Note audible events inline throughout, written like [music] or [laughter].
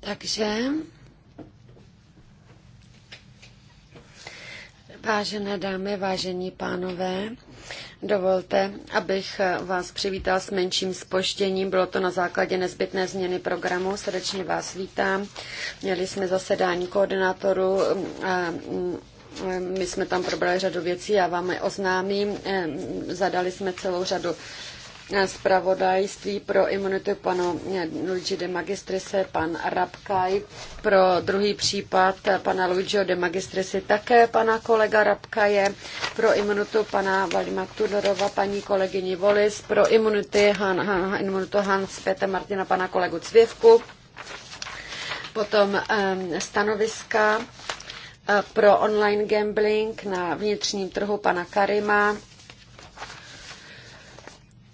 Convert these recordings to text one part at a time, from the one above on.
Takže Vážené dámy, vážení pánové, dovolte, abych vás přivítal s menším spoštěním. Bylo to na základě nezbytné změny programu. Srdečně vás vítám. Měli jsme zasedání koordinátorů. Mm, mm, my jsme tam probrali řadu věcí, já vám je oznámím. Zadali jsme celou řadu zpravodajství pro imunitu panu Luigi de Magistrise, pan Rabkaj, pro druhý případ pana Luigio de Magistrise také pana kolega Rabkaje, pro imunitu pana Valima Tudorova, paní kolegyni Volis, pro imunity Han, Han, imunitu Hans Pete Martina, pana kolegu Cvěvku, potom ehm, stanoviska eh, pro online gambling na vnitřním trhu pana Karima,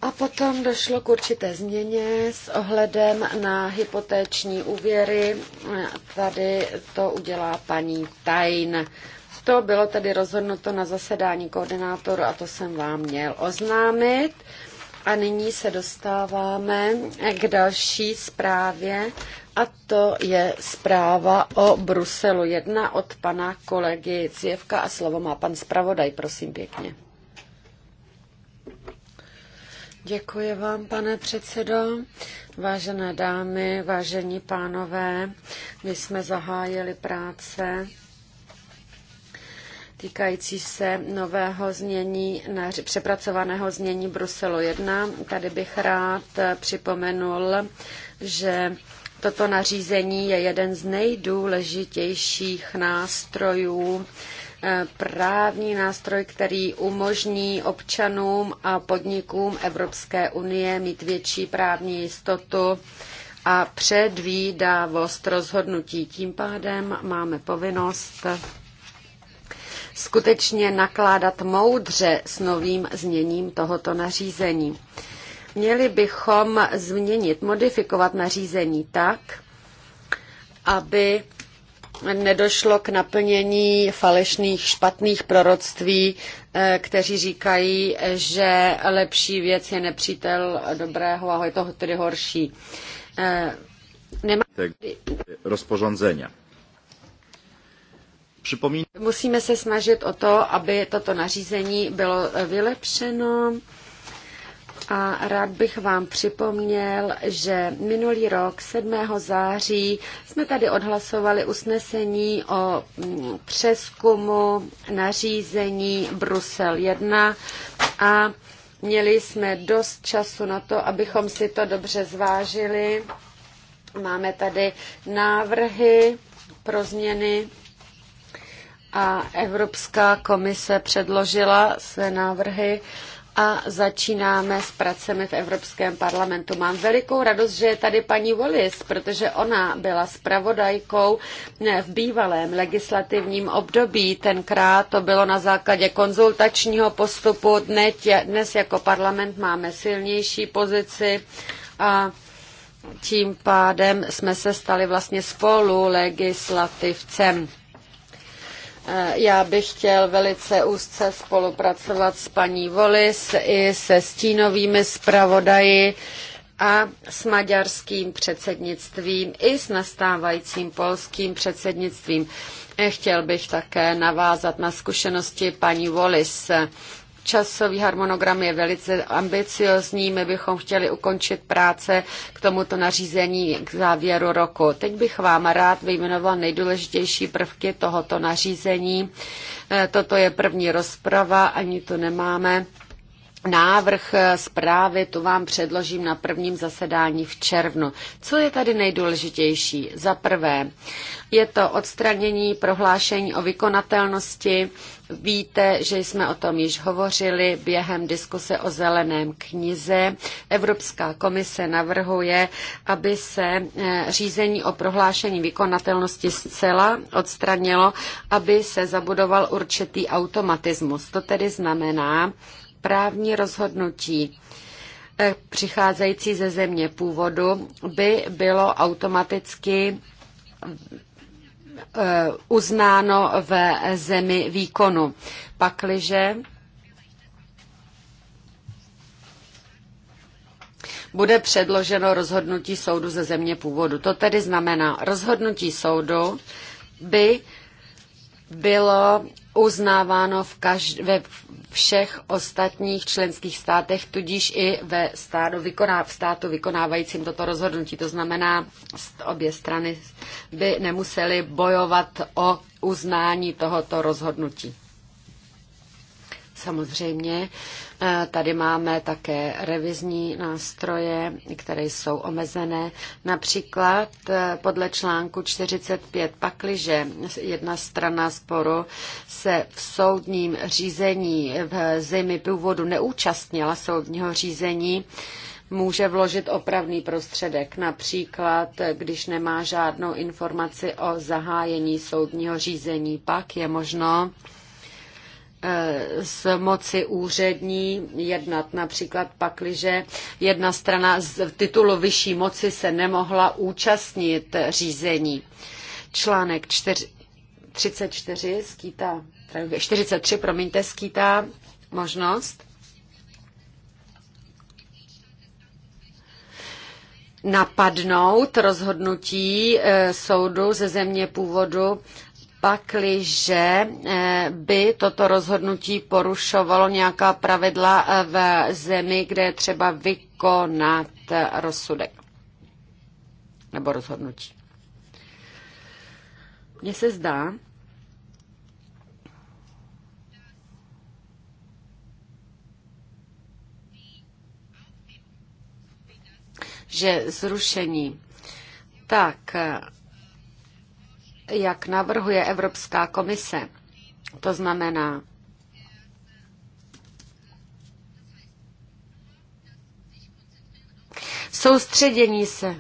a potom došlo k určité změně s ohledem na hypotéční úvěry. Tady to udělá paní Tajn. To bylo tedy rozhodnuto na zasedání koordinátoru a to jsem vám měl oznámit. A nyní se dostáváme k další zprávě a to je zpráva o Bruselu 1 od pana kolegy Cievka a slovo má pan zpravodaj, prosím pěkně. Děkuji vám, pane předsedo. Vážené dámy, vážení pánové, my jsme zahájili práce týkající se nového znění, přepracovaného znění Bruselu 1. Tady bych rád připomenul, že toto nařízení je jeden z nejdůležitějších nástrojů Eh, právní nástroj, který umožní občanům a podnikům Evropské unie mít větší právní jistotu a předvídavost rozhodnutí. Tím pádem máme povinnost skutečně nakládat moudře s novým zněním tohoto nařízení. Měli bychom změnit, modifikovat nařízení tak, aby nedošlo k naplnění falešných špatných proroctví, eh, kteří říkají, že lepší věc je nepřítel dobrého a je to tedy horší. Eh, nemá... Připomín... Musíme se snažit o to, aby toto nařízení bylo vylepšeno a rád bych vám připomněl, že minulý rok 7. září jsme tady odhlasovali usnesení o mm, přeskumu nařízení Brusel 1 a měli jsme dost času na to, abychom si to dobře zvážili. Máme tady návrhy pro změny a Evropská komise předložila své návrhy a začínáme s pracemi v Evropském parlamentu. Mám velikou radost, že je tady paní Wallis, protože ona byla spravodajkou v bývalém legislativním období. Tenkrát to bylo na základě konzultačního postupu. Dnes jako parlament máme silnější pozici a tím pádem jsme se stali vlastně spolu legislativcem. Eh, já bych chtěl velice úzce spolupracovat s paní Volis i se stínovými zpravodaji a s maďarským předsednictvím i s nastávajícím polským předsednictvím. Eh, chtěl bych také navázat na zkušenosti paní Wallis. Časový harmonogram je velice ambiciozní. My bychom chtěli ukončit práce k tomuto nařízení k závěru roku. Teď bych vám rád vyjmenovala nejdůležitější prvky tohoto nařízení. E, toto je první rozprava, ani to nemáme Návrh eh, zprávy tu vám předložím na prvním zasedání v červnu. Co je tady nejdůležitější? Za prvé, je to odstranění prohlášení o vykonatelnosti. Víte, že jsme o tom již hovořili během diskuse o zeleném knize. Evropská komise navrhuje, aby se eh, řízení o prohlášení vykonatelnosti zcela odstranilo, aby se zabudoval určitý automatismus. To tedy znamená, právní rozhodnutí eh, přicházející ze země původu by bylo automaticky eh, uznáno ve zemi výkonu. Pakliže bude předloženo rozhodnutí soudu ze země původu. To tedy znamená, rozhodnutí soudu by bylo uznáváno v každé, všech ostatních členských státech, tudíž i ve státu, vykoná, v státu vykonávajícím toto rozhodnutí. To znamená, obě strany by nemusely bojovat o uznání tohoto rozhodnutí. Samozřejmě eh, tady máme také revizní nástroje, které jsou omezené. Například eh, podle článku 45 pakliže jedna strana sporu se v soudním řízení v zemi původu neúčastnila soudního řízení, může vložit opravný prostředek, například když nemá žádnou informaci o zahájení soudního řízení, pak je možno z moci úřední jednat. Například pakliže jedna strana z titulu vyšší moci se nemohla účastnit řízení. Článek 4, 34 skýtá, 43, promiňte, skýtá možnost napadnout rozhodnutí eh, soudu ze země původu pakliže eh, by toto rozhodnutí porušovalo nějaká pravidla eh, v zemi, kde je třeba vykonat eh, rozsudek nebo rozhodnutí. Mně se zdá, že zrušení tak jak navrhuje Evropská komise. To znamená, soustředění se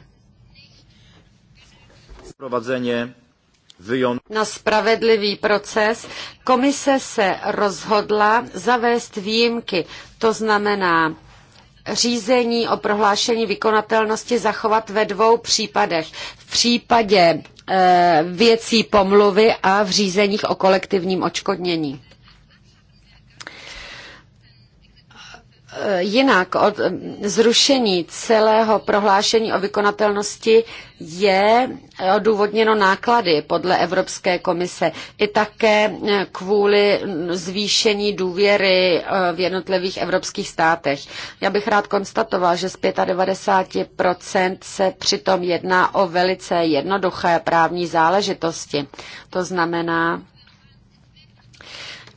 na spravedlivý proces, komise se rozhodla zavést výjimky, to znamená řízení o prohlášení vykonatelnosti zachovat ve dvou případech. V případě Eh, věcí pomluvy a v řízeních o kolektivním očkodnění. Eh, jinak od eh, zrušení celého prohlášení o vykonatelnosti je eh, odůvodněno náklady podle Evropské komise i také kvůli zvýšení důvěry v jednotlivých evropských státech. Já bych rád konstatoval, že z 95% se přitom jedná o velice jednoduché právní záležitosti. To znamená,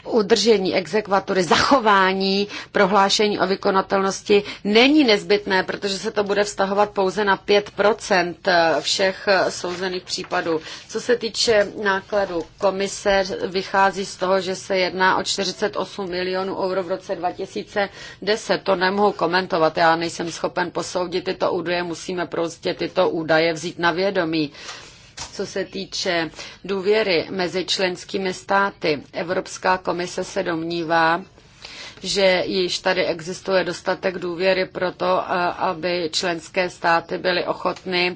udržení exekvatory, zachování prohlášení o vykonatelnosti není nezbytné, protože se to bude vztahovat pouze na 5% eh, všech eh, souzených případů. Co se týče nákladu, komise vychází z toho, že se jedná o 48 milionů euro v roce 2010. To nemohu komentovat, já nejsem schopen posoudit tyto údaje, musíme prostě tyto údaje vzít na vědomí. Co se týče důvěry mezi členskými státy, Evropská komise se domnívá, že již tady existuje dostatek důvěry pro to, aby členské státy byly ochotny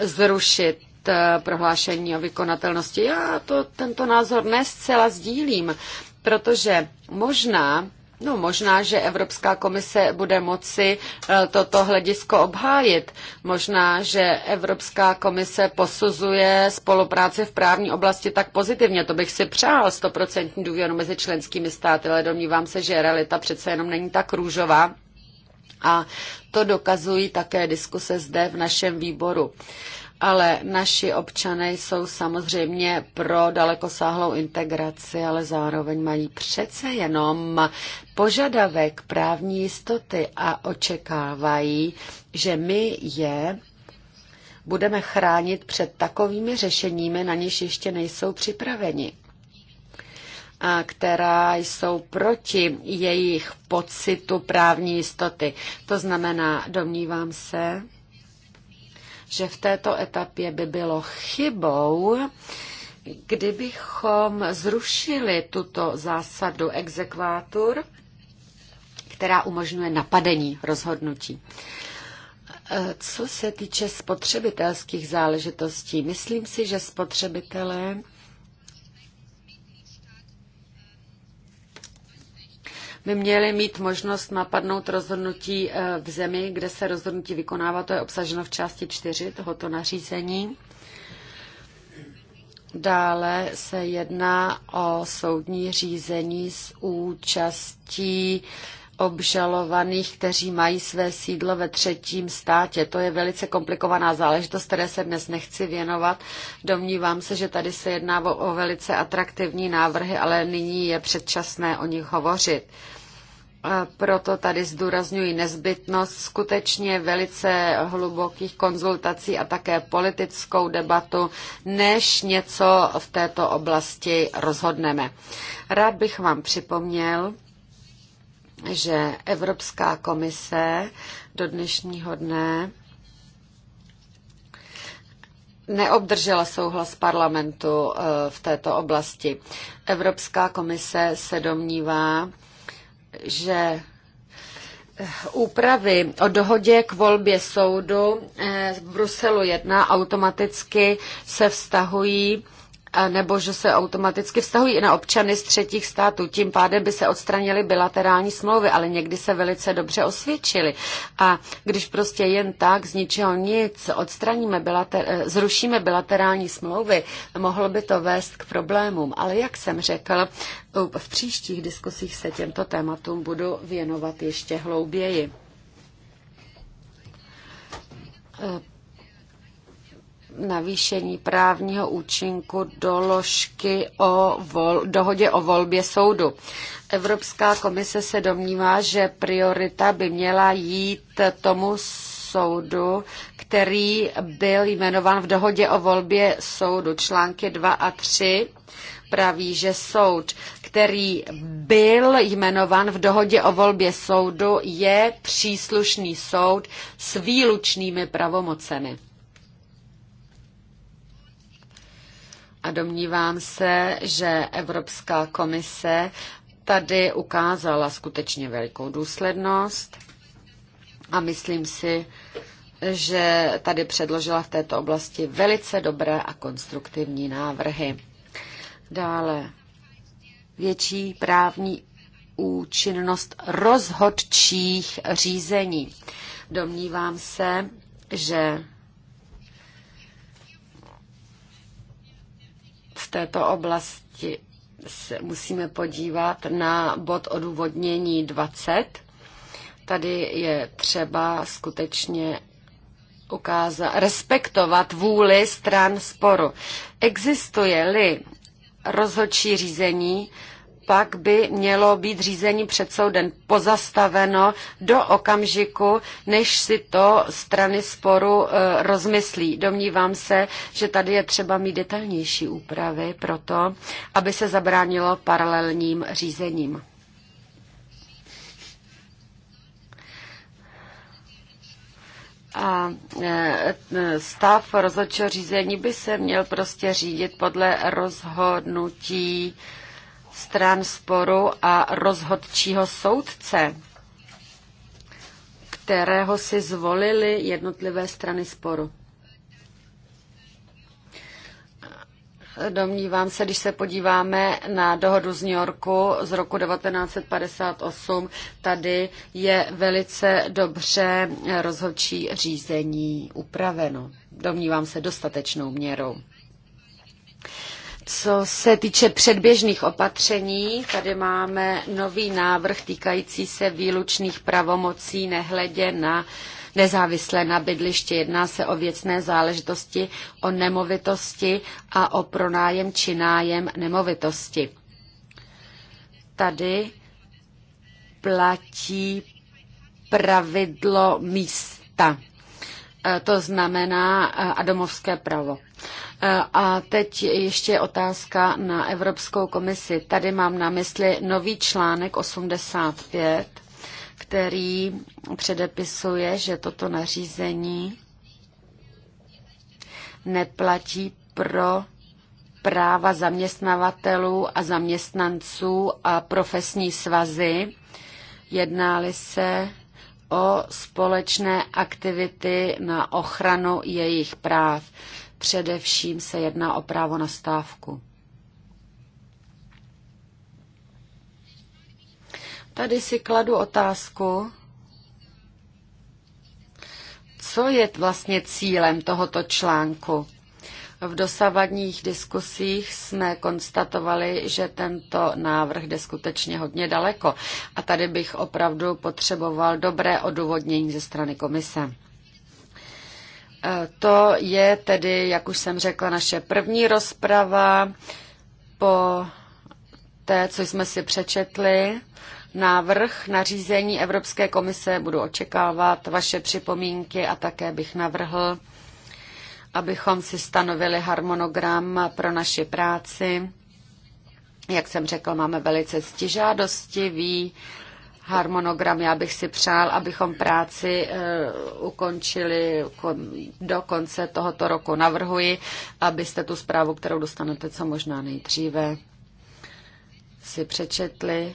zrušit e, prohlášení o vykonatelnosti. Já to, tento názor ne zcela sdílím, protože možná No možná, že Evropská komise bude moci e, toto hledisko obhájit. Možná, že Evropská komise posuzuje spolupráci v právní oblasti tak pozitivně. To bych si přál, stoprocentní důvěru mezi členskými státy, ale domnívám se, že realita přece jenom není tak růžová. A to dokazují také diskuse zde v našem výboru ale naši občané jsou samozřejmě pro dalekosáhlou integraci, ale zároveň mají přece jenom požadavek právní jistoty a očekávají, že my je budeme chránit před takovými řešeními, na něž ještě nejsou připraveni a která jsou proti jejich pocitu právní jistoty. To znamená, domnívám se, že v této etapě by bylo chybou, kdybychom zrušili tuto zásadu exekvátur, která umožňuje napadení rozhodnutí. Co se týče spotřebitelských záležitostí, myslím si, že spotřebitelé by měli mít možnost napadnout rozhodnutí eh, v zemi, kde se rozhodnutí vykonává. To je obsaženo v části 4 tohoto nařízení. Dále se jedná o soudní řízení s účastí obžalovaných, kteří mají své sídlo ve třetím státě. To je velice komplikovaná záležitost, které se dnes nechci věnovat. Domnívám se, že tady se jedná o, o velice atraktivní návrhy, ale nyní je předčasné o nich hovořit. Proto tady zdůrazňuji nezbytnost skutečně velice hlubokých konzultací a také politickou debatu, než něco v této oblasti rozhodneme. Rád bych vám připomněl, že Evropská komise do dnešního dne neobdržela souhlas parlamentu e, v této oblasti. Evropská komise se domnívá, že e, úpravy o dohodě k volbě soudu e, v Bruselu 1 automaticky se vztahují nebo že se automaticky vztahují i na občany z třetích států. Tím pádem by se odstranily bilaterální smlouvy, ale někdy se velice dobře osvědčily. A když prostě jen tak z ničeho nic odstraníme, bilater, eh, zrušíme bilaterální smlouvy, mohlo by to vést k problémům. Ale jak jsem řekl, v příštích diskusích se těmto tématům budu věnovat ještě hlouběji. Eh, navýšení právního účinku doložky o vol, dohodě o volbě soudu. Evropská komise se domnívá, že priorita by měla jít tomu soudu, který byl jmenován v dohodě o volbě soudu. Články 2 a 3 praví, že soud, který byl jmenován v dohodě o volbě soudu, je příslušný soud s výlučnými pravomocemi. A domnívám se, že Evropská komise tady ukázala skutečně velikou důslednost a myslím si, že tady předložila v této oblasti velice dobré a konstruktivní návrhy. Dále větší právní účinnost rozhodčích řízení. Domnívám se, že této oblasti se musíme podívat na bod odůvodnění 20. Tady je třeba skutečně ukázat, respektovat vůli stran sporu. Existuje-li rozhodčí řízení, pak by mělo být řízení před soudem pozastaveno do okamžiku, než si to strany sporu e, rozmyslí. Domnívám se, že tady je třeba mít detailnější úpravy pro to, aby se zabránilo paralelním řízením. A e, e, stav rozhodčího řízení by se měl prostě řídit podle rozhodnutí stran sporu a rozhodčího soudce, kterého si zvolili jednotlivé strany sporu. Domnívám se, když se podíváme na dohodu z New Yorku z roku 1958, tady je velice dobře rozhodčí řízení upraveno. Domnívám se dostatečnou měrou. Co se týče předběžných opatření, tady máme nový návrh týkající se výlučných pravomocí nehledě na nezávislé na bydliště. Jedná se o věcné záležitosti, o nemovitosti a o pronájem či nájem nemovitosti. Tady platí pravidlo místa. E, to znamená e, a domovské právo. A teď ještě otázka na Evropskou komisi. Tady mám na mysli nový článek 85, který předepisuje, že toto nařízení neplatí pro práva zaměstnavatelů a zaměstnanců a profesní svazy. Jednáli se o společné aktivity na ochranu jejich práv. Především se jedná o právo na stávku. Tady si kladu otázku, co je vlastně cílem tohoto článku. V dosavadních diskusích jsme konstatovali, že tento návrh jde skutečně hodně daleko a tady bych opravdu potřeboval dobré odůvodnění ze strany komise. To je tedy, jak už jsem řekla, naše první rozprava po té, co jsme si přečetli. Návrh na řízení Evropské komise budu očekávat vaše připomínky a také bych navrhl, abychom si stanovili harmonogram pro naši práci. Jak jsem řekl, máme velice stižádostivý harmonogram. Já bych si přál, abychom práci eh, ukončili do konce tohoto roku. Navrhuji, abyste tu zprávu, kterou dostanete co možná nejdříve, si přečetli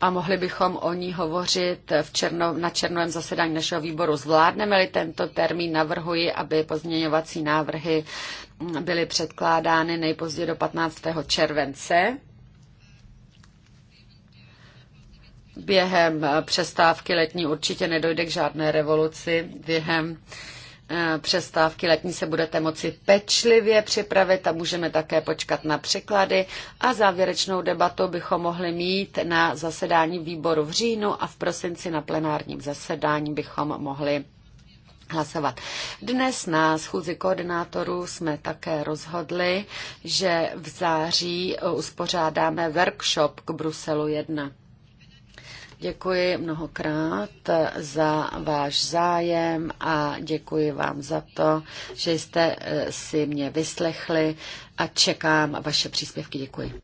a mohli bychom o ní hovořit v černo, na černovém zasedání našeho výboru. Zvládneme-li tento termín, navrhuji, aby pozměňovací návrhy byly předkládány nejpozději do 15. července během eh, přestávky letní určitě nedojde k žádné revoluci. Během eh, přestávky letní se budete moci pečlivě připravit a můžeme také počkat na překlady a závěrečnou debatu bychom mohli mít na zasedání výboru v říjnu a v prosinci na plenárním zasedání bychom mohli hlasovat. Dnes na schůzi koordinátorů jsme také rozhodli, že v září eh, uspořádáme workshop k Bruselu 1. Děkuji mnohokrát za váš zájem a děkuji vám za to, že jste eh, si mě vyslechli a čekám vaše příspěvky. Děkuji.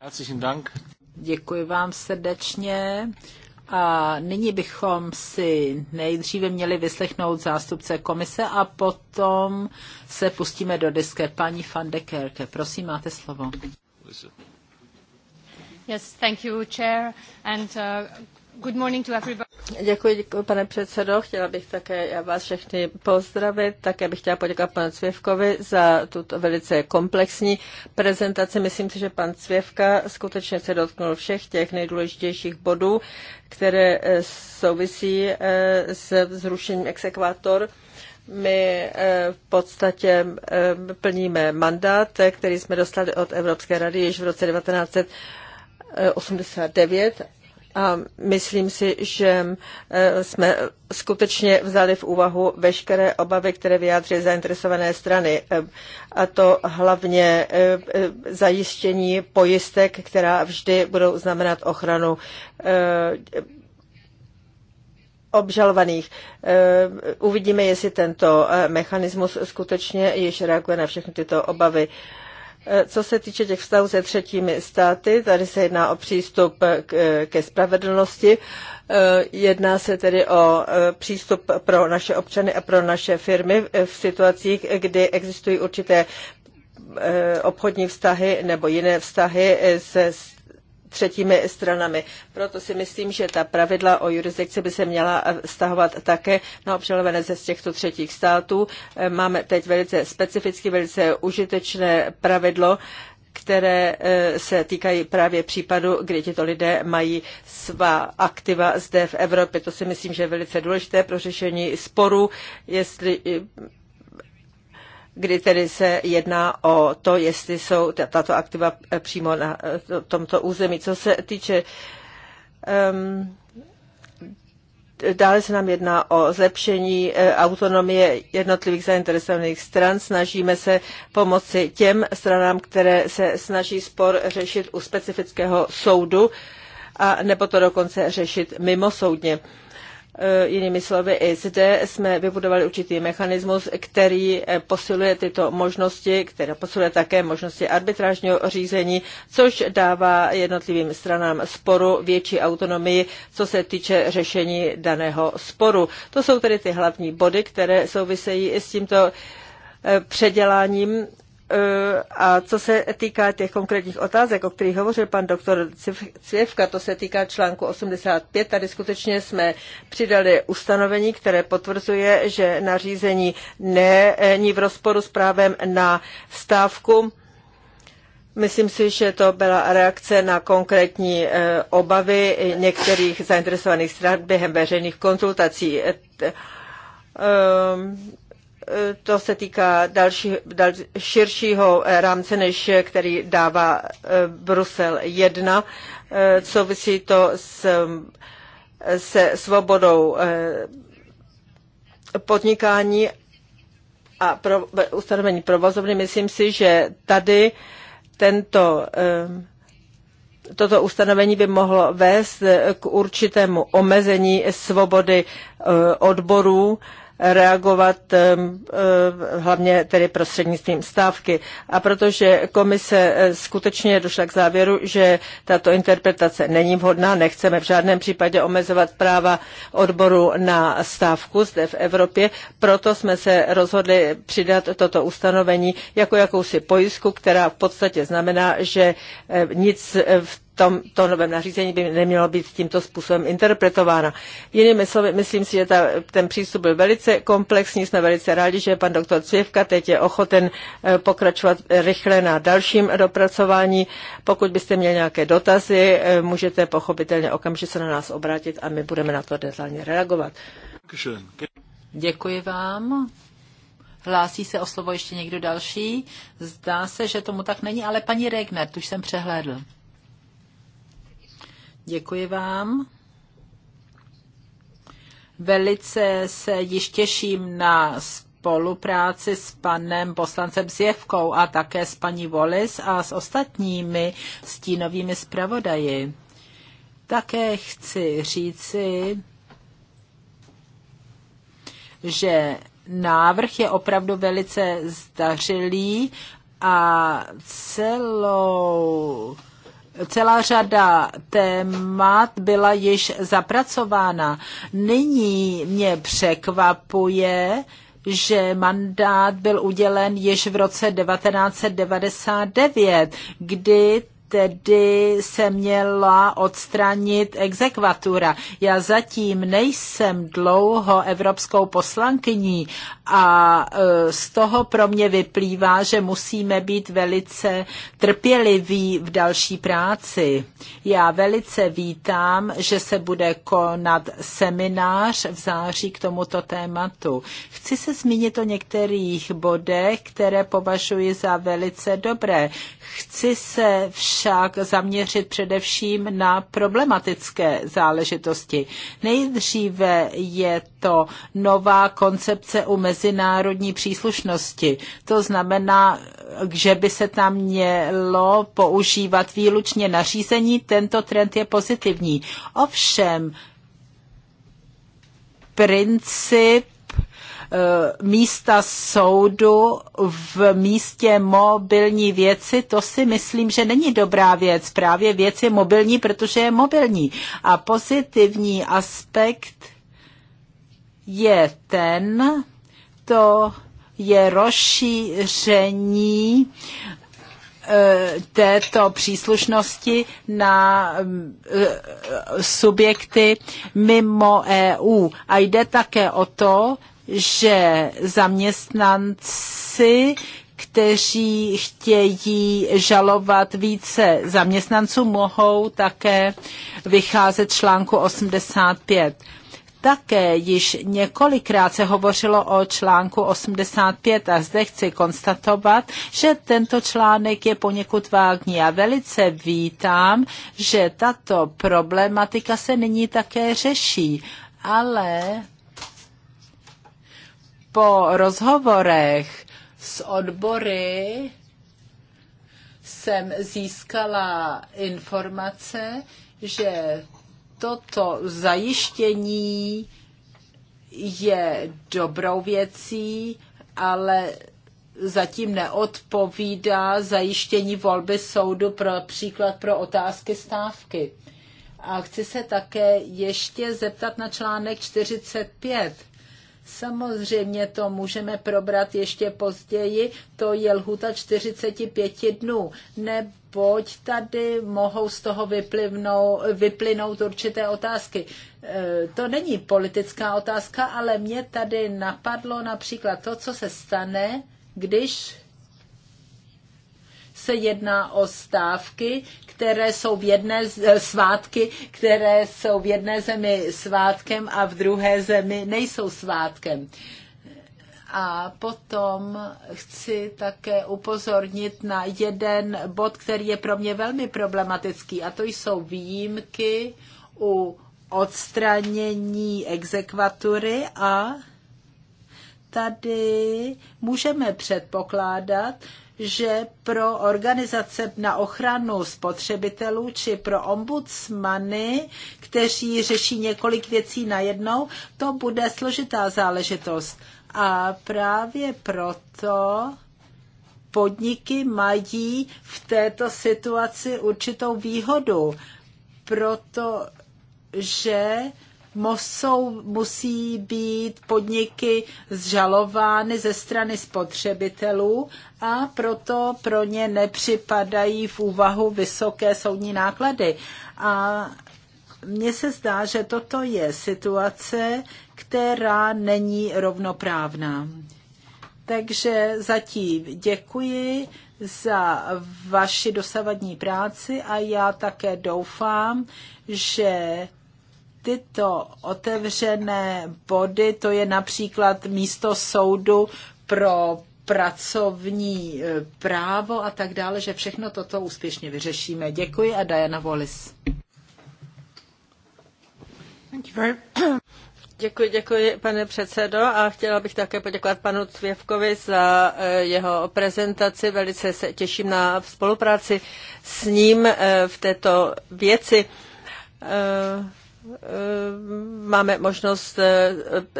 Děkuji vám srdečně. A nyní bychom si nejdříve měli vyslechnout zástupce komise a potom se pustíme do diske. Paní van de Kerke, prosím, máte slovo. Yes, thank you, chair, and, uh, Děkuji, pane předsedo. Chtěla bych také vás všechny pozdravit. Také bych chtěla poděkovat panu Cvěvkovi za tuto velice komplexní prezentaci. Myslím si, že pan Cvěvka skutečně se dotknul všech těch nejdůležitějších bodů, které eh, souvisí eh, s zrušením exekvátor. My eh, v podstatě plníme mandát, který jsme dostali od Evropské rady již v roce 1989 a myslím si, že eh, jsme skutečně vzali v úvahu veškeré obavy, které vyjádřily zainteresované strany. Eh, a to hlavně eh, zajištění pojistek, která vždy budou znamenat ochranu obžalovaných. Uvidíme, jestli tento mechanismus skutečně již reaguje na všechny tyto obavy. Eh, co se týče těch vztahů se třetími státy, tady se jedná o přístup eh, ke spravedlnosti. Eh, jedná se tedy o přístup pro naše občany a pro naše firmy v situacích, kdy existují určité obchodní vztahy nebo jiné vztahy se třetími stranami. Proto si myslím, že ta pravidla o jurisdikci by se měla stahovat eh, také na občanovené ze z těchto třetích států. Eh, máme teď velice specificky, velice užitečné pravidlo, které eh, se týkají právě případu, kdy tito lidé mají svá aktiva zde v Evropě. To si myslím, že je velice důležité pro řešení sporů, jestli kdy tedy se jedná o to, jestli jsou tato aktiva eh, přímo na eh, tomto území. Co se týče um, Dále se nám jedná o zlepšení eh, autonomie jednotlivých zainteresovaných stran. Snažíme se pomoci těm stranám, které se snaží spor řešit u specifického soudu a nebo to dokonce řešit mimo soudně. Eh, jinými slovy, i zde jsme vybudovali určitý mechanismus, který eh, posiluje tyto možnosti, které posiluje také možnosti arbitrážního řízení, což dává jednotlivým stranám sporu větší autonomii, co se týče řešení daného sporu. To jsou tedy ty hlavní body, které souvisejí s tímto eh, předěláním a co se týká těch konkrétních otázek, o kterých hovořil pan doktor Cvěvka, to se týká článku 85. Tady skutečně jsme přidali ustanovení, které potvrzuje, že nařízení není v rozporu s právem na stávku. Myslím si, že to byla reakce na konkrétní e, obavy některých zainteresovaných stran během veřejných konzultací. E, e, Eh, to se týká další, dal, širšího eh, rámce, než eh, který dává Brusel 1. Souvisí to s, se svobodou podnikání a pro, ustanovení provozovny. Myslím si, že tady tento, toto ustanovení by mohlo vést k určitému omezení svobody odborů reagovat eh, hlavně tedy prostřednictvím stávky. A protože komise eh, skutečně došla k závěru, že tato interpretace není vhodná, nechceme v žádném případě omezovat práva odboru na stávku zde v Evropě, proto jsme se rozhodli přidat toto ustanovení jako jakousi pojistku, která v podstatě znamená, že eh, nic v tom, to novém nařízení by nemělo být tímto způsobem interpretována. Jinými slovy, myslím si, že ta, ten přístup byl velice komplexní. Jsme velice rádi, že pan doktor Cvěvka teď je ochoten eh, pokračovat eh, rychle na dalším dopracování. Pokud byste měli nějaké dotazy, eh, můžete pochopitelně okamžitě se na nás obrátit a my budeme na to detailně reagovat. Děkuji vám. Hlásí se o slovo ještě někdo další? Zdá se, že tomu tak není, ale paní Regner, tu jsem přehlédl. Děkuji vám. Velice se již těším na spolupráci s panem poslancem Zjevkou a také s paní Wallis a s ostatními stínovými zpravodaji. Také chci říci, že návrh je opravdu velice zdařilý a celou celá řada témat byla již zapracována. Nyní mě překvapuje, že mandát byl udělen již v roce 1999, kdy tedy se měla odstranit exekvatura. Já zatím nejsem dlouho evropskou poslankyní a e, z toho pro mě vyplývá, že musíme být velice trpěliví v další práci. Já velice vítám, že se bude konat seminář v září k tomuto tématu. Chci se zmínit o některých bodech, které považuji za velice dobré. Chci se však zaměřit především na problematické záležitosti. Nejdříve je to nová koncepce u mezinárodní příslušnosti. To znamená, že by se tam mělo používat výlučně nařízení. Tento trend je pozitivní. Ovšem, princip Eh, místa soudu v místě mobilní věci, to si myslím, že není dobrá věc. Právě věc je mobilní, protože je mobilní. A pozitivní aspekt je ten, to je rozšíření eh, této příslušnosti na eh, subjekty mimo EU. A jde také o to, že zaměstnanci, kteří chtějí žalovat více zaměstnanců, mohou také vycházet článku 85. Také již několikrát se hovořilo o článku 85 a zde chci konstatovat, že tento článek je poněkud vágní a velice vítám, že tato problematika se nyní také řeší. Ale po rozhovorech s odbory jsem získala informace, že toto zajištění je dobrou věcí, ale zatím neodpovídá zajištění volby soudu pro příklad pro otázky stávky. A chci se také ještě zeptat na článek 45 Samozřejmě to můžeme probrat ještě později, to je lhuta 45 dnů, neboť tady mohou z toho vyplivnou, vyplynout určité otázky. E, to není politická otázka, ale mě tady napadlo například to, co se stane, když se jedná o stávky, které jsou v jedné eh, svátky, které jsou v jedné zemi svátkem a v druhé zemi nejsou svátkem. A potom chci také upozornit na jeden bod, který je pro mě velmi problematický, a to jsou výjimky u odstranění exekvatury a tady můžeme předpokládat, že pro organizace na ochranu spotřebitelů či pro ombudsmany, kteří řeší několik věcí najednou, to bude složitá záležitost. A právě proto podniky mají v této situaci určitou výhodu, protože musou, musí být podniky zžalovány ze strany spotřebitelů a proto pro ně nepřipadají v úvahu vysoké soudní náklady. A mně se zdá, že toto je situace, která není rovnoprávná. Takže zatím děkuji za vaši dosavadní práci a já také doufám, že tyto otevřené body, to je například místo soudu pro pracovní e, právo a tak dále, že všechno toto úspěšně vyřešíme. Děkuji a Diana Wallis. Děkuji, děkuji, pane předsedo, a chtěla bych také poděkovat panu Cvěvkovi za e, jeho prezentaci. Velice se těším na spolupráci s ním e, v této věci. Eh, máme možnost eh,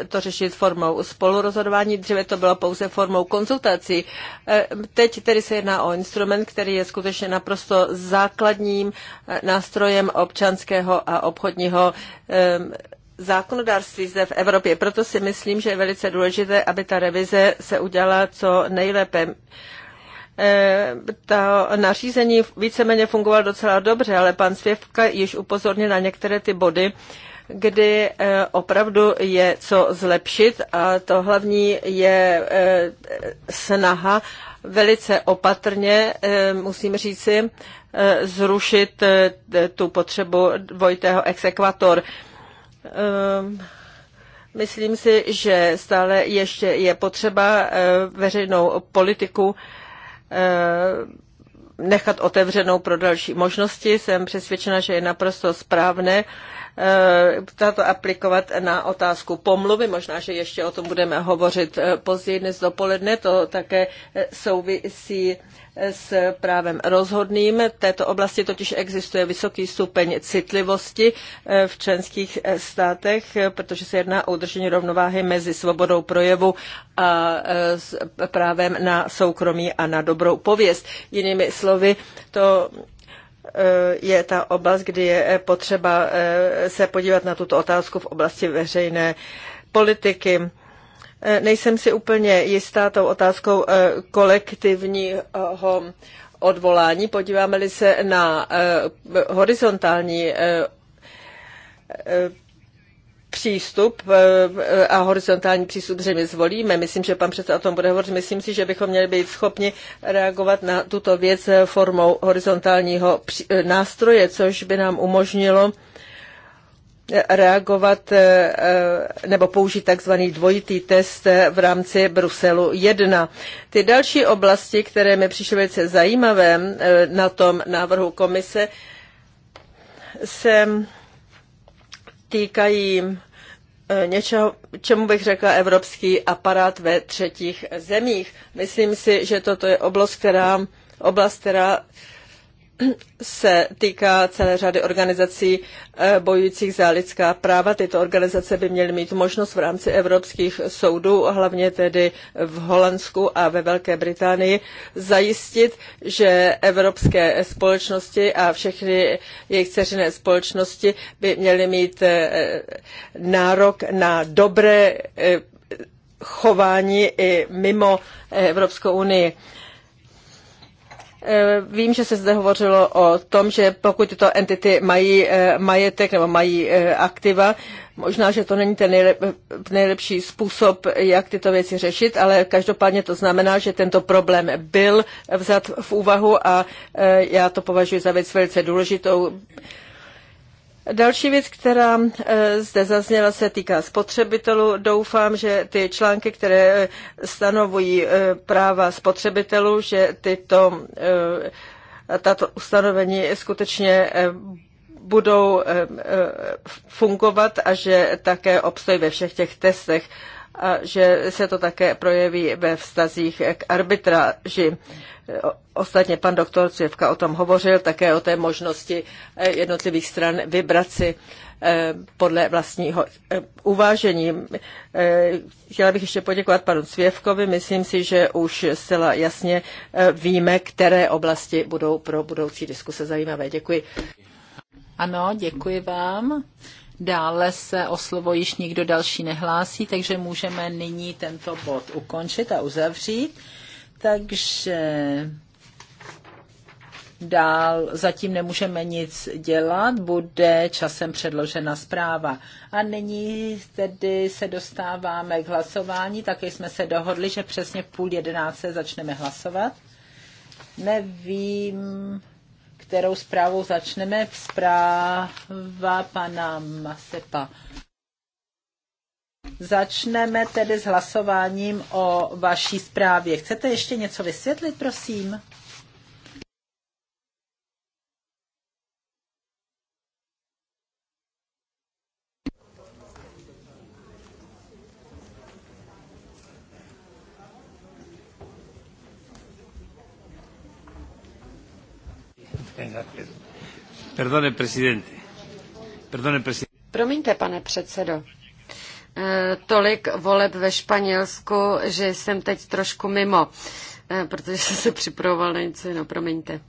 to řešit formou spolurozhodování, dříve to bylo pouze formou konzultací. Eh, teď tedy se jedná o instrument, který je skutečně naprosto základním nástrojem občanského a obchodního zákonodárství zde v Evropě. Proto si myslím, že je velice důležité, aby ta revize se udělala co nejlépe. Eh, to nařízení víceméně fungovalo docela dobře, ale pan Svěvka již upozornil na některé ty body, kdy eh, opravdu je co zlepšit a to hlavní je eh, snaha velice opatrně, musím říci, zrušit tu potřebu dvojitého exekvator. Myslím si, že stále ještě je potřeba veřejnou politiku Eh, nechat otevřenou pro další možnosti. Jsem přesvědčena, že je naprosto správné eh, tato aplikovat na otázku pomluvy. Možná, že ještě o tom budeme hovořit eh, později dnes dopoledne. To také souvisí s právem rozhodným. V této oblasti totiž existuje vysoký stupeň citlivosti eh, v členských eh, státech, protože se jedná o udržení rovnováhy mezi svobodou projevu a eh, právem na soukromí a na dobrou pověst. Jinými slovy, to je ta oblast, kdy je potřeba se podívat na tuto otázku v oblasti veřejné politiky. E, nejsem si úplně jistá tou otázkou e, kolektivního odvolání. Podíváme-li se na e, horizontální přístup a horizontální přístup zřejmě zvolíme. Myslím, že pan předseda o tom bude hovořit. Myslím si, že bychom měli být schopni reagovat na tuto věc formou horizontálního nástroje, což by nám umožnilo reagovat eh, eh, nebo použít takzvaný dvojitý test eh, v rámci Bruselu 1. Ty další oblasti, které mi přišly velice zajímavé na tom návrhu komise, se týkají něčeho, čemu bych řekla evropský aparát ve třetích zemích. Myslím si, že toto je oblast, která, oblast, která se týká celé řady organizací eh, bojujících za lidská práva. Tyto organizace by měly mít možnost v rámci evropských soudů, hlavně tedy v Holandsku a ve Velké Británii, zajistit, že evropské společnosti a všechny jejich ceřené společnosti by měly mít eh, nárok na dobré eh, chování i mimo Evropskou unii. Eh, vím, že se zde hovořilo o tom, že pokud tyto entity mají eh, majetek nebo mají eh, aktiva, možná, že to není ten nejlepší způsob, jak tyto věci řešit, ale každopádně to znamená, že tento problém byl vzat v úvahu a já to považuji za věc velice důležitou. Další věc, která eh, zde zazněla, se týká spotřebitelů. Doufám, že ty články, které eh, stanovují eh, práva spotřebitelů, že tyto, tato ustanovení skutečně budou fungovat a že také obstojí ve všech těch testech a že se to také projeví ve vztazích k arbitráži. Ostatně pan doktor Cvěvka o tom hovořil, také o té možnosti eh, jednotlivých stran vybrat si eh, podle vlastního eh, uvážení. Chtěla bych ještě poděkovat panu Cvěvkovi. Myslím si, že už zcela jasně víme, které oblasti budou pro budoucí diskuse zajímavé. Děkuji. Ano, děkuji vám. Dále se o slovo již nikdo další nehlásí, takže můžeme nyní tento bod ukončit a uzavřít. Takže dál zatím nemůžeme nic dělat, bude časem předložena zpráva. A nyní tedy se dostáváme k hlasování, také jsme se dohodli, že přesně v půl se začneme hlasovat. Nevím, kterou zprávou začneme. Zpráva pana Masepa. Začneme tedy s hlasováním o vaší zprávě. Chcete ještě něco vysvětlit, prosím? Promiňte, pane předsedo. Eh, tolik voleb ve Španělsku, že jsem teď trošku mimo, eh, protože jsem se připravoval na něco jiného. Promiňte.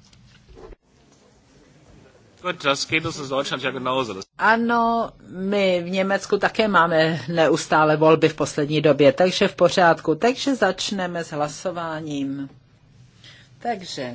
Ano, my v Německu také máme neustále volby v poslední době, takže v pořádku. Takže začneme s hlasováním. Takže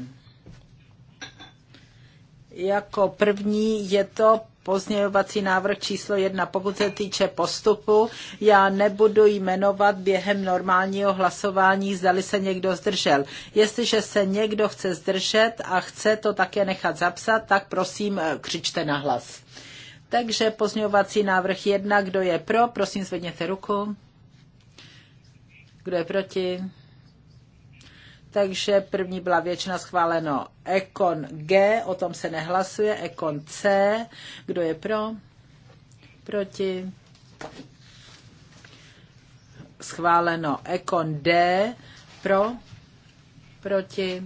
jako první je to pozměňovací návrh číslo jedna. Pokud se týče postupu, já nebudu jmenovat během normálního hlasování, zdali se někdo zdržel. Jestliže se někdo chce zdržet a chce to také nechat zapsat, tak prosím eh, křičte na hlas. Takže pozměňovací návrh jedna, kdo je pro, prosím zvedněte ruku. Kdo je proti? Takže první byla většina schváleno Ekon G, o tom se nehlasuje, Ekon C, kdo je pro, proti, schváleno Ekon D, pro, proti,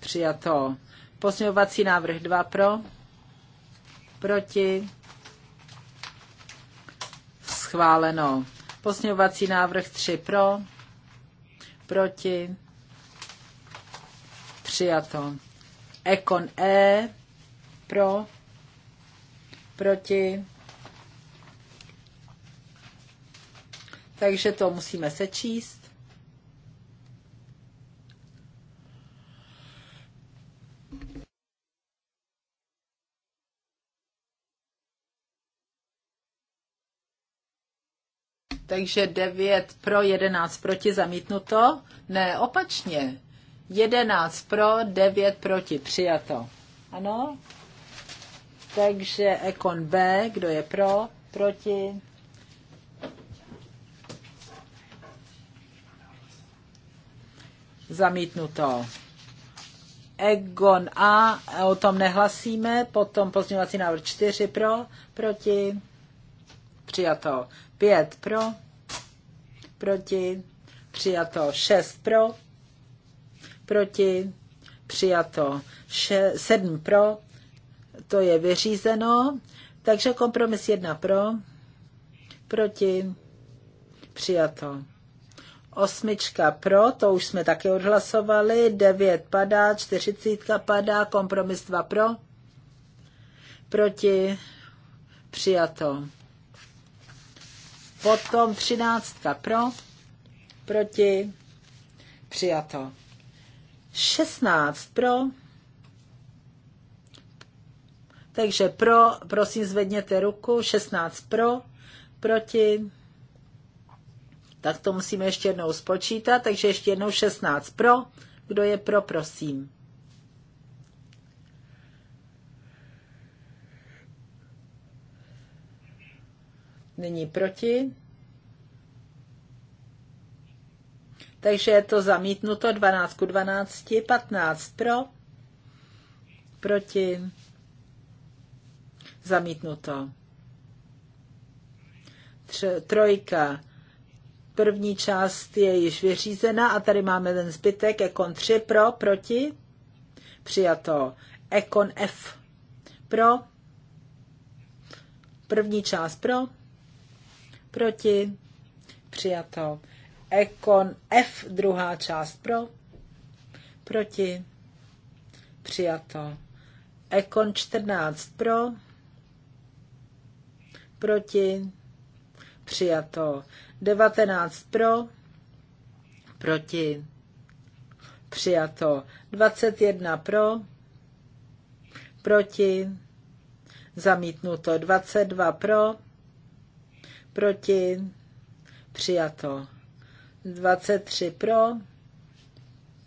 přijato Posměvací návrh 2 pro, proti, schváleno Pozměňovací návrh 3 pro, proti, přijato. Ekon E pro, proti. Takže to musíme sečíst. Takže 9 pro, 11 proti, zamítnuto. Ne, opačně. 11 pro, 9 proti, přijato. Ano? Takže Ekon B, kdo je pro, proti. Zamítnuto. Egon A, o tom nehlasíme, potom pozměňovací návrh 4 pro, proti přijato 5 pro, proti, přijato 6 pro, proti, přijato 7 pro, to je vyřízeno, takže kompromis 1 pro, proti, přijato. Osmička pro, to už jsme taky odhlasovali, devět padá, čtyřicítka padá, kompromis 2 pro, proti, přijato. Potom třináctka pro, proti, přijato. Šestnáct pro, takže pro, prosím zvedněte ruku, šestnáct pro, proti, tak to musíme ještě jednou spočítat, takže ještě jednou šestnáct pro, kdo je pro, prosím. nyní proti. Takže je to zamítnuto 12 ku 12, 15 pro, proti, zamítnuto. Tře, trojka, první část je již vyřízena a tady máme ten zbytek, ekon 3 pro, proti, přijato. Ekon F pro, první část pro, proti, přijato. Ekon F, druhá část pro, proti, přijato. Ekon 14 pro, proti, přijato. 19 pro, proti, přijato. 21 pro, proti, zamítnuto. 22 pro, proti, přijato. 23 pro,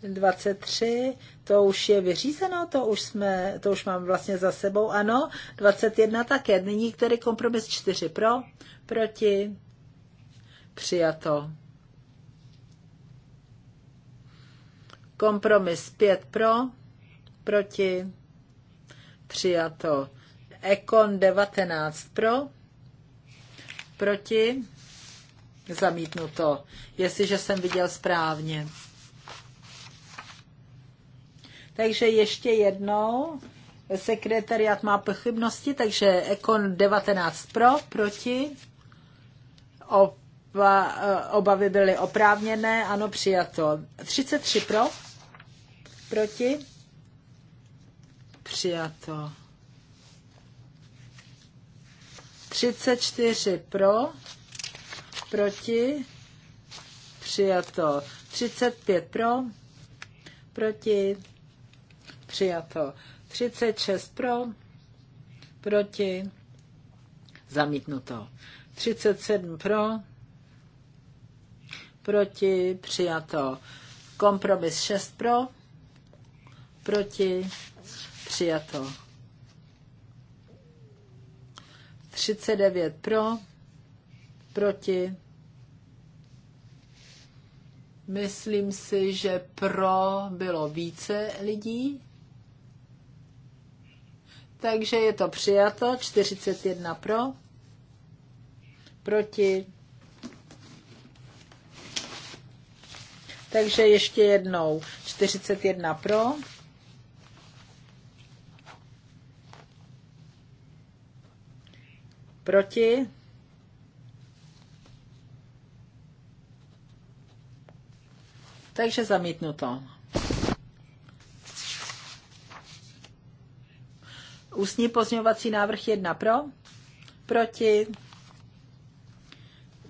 23, to už je vyřízeno, to už, jsme, to už mám vlastně za sebou, ano, 21 také. Nyní který kompromis 4 pro, proti, přijato. Kompromis 5 pro, proti, přijato. Ekon 19 pro, Proti? Zamítnuto. Jestliže jsem viděl správně. Takže ještě jednou. Sekretariat má pochybnosti, takže Ekon 19 pro, proti. Oba, obavy byly oprávněné, ano, přijato. 33 pro, proti. Přijato. 34 pro, proti, přijato. 35 pro, proti, přijato. 36 pro, proti, zamítnuto. 37 pro, proti, přijato. Kompromis 6 pro, proti, přijato. 39 pro, proti. Myslím si, že pro bylo více lidí. Takže je to přijato. 41 pro, proti. Takže ještě jednou. 41 pro, Proti? Takže zamítnuto. Ústní pozměňovací návrh 1 pro, proti,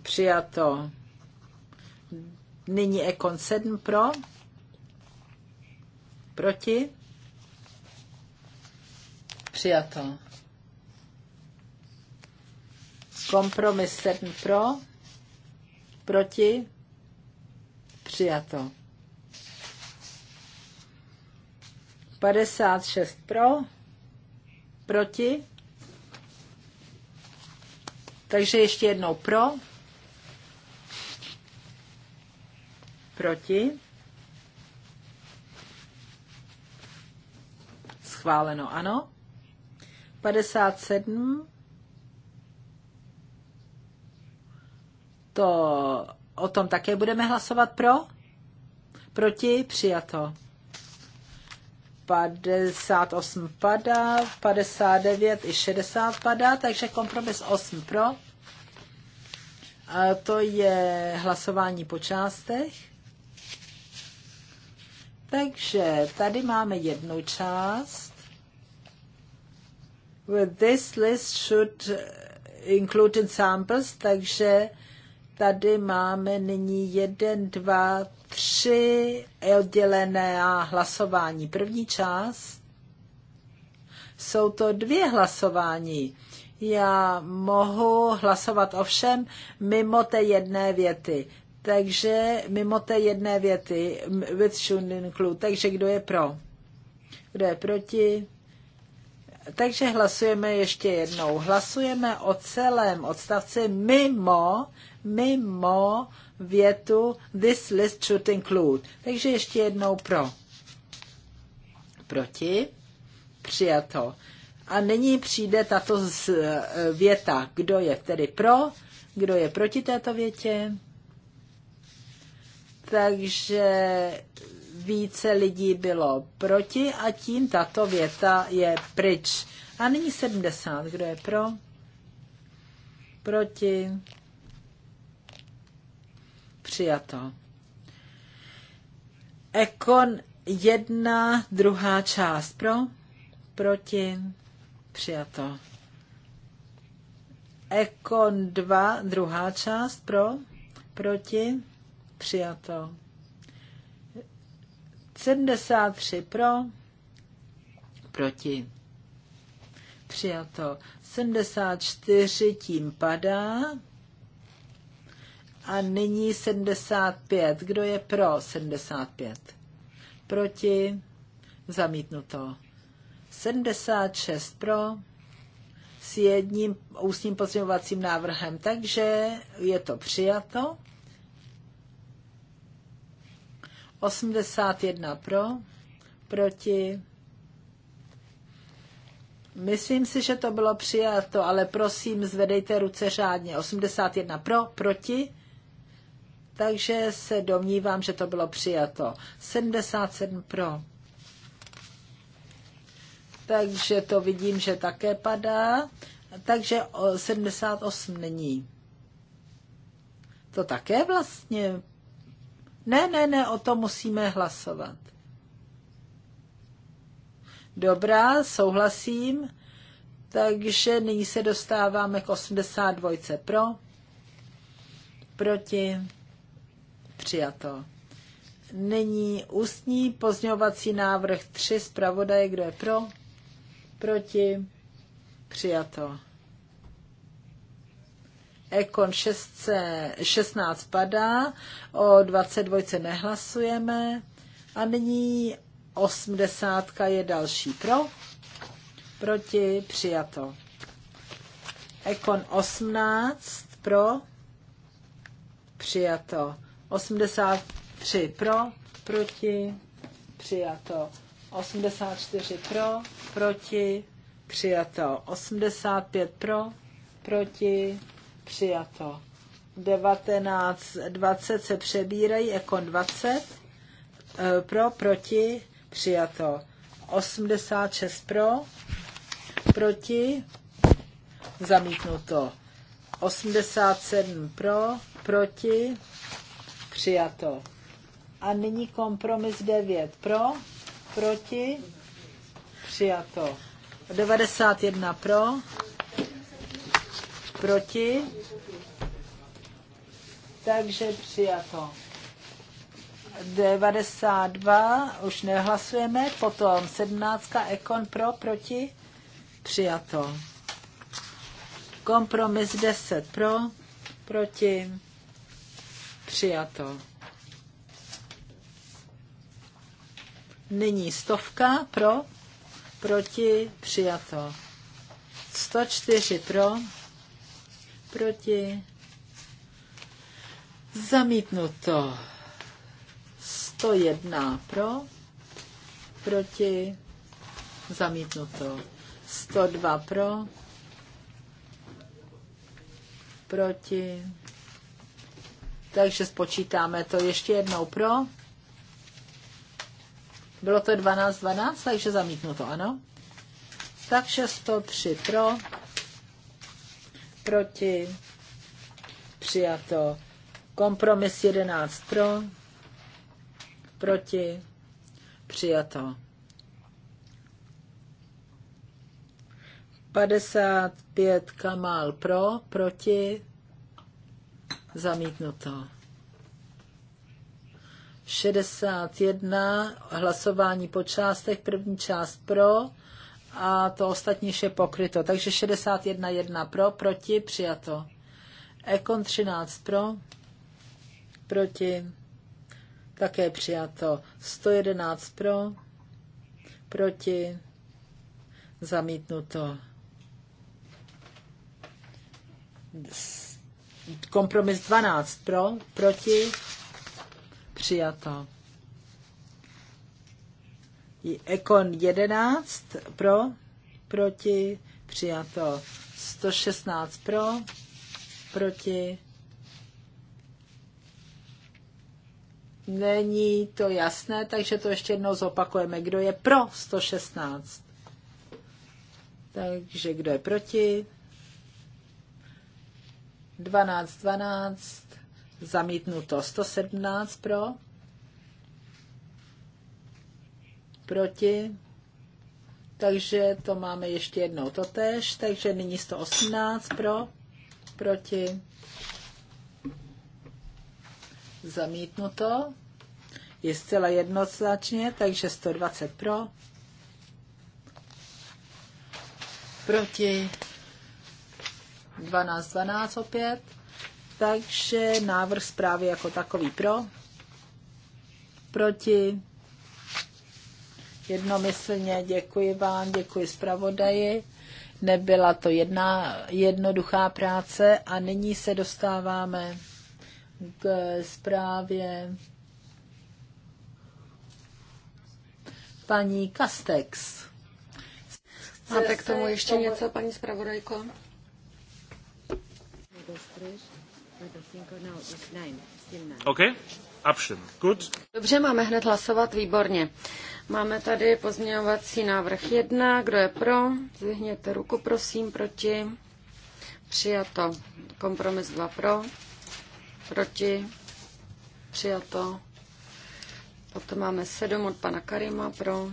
přijato. Nyní Ekon 7 pro, proti, přijato. Kompromis 7 pro, proti, přijato. 56 pro, proti. Takže ještě jednou pro, proti. Schváleno, ano. 57 to, o tom také budeme hlasovat pro? Proti? Přijato. 58 padá, 59 i 60 padá, takže kompromis 8 pro. A to je hlasování po částech. Takže tady máme jednu část. With this list should include samples, takže tady máme nyní jeden, dva, tři oddělené hlasování. První část jsou to dvě hlasování. Já mohu hlasovat ovšem mimo té jedné věty. Takže mimo té jedné věty, with should include. Takže kdo je pro? Kdo je proti? Takže hlasujeme ještě jednou. Hlasujeme o celém odstavci mimo, mimo větu this list should include. Takže ještě jednou pro. Proti. Přijato. A nyní přijde tato z, eh, věta. Kdo je tedy pro? Kdo je proti této větě? Takže více lidí bylo proti a tím tato věta je pryč. A nyní 70. Kdo je pro? Proti? Přijato. Ekon jedna, druhá část. Pro? Proti? Přijato. Ekon 2, druhá část. Pro? Proti? Přijato. 73 pro, proti. Přijato. 74 tím padá. A nyní 75. Kdo je pro 75? Proti? Zamítnuto. 76 pro s jedním ústním pozměňovacím návrhem, takže je to přijato. 81 pro, proti. Myslím si, že to bylo přijato, ale prosím, zvedejte ruce řádně. 81 pro, proti. Takže se domnívám, že to bylo přijato. 77 pro. Takže to vidím, že také padá. Takže 78 není. To také vlastně ne, ne, ne, o tom musíme hlasovat. Dobrá, souhlasím. Takže nyní se dostáváme k 82 pro, proti, přijato. Nyní ústní pozňovací návrh 3 zpravodaje, kdo je pro, proti, přijato. Ekon 16 padá, o 22 nehlasujeme a nyní 80 je další pro, proti přijato. Ekon 18 pro, přijato. 83 pro, proti, přijato. 84 pro, proti, přijato. 85 pro, proti, Přijato. 19, 20 se přebírají, jako 20. E, pro, proti, přijato. 86 pro, proti, zamítnuto. 87 pro, proti, přijato. A nyní kompromis 9 pro, proti, přijato. 91 pro, Proti? Takže přijato. 92 už nehlasujeme, potom 17 Ekon pro, proti? Přijato. Kompromis 10 pro, proti? Přijato. Nyní stovka pro, proti, přijato. 104 pro, proti, zamítnuto 101 pro, proti, zamítnuto 102 pro, proti, takže spočítáme to ještě jednou pro. Bylo to 12-12, takže zamítnuto, ano. Takže 103 pro, proti, přijato. Kompromis 11 pro, proti, přijato. 55 Kamal pro, proti, zamítnuto. 61 hlasování po částech, první část pro, a to ostatní je pokryto. Takže 61.1 pro, proti, přijato. Ekon 13 pro, proti, také přijato. 111 pro, proti, zamítnuto. Kompromis 12 pro, proti, přijato. Ekon 11 pro, proti, přijato 116 pro, proti. Není to jasné, takže to ještě jednou zopakujeme. Kdo je pro 116? Takže kdo je proti? 12, 12, zamítnuto 117 pro proti, takže to máme ještě jednou totež, takže nyní 118 pro, proti, zamítnuto, je zcela jednoznačně, takže 120 pro, proti 12, 12 opět, takže návrh zprávy jako takový pro, proti jednomyslně. Děkuji vám, děkuji zpravodaji. Nebyla to jedna jednoduchá práce a nyní se dostáváme k zprávě paní Kastex. Máte k tomu ještě něco, paní zpravodajko? Okay. Good. Dobře, máme hned hlasovat, výborně. Máme tady pozměňovací návrh 1. Kdo je pro? Zvihněte ruku, prosím, proti. Přijato. Kompromis 2 pro. Proti. Přijato. Potom máme 7 od pana Karima pro.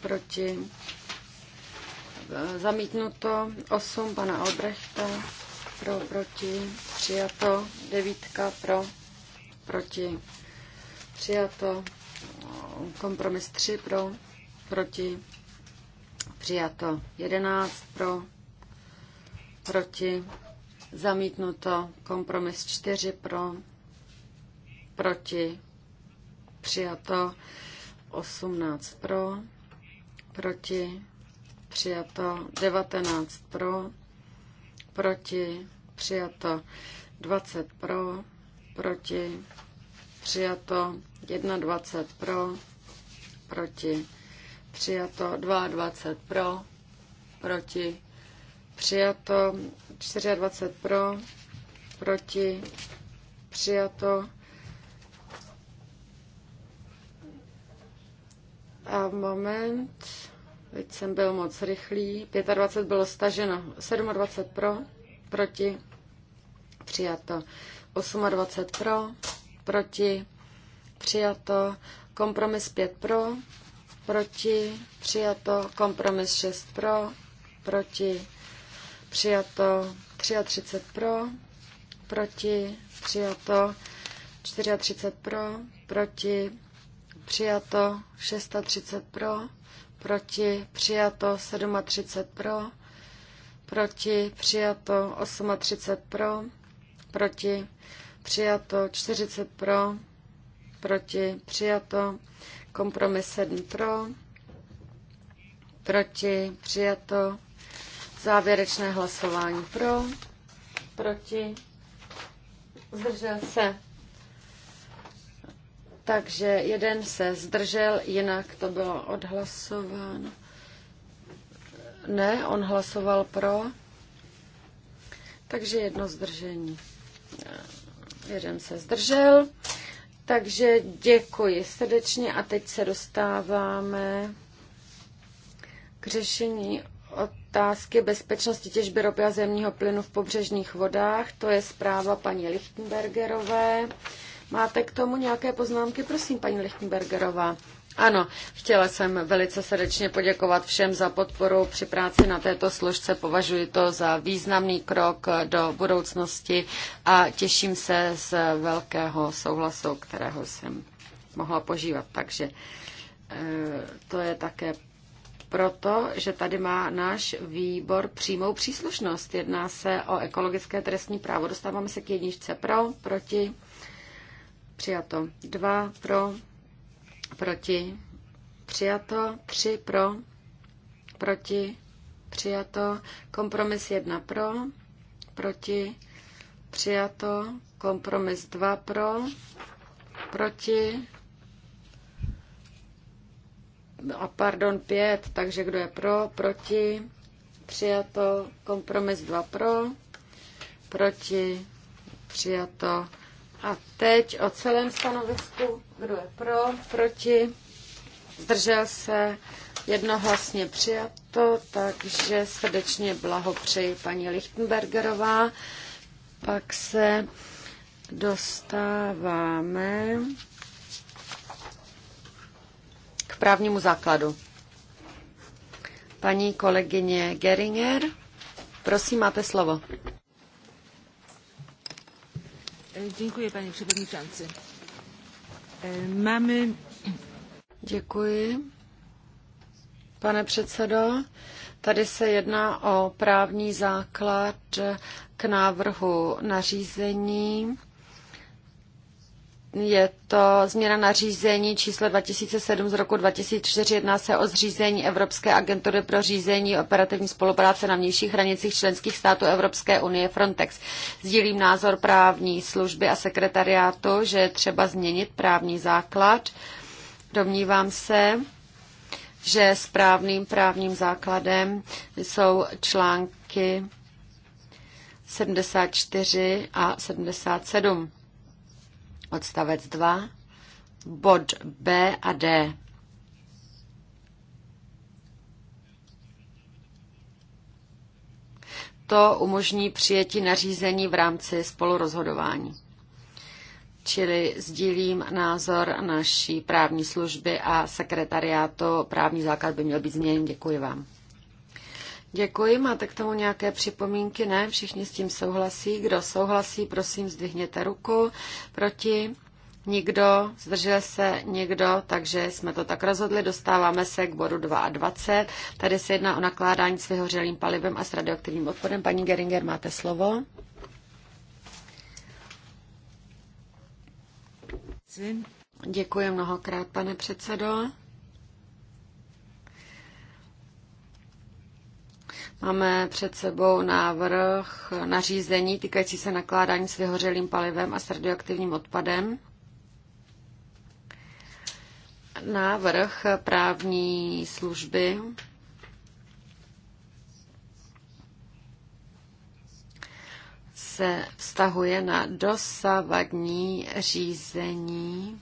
Proti. Zamítnuto. 8 pana Albrechta pro, proti, přijato, devítka pro, proti, přijato, kompromis 3 pro, proti, přijato, 11 pro, proti, zamítnuto, kompromis 4 pro, proti, přijato, 18 pro, proti, přijato, 19 pro, proti, přijato 20 pro, proti, přijato 21 pro, proti, přijato 22 pro, proti, přijato 24 pro, proti, přijato a moment Teď jsem byl moc rychlý. 25 bylo staženo. 27 pro, proti, přijato. 28 pro, proti, přijato. Kompromis 5 pro, proti, přijato. Kompromis 6 pro, proti, přijato. 33 pro, proti, přijato. 34 pro, proti, přijato. 36 pro, proti, přijato 37 pro, proti, přijato 38 pro, proti, přijato 40 pro, proti, přijato kompromis 7 pro, proti, přijato závěrečné hlasování pro, proti, zdržel se takže jeden se zdržel, jinak to bylo odhlasováno. Ne, on hlasoval pro. Takže jedno zdržení. Jeden se zdržel. Takže děkuji srdečně a teď se dostáváme k řešení otázky bezpečnosti těžby ropy a zemního plynu v pobřežních vodách. To je zpráva paní Lichtenbergerové. Máte k tomu nějaké poznámky? Prosím, paní Lichtenbergerová. Ano, chtěla jsem velice srdečně poděkovat všem za podporu při práci na této složce. Považuji to za významný krok do budoucnosti a těším se z velkého souhlasu, kterého jsem mohla požívat. Takže eh, to je také proto, že tady má náš výbor přímou příslušnost. Jedná se o ekologické trestní právo. Dostáváme se k jedničce pro, proti, Přijato. dva pro, proti. Přijato. tři pro, proti. Přijato. Kompromis jedna pro, proti. Přijato. Kompromis dva pro, proti. A pardon, pět takže kdo je pro, proti. Přijato. Kompromis dva pro, proti. Přijato a teď o celém stanovisku, kdo je pro, proti, zdržel se, jednohlasně přijato, takže srdečně blahopřeji paní Lichtenbergerová. Pak se dostáváme k právnímu základu. Paní kolegyně Geringer, prosím, máte slovo. E, děkuji, paní předsedající. E, máme... Děkuji. Pane předsedo, tady se jedná o právní základ k návrhu nařízení je to změna nařízení číslo 2007 z roku 2004. Jedná se o zřízení Evropské agentury pro řízení operativní spolupráce na vnějších hranicích členských států Evropské unie Frontex. Sdílím názor právní služby a sekretariátu, že je třeba změnit právní základ. Domnívám se, že správným právním základem jsou články 74 a 77 odstavec 2, bod B a D. To umožní přijetí nařízení v rámci spolurozhodování. Čili sdílím názor naší právní služby a sekretariátu. Právní základ by měl být změněn. Děkuji vám. Děkuji. Máte k tomu nějaké připomínky? Ne, všichni s tím souhlasí. Kdo souhlasí, prosím, zdvihněte ruku. Proti? Nikdo, zdržel se někdo, takže jsme to tak rozhodli. Dostáváme se k bodu 22. Tady se jedná o nakládání s vyhořelým palivem a s radioaktivním odpadem. Paní Geringer, máte slovo. Děkuji mnohokrát, pane předsedo. Máme před sebou návrh nařízení týkající se nakládání s vyhořelým palivem a s radioaktivním odpadem. Návrh právní služby se vztahuje na dosavadní řízení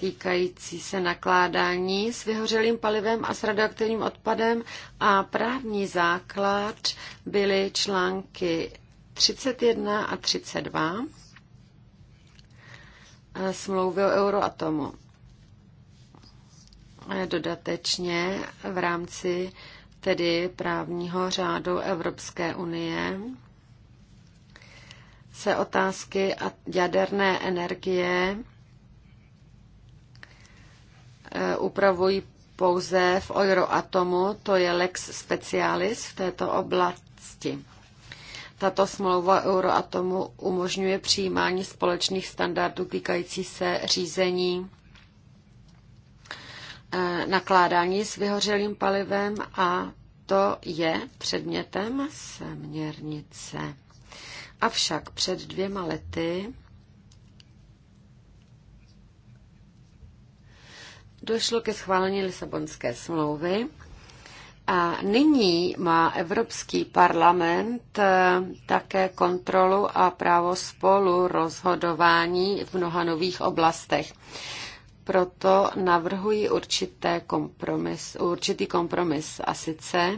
týkající se nakládání s vyhořelým palivem a s radioaktivním odpadem a právní základ byly články 31 a 32 smlouvy o Euroatomu. Dodatečně v rámci tedy právního řádu Evropské unie se otázky jaderné energie Eh, upravují pouze v Euroatomu, to je lex specialis v této oblasti. Tato smlouva Euroatomu umožňuje přijímání společných standardů týkající se řízení eh, nakládání s vyhořelým palivem a to je předmětem směrnice. Avšak před dvěma lety došlo ke schválení Lisabonské smlouvy a nyní má Evropský parlament eh, také kontrolu a právo spolu rozhodování v mnoha nových oblastech. Proto navrhuji určité kompromis, určitý kompromis a sice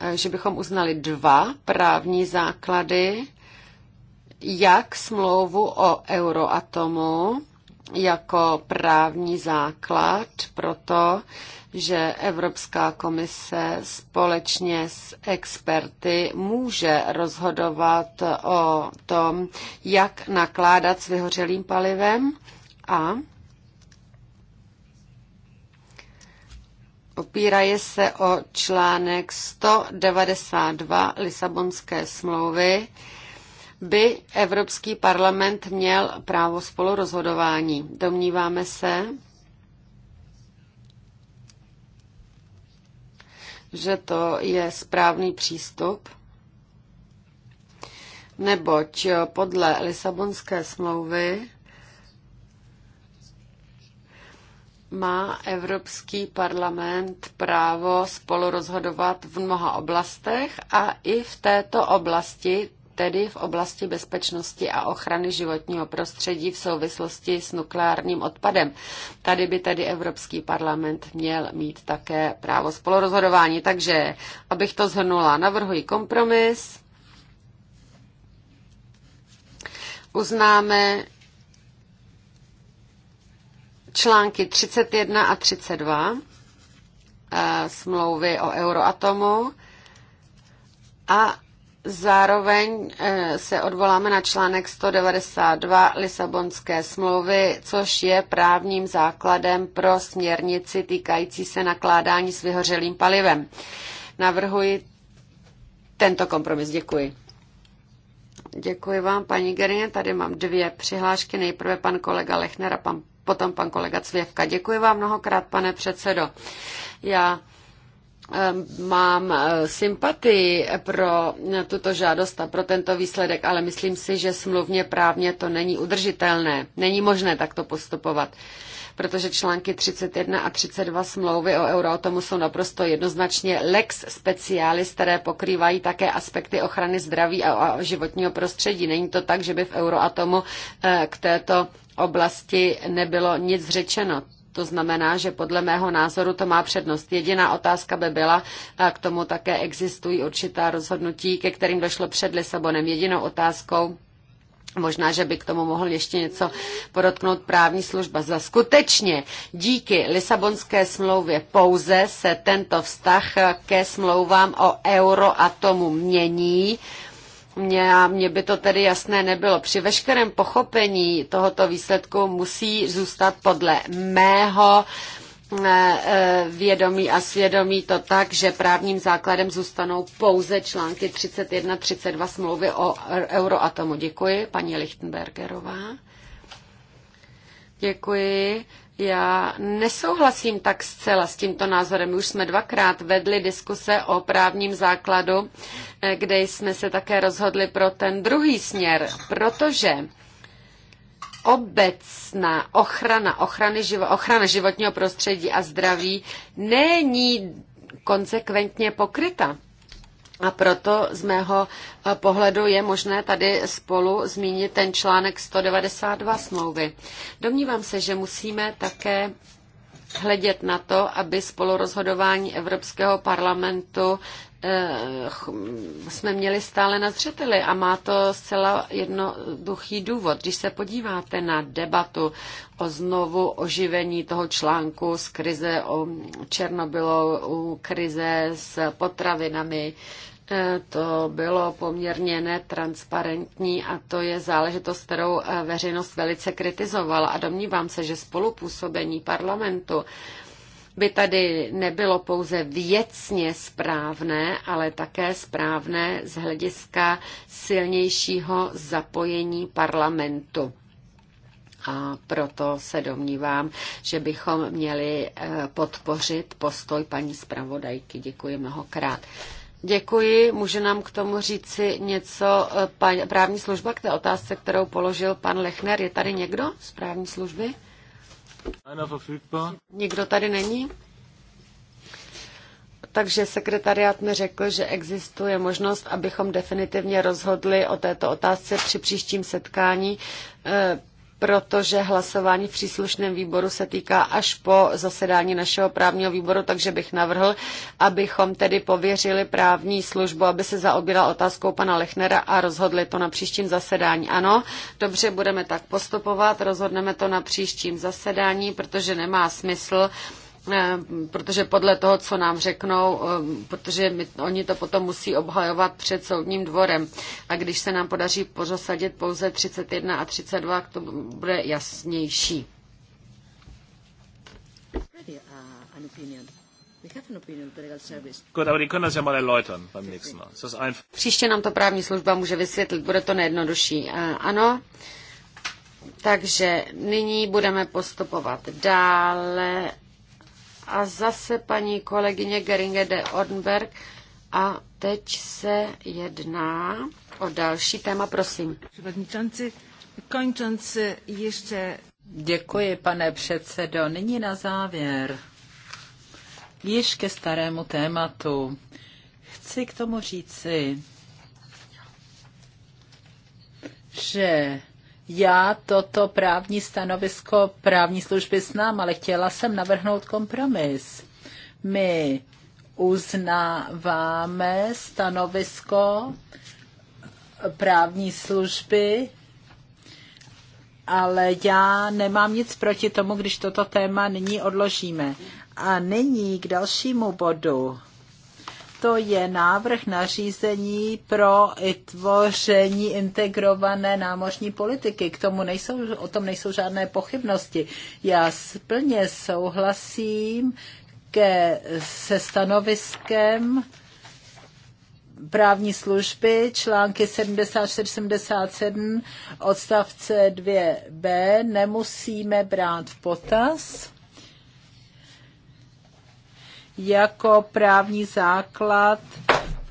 eh, že bychom uznali dva právní základy jak smlouvu o Euroatomu jako právní základ pro to, že Evropská komise společně s experty může rozhodovat o tom, jak nakládat s vyhořelým palivem a opíraje se o článek 192 Lisabonské smlouvy, by Evropský parlament měl právo spolurozhodování. Domníváme se, že to je správný přístup, neboť podle Lisabonské smlouvy má Evropský parlament právo spolurozhodovat v mnoha oblastech a i v této oblasti tedy v oblasti bezpečnosti a ochrany životního prostředí v souvislosti s nukleárním odpadem. Tady by tedy Evropský parlament měl mít také právo spolurozhodování. Takže, abych to zhrnula, navrhuji kompromis. Uznáme články 31 a 32 eh, smlouvy o Euroatomu a Zároveň eh, se odvoláme na článek 192 Lisabonské smlouvy, což je právním základem pro směrnici týkající se nakládání s vyhořelým palivem. Navrhuji tento kompromis. Děkuji. Děkuji vám, paní Gerině. Tady mám dvě přihlášky. Nejprve pan kolega Lechner a pan, potom pan kolega Cvěvka. Děkuji vám mnohokrát, pane předsedo. Já Ehm, mám eh, sympatii pro eh, tuto žádost a pro tento výsledek, ale myslím si, že smluvně právně to není udržitelné. Není možné takto postupovat, protože články 31 a 32 smlouvy o Euroatomu jsou naprosto jednoznačně lex specialis, které pokrývají také aspekty ochrany zdraví a životního prostředí. Není to tak, že by v Euroatomu eh, k této oblasti nebylo nic řečeno. To znamená, že podle mého názoru to má přednost. Jediná otázka by byla, a k tomu také existují určitá rozhodnutí, ke kterým došlo před Lisabonem. Jedinou otázkou Možná, že by k tomu mohl ještě něco podotknout právní služba. Za skutečně díky Lisabonské smlouvě pouze se tento vztah ke smlouvám o euro a tomu mění mě, mě by to tedy jasné nebylo. Při veškerém pochopení tohoto výsledku musí zůstat podle mého eh, eh, vědomí a svědomí to tak, že právním základem zůstanou pouze články 31, 32 smlouvy o er, Euroatomu. Děkuji, paní Lichtenbergerová. Děkuji. Já nesouhlasím tak zcela s tímto názorem. Už jsme dvakrát vedli diskuse o právním základu, eh, kde jsme se také rozhodli pro ten druhý směr, protože obecná ochrana, ochrany živo, ochrana životního prostředí a zdraví není konsekventně pokryta. A proto z mého eh, pohledu je možné tady spolu zmínit ten článek 192 smlouvy. Domnívám se, že musíme také hledět na to, aby spolurozhodování Evropského parlamentu eh, jsme měli stále na zřeteli a má to zcela jednoduchý důvod. Když se podíváte na debatu o znovu oživení toho článku z krize o Černobylu, krize s potravinami, Eh, to bylo poměrně netransparentní a to je záležitost, kterou eh, veřejnost velice kritizovala a domnívám se, že spolupůsobení parlamentu by tady nebylo pouze věcně správné, ale také správné z hlediska silnějšího zapojení parlamentu. A proto se domnívám, že bychom měli eh, podpořit postoj paní zpravodajky. Děkuji mnohokrát. Děkuji. Může nám k tomu říci něco eh, paň, právní služba k té otázce, kterou položil pan Lechner? Je tady někdo z právní služby? Nikdo tady není? takže sekretariát mi řekl, že existuje možnost, abychom definitivně rozhodli o této otázce při příštím setkání eh, protože hlasování v příslušném výboru se týká až po zasedání našeho právního výboru, takže bych navrhl, abychom tedy pověřili právní službu, aby se zaobila otázkou pana Lechnera a rozhodli to na příštím zasedání. Ano, dobře, budeme tak postupovat, rozhodneme to na příštím zasedání, protože nemá smysl Eh, protože podle toho, co nám řeknou, eh, protože my, oni to potom musí obhajovat před soudním dvorem. A když se nám podaří pořosadit pouze 31 a 32, to bude jasnější. Uh, Příště nám to právní služba může vysvětlit, bude to nejjednodušší. Eh, ano, takže nyní budeme postupovat dále a zase paní kolegyně Geringe de Odenberg. A teď se jedná o další téma, prosím. Končonci ještě... Děkuji, pane předsedo. Nyní na závěr. Již ke starému tématu. Chci k tomu říci, že já toto právní stanovisko právní služby znám, ale chtěla jsem navrhnout kompromis. My uznáváme stanovisko právní služby, ale já nemám nic proti tomu, když toto téma nyní odložíme. A nyní k dalšímu bodu to je návrh nařízení pro tvoření integrované námořní politiky. K tomu nejsou, o tom nejsou žádné pochybnosti. Já plně souhlasím ke, se stanoviskem právní služby, články 74-77, odstavce 2b, nemusíme brát v potaz jako právní základ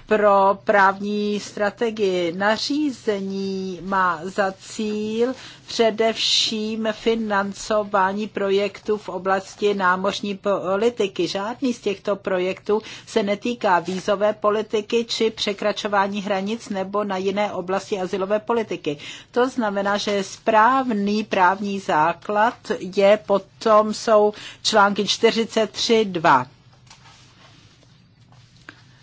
pro právní strategii. Nařízení má za cíl především financování projektů v oblasti námořní politiky. Žádný z těchto projektů se netýká vízové politiky či překračování hranic nebo na jiné oblasti asilové politiky. To znamená, že správný právní základ je potom jsou články 43.2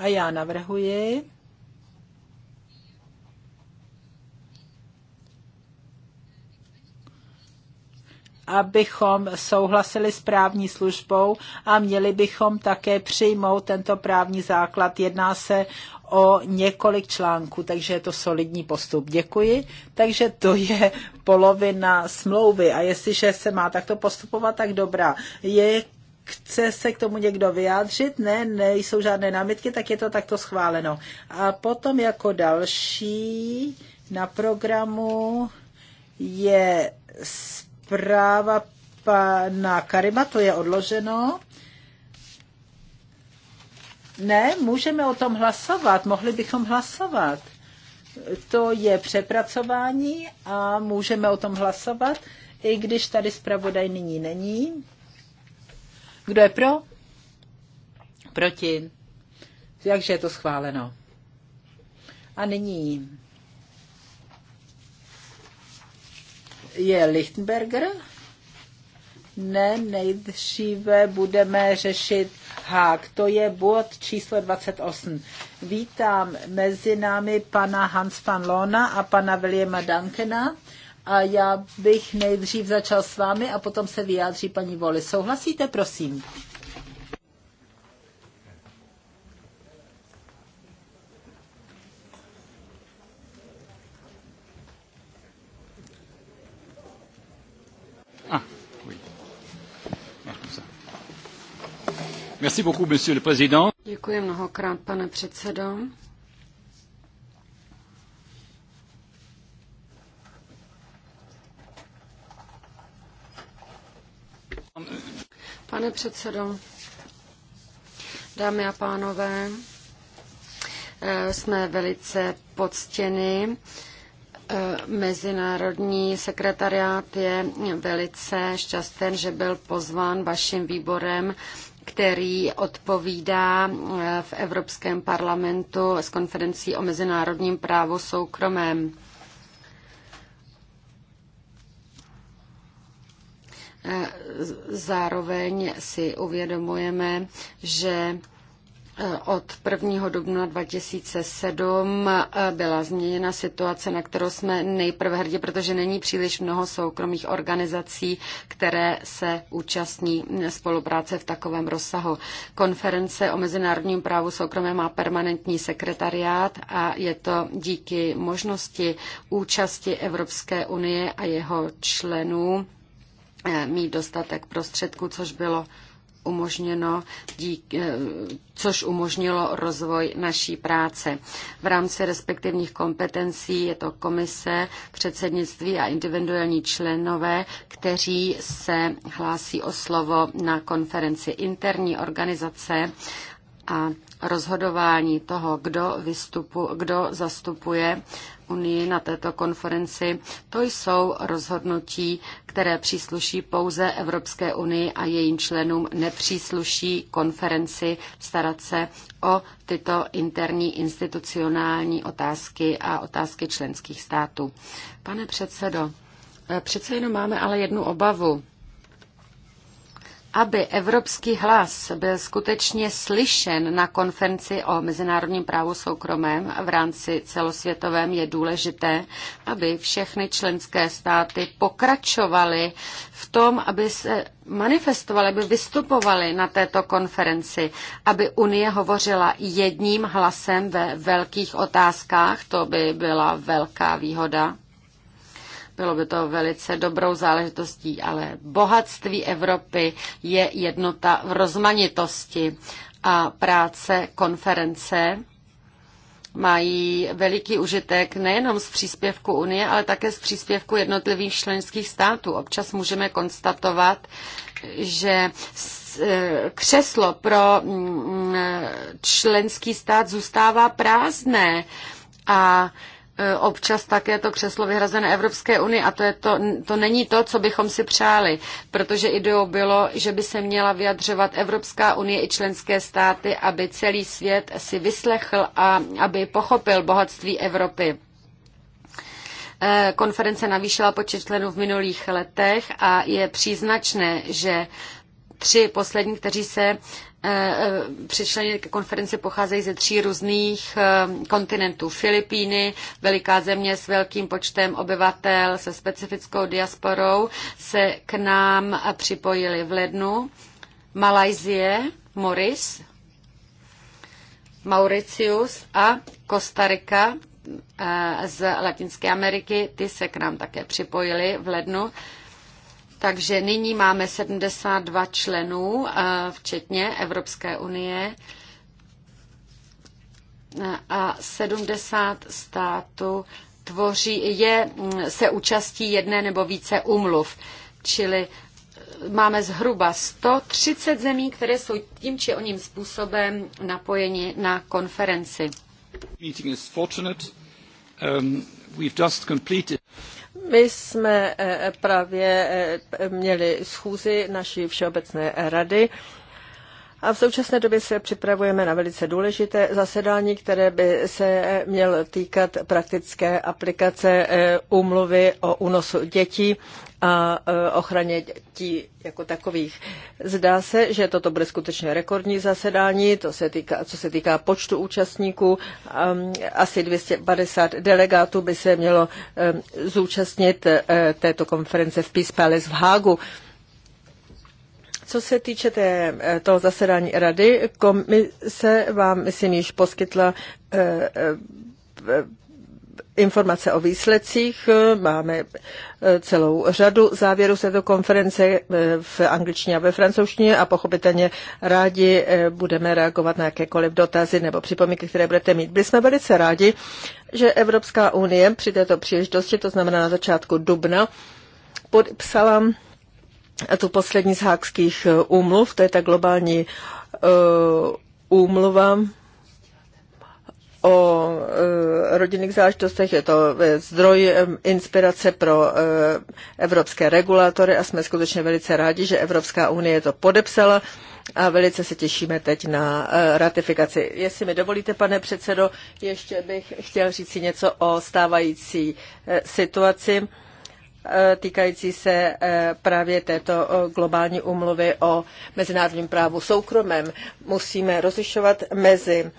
A já navrhuji, abychom souhlasili s právní službou a měli bychom také přijmout tento právní základ. Jedná se o několik článků, takže je to solidní postup. Děkuji. Takže to je polovina smlouvy a jestliže se má takto postupovat, tak dobrá. Je Chce se k tomu někdo vyjádřit? Ne, nejsou žádné námitky, tak je to takto schváleno. A potom jako další na programu je zpráva pana Karima, to je odloženo. Ne, můžeme o tom hlasovat, mohli bychom hlasovat. To je přepracování a můžeme o tom hlasovat, i když tady zpravodaj nyní není. Kdo je pro? Proti? Jakže je to schváleno. A nyní je Lichtenberger. Ne, nejdříve budeme řešit Hák. To je bod číslo 28. Vítám mezi námi pana Hans van Lona a pana Williama Dankena. A já bych nejdřív začal s vámi a potom se vyjádří paní Voli. Souhlasíte, prosím? Ah, ah, Děkuji mnohokrát, pane předsedo. Pane předsedo, dámy a pánové, eh, jsme velice poctěni. Eh, mezinárodní sekretariát je velice šťasten, že byl pozván vaším výborem který odpovídá eh, v Evropském parlamentu s konferencí o mezinárodním právu soukromém. Zároveň si uvědomujeme, že e, od 1. dubna 2007 e, byla změněna situace, na kterou jsme nejprve hrdě, protože není příliš mnoho soukromých organizací, které se účastní spolupráce v takovém rozsahu. Konference o mezinárodním právu soukromé má permanentní sekretariát a je to díky možnosti účasti Evropské unie a jeho členů Eh, mít dostatek prostředků, což bylo umožněno, dík, eh, což umožnilo rozvoj naší práce. V rámci respektivních kompetencí je to komise, předsednictví a individuální členové, kteří se hlásí o slovo na konferenci interní organizace a rozhodování toho, kdo, vystupu, kdo zastupuje unii na této konferenci, to jsou rozhodnutí, které přísluší pouze Evropské unii a jejím členům nepřísluší konferenci starat se o tyto interní institucionální otázky a otázky členských států. Pane předsedo, eh, přece jenom máme ale jednu obavu aby evropský hlas byl skutečně slyšen na konferenci o mezinárodním právu soukromém v rámci celosvětovém, je důležité, aby všechny členské státy pokračovaly v tom, aby se manifestovali, aby vystupovali na této konferenci, aby Unie hovořila jedním hlasem ve velkých otázkách, to by byla velká výhoda bylo by to velice dobrou záležitostí, ale bohatství Evropy je jednota v rozmanitosti a práce konference mají veliký užitek nejenom z příspěvku Unie, ale také z příspěvku jednotlivých členských států. Občas můžeme konstatovat, že e, křeslo pro mm, e, členský stát zůstává prázdné a E, občas také to křeslo vyhrazené Evropské unii a to, je to, to není to, co bychom si přáli, protože ideou bylo, že by se měla vyjadřovat Evropská unie i členské státy, aby celý svět si vyslechl a aby pochopil bohatství Evropy. E, konference navýšila počet členů v minulých letech a je příznačné, že tři poslední, kteří se eh, eh, přišli ke konferenci, pocházejí ze tří různých eh, kontinentů. Filipíny, veliká země s velkým počtem obyvatel, se specifickou diasporou, se k nám připojili v lednu. Malajzie, Moris, Mauritius a Kostarika z Latinské Ameriky, ty se k nám také připojili v lednu. Takže nyní máme 72 členů, eh, včetně Evropské unie eh, a 70 států tvoří, je, mm, se účastí jedné nebo více umluv. Čili eh, máme zhruba 130 zemí, které jsou tím či oním způsobem napojeni na konferenci. My jsme eh, právě eh, měli schůzi naší Všeobecné rady a v současné době se připravujeme na velice důležité zasedání, které by se mělo týkat praktické aplikace eh, úmluvy o únosu dětí a ochraně dětí jako takových. Zdá se, že toto bude skutečně rekordní zasedání, to se týká, co se týká počtu účastníků. Asi 250 delegátů by se mělo zúčastnit e, této konference v Peace Palace v Hágu. Co se týče té, e, toho zasedání rady, komise vám, myslím, již poskytla e, informace o výsledcích. Máme eh, celou řadu závěrů z této konference eh, v angličtině a ve francouzštině a pochopitelně rádi eh, budeme reagovat na jakékoliv dotazy nebo připomínky, které budete mít. Byli jsme velice rádi, že Evropská unie při této příležitosti, to znamená na začátku dubna, podpsala tu poslední z hákských úmluv, to je ta globální uh, úmluva o e, rodinných záležitostech, je to e, zdroj e, inspirace pro evropské regulátory a jsme skutečně velice rádi, že Evropská unie to podepsala a velice se těšíme teď na ratifikaci. Jestli mi dovolíte, pane předsedo, ještě bych chtěl říct si něco o stávající situaci. Eh, týkající se eh, právě této eh, globální umluvy o mezinárodním právu soukromém. Musíme rozlišovat mezi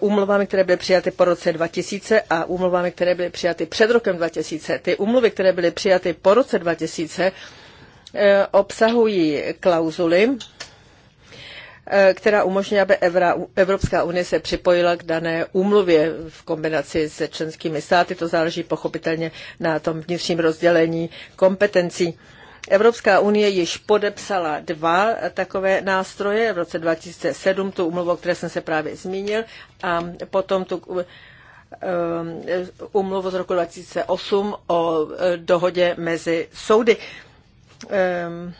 úmluvami, které byly přijaty po roce 2000 a úmluvami, které byly přijaty před rokem 2000. Ty umluvy, které byly přijaty po roce 2000, obsahují klauzuly, Eh, která umožňuje, aby Evropská unie se připojila k dané úmluvě v kombinaci se členskými státy. To záleží pochopitelně na tom vnitřním rozdělení kompetencí. Evropská unie již podepsala dva takové nástroje v roce 2007, tu umluvu, o které jsem se právě zmínil, a potom tu umluvu eh, z roku 2008 o eh, dohodě mezi soudy. Ehm,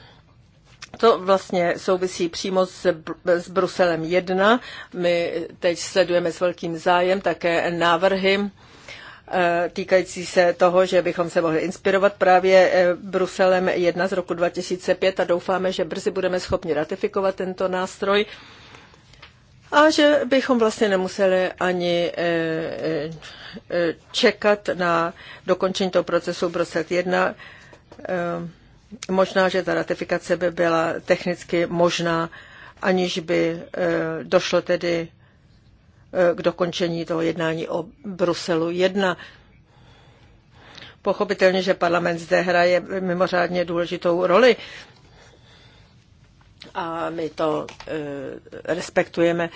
to vlastně souvisí přímo s, s Bruselem 1. My teď sledujeme s velkým zájem také návrhy eh, týkající se toho, že bychom se mohli inspirovat právě eh, Bruselem 1 z roku 2005 a doufáme, že brzy budeme schopni ratifikovat tento nástroj a že bychom vlastně nemuseli ani eh, čekat na dokončení toho procesu Brusel 1. Možná, že ta ratifikace by byla technicky možná, aniž by eh, došlo tedy eh, k dokončení toho jednání o Bruselu 1. Pochopitelně, že parlament zde hraje mimořádně důležitou roli a my to eh, respektujeme.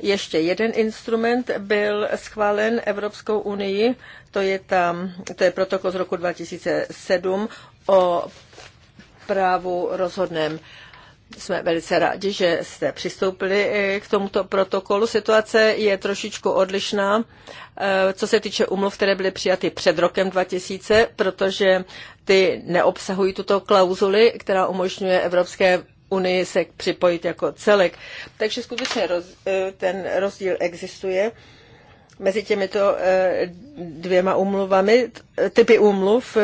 Ještě jeden instrument byl schválen Evropskou unii, to je, tam, to je protokol z roku 2007 o právu rozhodném. Jsme velice rádi, že jste přistoupili eh, k tomuto protokolu. Situace je trošičku odlišná, eh, co se týče umluv, které byly přijaty před rokem 2000, protože ty neobsahují tuto klauzuli, která umožňuje Evropské unii se připojit jako celek. Takže skutečně roz, eh, ten rozdíl existuje mezi těmito dvěma umluvami, typy umluv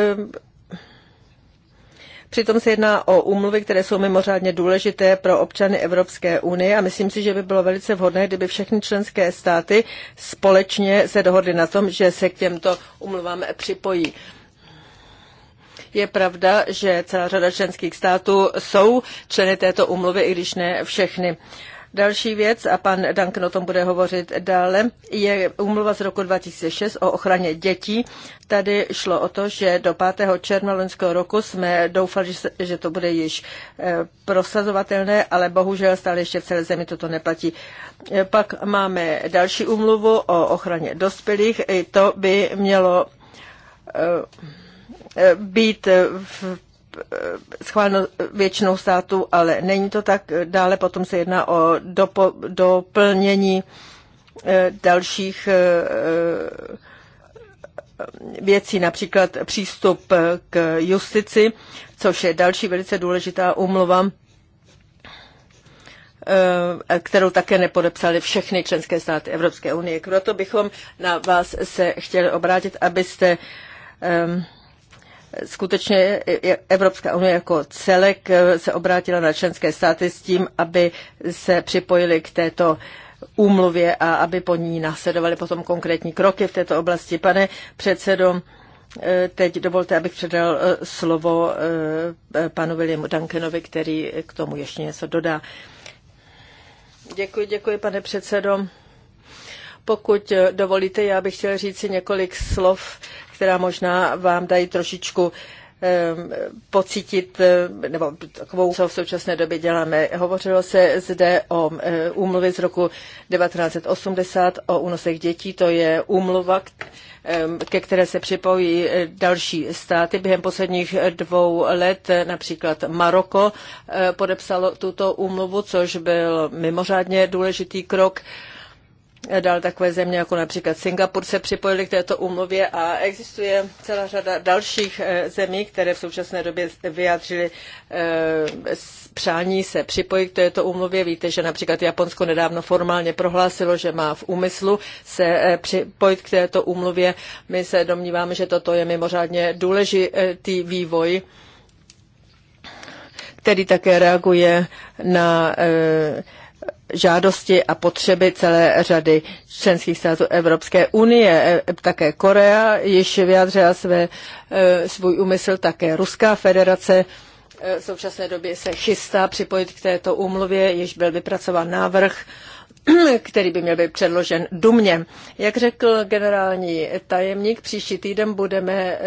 Přitom se jedná o úmluvy, které jsou mimořádně důležité pro občany Evropské unie a myslím si, že by bylo velice vhodné, kdyby všechny členské státy společně se dohodly na tom, že se k těmto úmluvám připojí. Je pravda, že celá řada členských států jsou členy této úmluvy, i když ne všechny. Uh, Další věc, a pan Duncan o tom bude hovořit dále, je úmluva z roku 2006 o ochraně dětí. Tady šlo o to, že do 5. června loňského roku jsme doufali, že to bude již eh, prosazovatelné, ale bohužel stále ještě v celé zemi toto neplatí. Eh, pak máme další úmluvu o ochraně dospělých. I to by mělo eh, být v schváleno většinou států, ale není to tak. Dále potom se jedná o dopo, doplnění eh, dalších eh, eh, věcí, například přístup k justici, což je další velice důležitá úmluva, kterou také nepodepsali všechny členské státy Evropské unie. Proto bychom na vás se chtěli obrátit, abyste um, skutečně Evropská unie jako celek eh, se obrátila na členské státy s tím, aby se připojili k této úmluvě a aby po ní následovaly potom konkrétní kroky v této oblasti. Pane předsedo, eh, teď dovolte, abych předal eh, slovo panu Williamu Duncanovi, který k tomu ještě něco dodá. Děkuji, děkuji, pane předsedo. Pokud dovolíte, já bych chtěl si několik slov která možná vám dají trošičku ehm, pocítit, ehm, nebo takovou, co v současné době děláme. Hovořilo se zde o eh, úmluvě z roku 1980 o únosech dětí. To je úmluva, ehm, ke které se připojí eh, další státy. Během posledních dvou let eh, například Maroko podepsalo tuto úmluvu, což byl mimořádně důležitý krok Dal takové země jako například Singapur se připojily k této úmluvě a existuje celá řada dalších eh, zemí, které v současné době vyjádřily eh, přání se připojit k této úmluvě. Víte, že například Japonsko nedávno formálně prohlásilo, že má v úmyslu se eh, připojit k této úmluvě. My se domníváme, že toto je mimořádně důležitý vývoj který také reaguje na eh, žádosti a potřeby celé řady členských států Evropské unie. E, také Korea již vyjádřila své, e, svůj úmysl, také Ruská federace e, v současné době se chystá připojit k této úmluvě, již byl vypracován návrh, [clears throat] který by měl být předložen Dumně. Jak řekl generální tajemník, příští týden budeme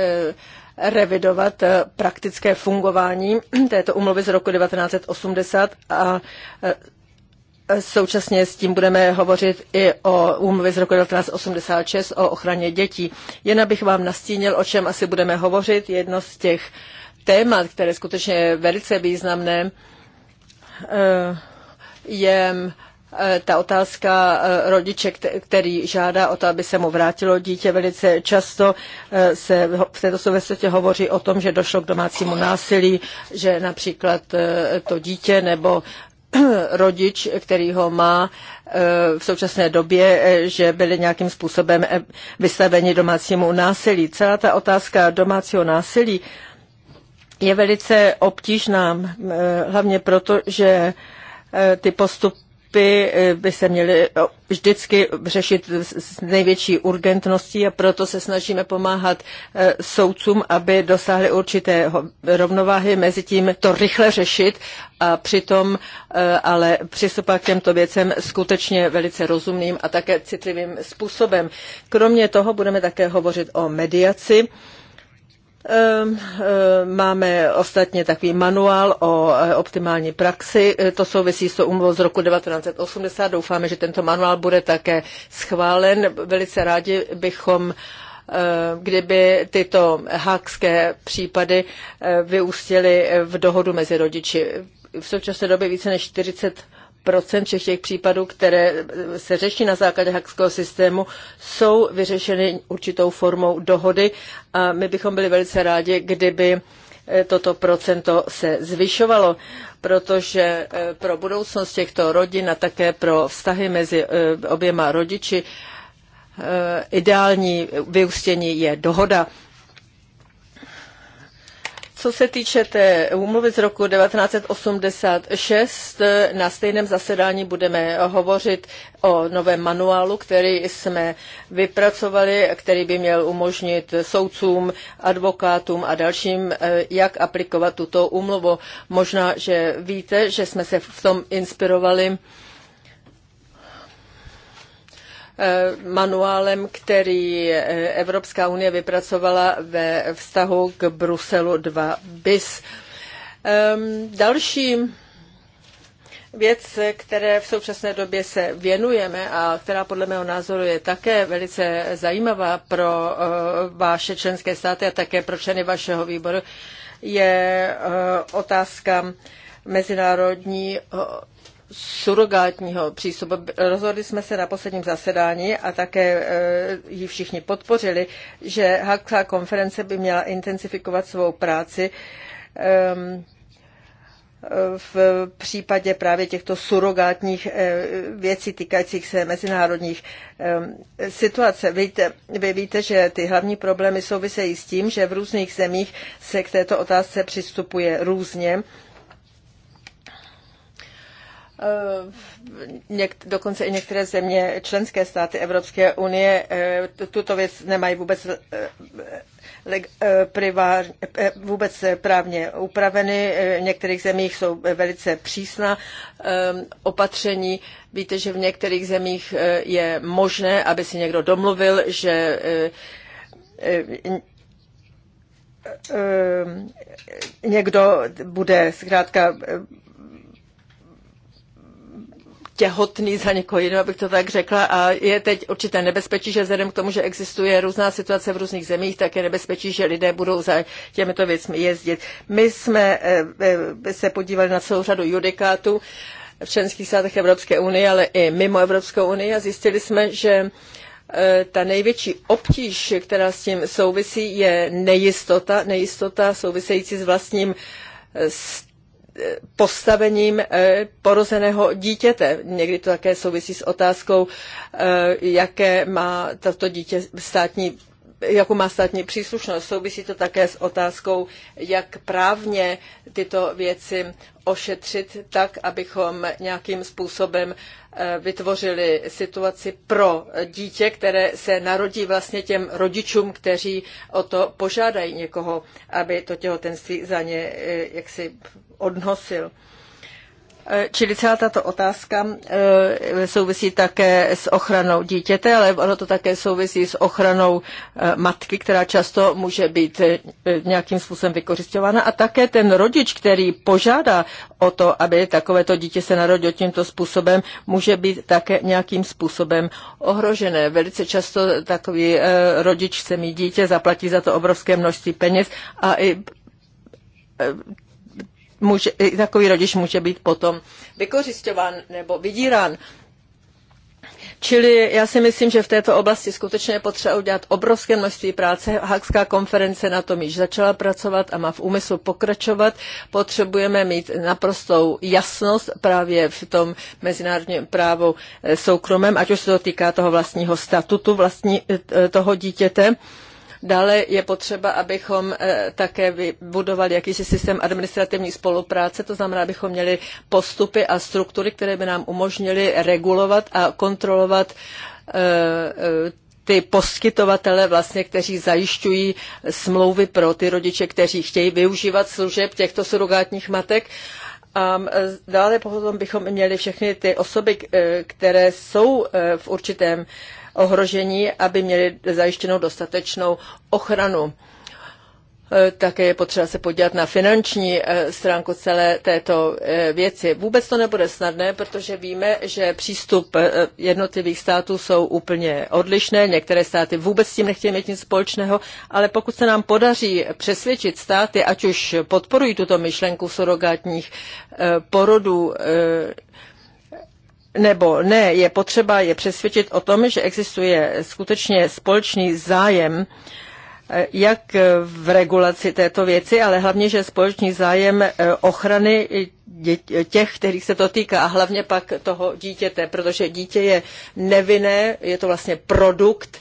revidovat praktické fungování [clears throat] této umluvy z roku 1980 a Současně s tím budeme hovořit i o úmluvě z roku 1986 o ochraně dětí. Jen abych vám nastínil, o čem asi budeme hovořit. Jedno z těch témat, které skutečně velice významné, eh, je eh, ta otázka eh, rodiče, který žádá o to, aby se mu vrátilo dítě. Velice často se v této souvislosti hovoří o tom, že došlo k domácímu násilí, že například to dítě nebo [clears throat] rodič, který ho má eh, v současné době, eh, že byli nějakým způsobem eh, vystaveni domácímu násilí. Celá ta otázka domácího násilí je velice obtížná, hlavně proto, že ty postupy by eh, by se měly eh, vždycky řešit s největší urgentností a proto se snažíme pomáhat eh, soudcům, aby dosáhli určité rovnováhy mezi tím to rychle řešit a přitom ale přistupovat k těmto věcem skutečně velice rozumným a také citlivým způsobem. Kromě toho budeme také hovořit o mediaci. Ehm, ehm, máme ostatně takový manuál o eh, optimální praxi. Eh, to souvisí s umluvou z roku 1980. Doufáme, že tento manuál bude také schválen. Velice rádi bychom eh, kdyby tyto hákské případy vyústily v dohodu mezi rodiči. V současné době více než 40 procent všech těch případů, které se řeší na základě hackského systému, jsou vyřešeny určitou formou dohody a my bychom byli velice rádi, kdyby eh, toto procento se zvyšovalo, protože eh, pro budoucnost těchto rodin a také pro vztahy mezi eh, oběma rodiči ideální vyústění je dohoda. Co se týče té úmluvy z roku 1986, na stejném zasedání budeme hovořit o novém manuálu, který jsme vypracovali, který by měl umožnit soudcům, advokátům a dalším, eh, jak aplikovat tuto úmluvu. Možná, že víte, že jsme se v tom inspirovali Eh, manuálem, který eh, Evropská unie vypracovala ve vztahu k Bruselu 2 bis. Ehm, další věc, které v současné době se věnujeme a která podle mého názoru je také velice zajímavá pro eh, vaše členské státy a také pro členy vašeho výboru, je otázka mezinárodní surogátního přístupu. Rozhodli jsme se na posledním zasedání a také eh, ji všichni podpořili, že Hakská konference by měla intensifikovat svou práci ehm, v případě právě těchto surogátních eh, věcí týkajících se mezinárodních ehm, situace. Víte, vy víte, že ty hlavní problémy souvisejí s tím, že v různých zemích se k této otázce přistupuje různě. Eh, něk, dokonce i některé země, členské státy Evropské unie, eh, tuto věc nemají vůbec, eh, privár, vůbec právně upraveny. V některých zemích jsou velice přísná opatření. Víte, že v některých zemích je možné, aby si někdo domluvil, že někdo bude zkrátka těhotný za někoho jiného, abych to tak řekla. A je teď určité nebezpečí, že vzhledem k tomu, že existuje různá situace v různých zemích, tak je nebezpečí, že lidé budou za těmito věcmi jezdit. My jsme eh, eh, se podívali na celou řadu judikátů v členských státech Evropské unie, ale i mimo Evropskou unii a zjistili jsme, že eh, ta největší obtíž, která s tím souvisí, je nejistota, nejistota související s vlastním postavením eh, porozeného dítěte. Někdy to také souvisí s otázkou, eh, jaké má toto dítě státní jakou má státní příslušnost. Souvisí to také s otázkou, jak právně tyto věci ošetřit tak, abychom nějakým způsobem eh, vytvořili situaci pro dítě, které se narodí vlastně těm rodičům, kteří o to požádají někoho, aby to těhotenství za ně eh, jaksi odnosil. Eh, čili celá tato otázka eh, souvisí také s ochranou dítěte, ale ono to také souvisí s ochranou eh, matky, která často může být nějakým způsobem vykořišťována. A také ten rodič, který požádá o to, aby takovéto dítě se narodilo tímto způsobem, může být také nějakým způsobem ohrožené. Velice často takový rodič chce mít dítě, zaplatí za to obrovské množství peněz a i může, takový rodič může být potom vykořišťován nebo vydírán. Čili já si myslím, že v této oblasti skutečně je potřeba udělat obrovské množství práce. Hakská konference na tom již začala pracovat a má v úmyslu pokračovat. Potřebujeme mít naprostou jasnost právě v tom mezinárodním právu eh, soukromém, ať už se to týká toho vlastního statutu vlastní, eh, toho dítěte. Dále je potřeba, abychom eh, také vybudovali jakýsi systém administrativní spolupráce, to znamená, abychom měli postupy a struktury, které by nám umožnily regulovat a kontrolovat eh, eh, ty poskytovatele, vlastně, kteří zajišťují smlouvy pro ty rodiče, kteří chtějí využívat služeb těchto surogátních matek. A dále potom bychom měli všechny ty osoby, které jsou v určitém ohrožení, aby měli zajištěnou dostatečnou ochranu. E, také je potřeba se podívat na finanční e, stránku celé této e, věci. Vůbec to nebude snadné, protože víme, že přístup jednotlivých států jsou úplně odlišné. Některé státy vůbec s tím nechtějí mít nic společného, ale pokud se nám podaří přesvědčit státy, ať už podporují tuto myšlenku surogátních porodů, nebo ne, je potřeba je přesvědčit o tom, že existuje skutečně společný zájem eh, jak v regulaci této věci, ale hlavně, že společný zájem eh, ochrany těch, kterých se to týká a hlavně pak toho dítěte, protože dítě je nevinné, je to vlastně produkt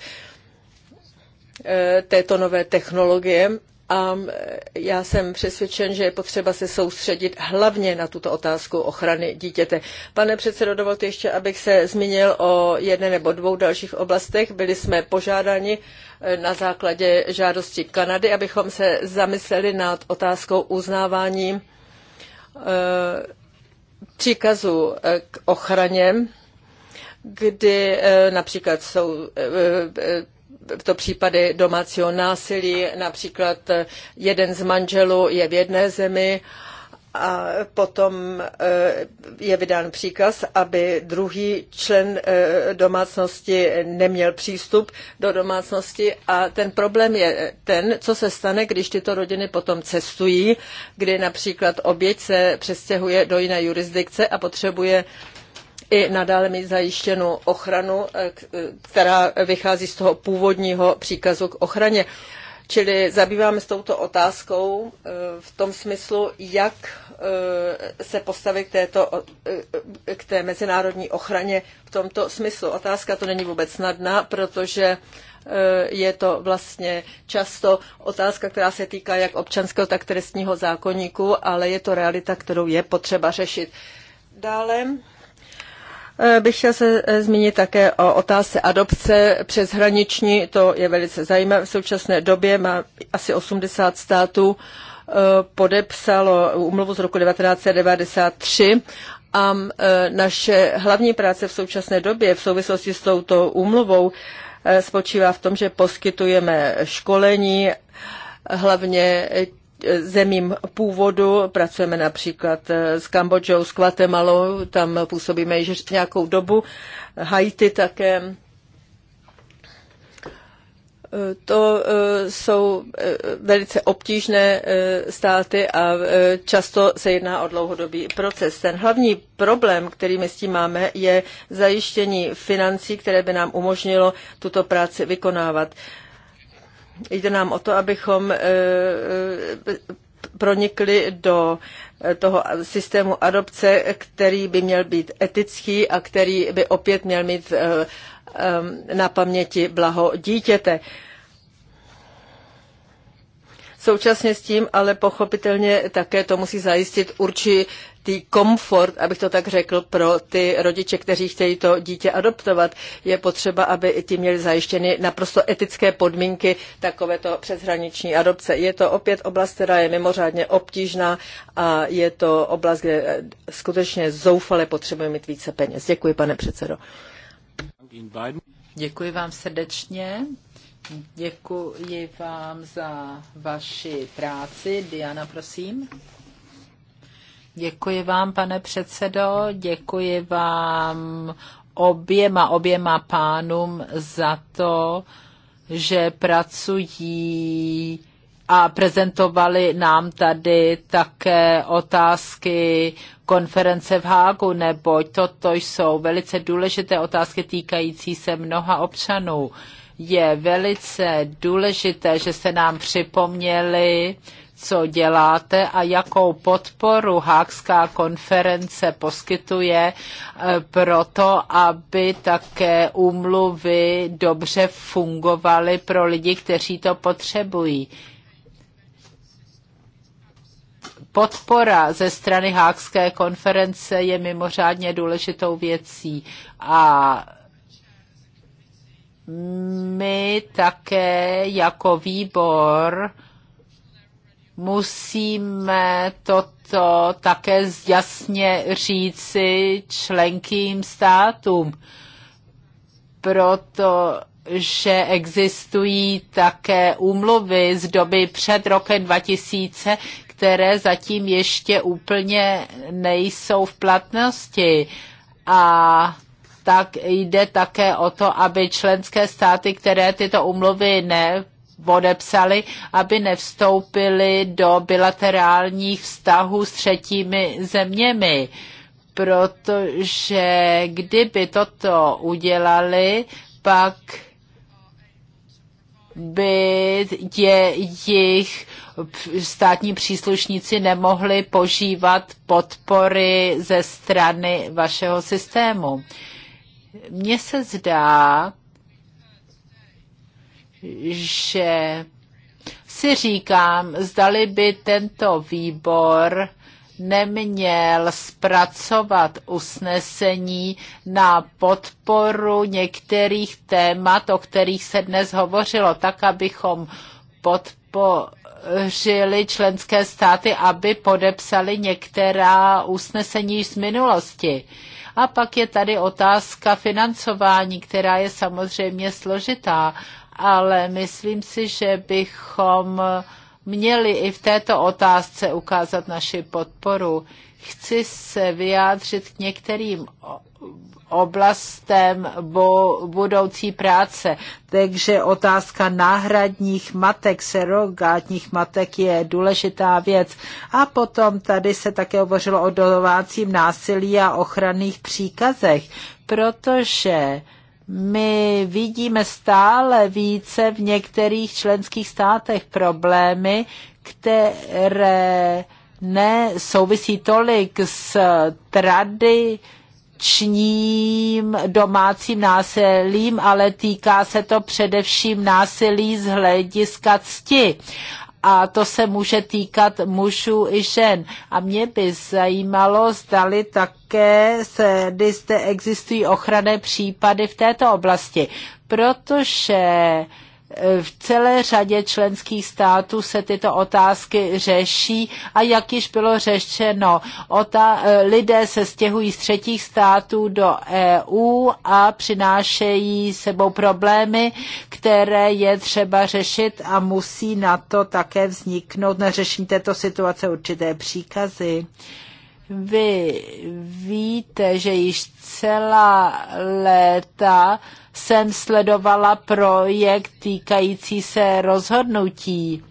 eh, této nové technologie a mm, já jsem přesvědčen, že je potřeba se soustředit hlavně na tuto otázku ochrany dítěte. Pane předsedo, dovolte ještě, abych se zmínil o jedné nebo dvou dalších oblastech. Byli jsme požádáni eh, na základě žádosti Kanady, abychom se zamysleli nad otázkou uznávání eh, příkazu eh, k ochraně, kdy například jsou to případy domácího násilí. Například jeden z manželů je v jedné zemi a potom eh, je vydán příkaz, aby druhý člen eh, domácnosti neměl přístup do domácnosti a ten problém je ten, co se stane, když tyto rodiny potom cestují, kdy například oběť se přestěhuje do jiné jurisdikce a potřebuje i nadále mít zajištěnou ochranu, eh, eh, která vychází z toho původního příkazu k ochraně. Čili zabýváme s touto otázkou eh, v tom smyslu, jak se postavit k, této, k té mezinárodní ochraně v tomto smyslu. Otázka to není vůbec snadná, protože je to vlastně často otázka, která se týká jak občanského, tak trestního zákonníku, ale je to realita, kterou je potřeba řešit. Dále Eh, bych chtěla se eh, zmínit také o otázce adopce přeshraniční. To je velice zajímavé. V současné době má asi 80 států eh, podepsalo úmluvu z roku 1993 a naše hlavní práce v současné době v souvislosti s touto úmluvou spočívá v tom, že poskytujeme školení hlavně zemím původu. Pracujeme například eh, s Kambodžou, s Guatemalou, tam působíme již nějakou dobu. Haiti také. Eh, to eh, jsou velice obtížné státy a často se jedná o dlouhodobý proces. Ten hlavní problém, který my s tím máme, je zajištění financí, které by nám umožnilo tuto práci vykonávat. Jde nám o to, abychom e, e, pronikli do e, toho systému adopce, který by měl být etický a který by opět měl mít na paměti blaho dítěte. Současně s tím ale pochopitelně také to musí zajistit určitý určitý komfort, abych to tak řekl, pro ty rodiče, kteří chtějí to dítě adoptovat. Je potřeba, aby i ti měli zajištěny naprosto etické podmínky takovéto přeshraniční adopce. Je to opět oblast, která je mimořádně obtížná a je to oblast, kde skutečně zoufale potřebujeme mít více peněz. Děkuji, pane předsedo. Děkuji vám srdečně. Děkuji vám za vaši práci. Diana, prosím. Děkuji vám, pane předsedo, děkuji vám oběma, oběma pánům za to, že pracují a prezentovali nám tady také otázky konference v Hágu, neboť toto jsou velice důležité otázky týkající se mnoha občanů. Je velice důležité, že se nám připomněli co děláte a jakou podporu Hákská konference poskytuje eh, pro to, aby také úmluvy dobře fungovaly pro lidi, kteří to potřebují. Podpora ze strany Hákské konference je mimořádně důležitou věcí a my také jako výbor musíme toto také jasně říci členkým státům, protože existují také úmluvy z doby před rokem 2000, které zatím ještě úplně nejsou v platnosti. A tak jde také o to, aby členské státy, které tyto umluvy ne podepsali, aby nevstoupili do bilaterálních vztahů s třetími zeměmi. Protože kdyby toto udělali, pak by jejich státní příslušníci nemohli požívat podpory ze strany vašeho systému. Mně se zdá, že si říkám, zdali by tento výbor neměl zpracovat usnesení na podporu některých témat, o kterých se dnes hovořilo, tak abychom podpořili členské státy, aby podepsali některá usnesení z minulosti. A pak je tady otázka financování, která je samozřejmě složitá, ale myslím si, že bychom měli i v této otázce ukázat naši podporu. Chci se vyjádřit k některým oblastem bo budoucí práce. Takže otázka náhradních matek, serogátních matek je důležitá věc. A potom tady se také hovořilo o domácím násilí a ochranných příkazech, protože my vidíme stále více v některých členských státech problémy, které nesouvisí tolik s tradičním domácím násilím, ale týká se to především násilí z hlediska cti a to se může týkat mužů i žen. A mě by zajímalo, zdali také se, zde existují ochranné případy v této oblasti, protože v celé řadě členských států se tyto otázky řeší a jak již bylo řešeno, ota- eh, lidé se stěhují z třetích států do EU a přinášejí sebou problémy, které je třeba řešit a musí na to také vzniknout na řešení této situace určité příkazy. Uh, vy víte, že již celá léta jsem sledovala projekt týkající se rozhodnutí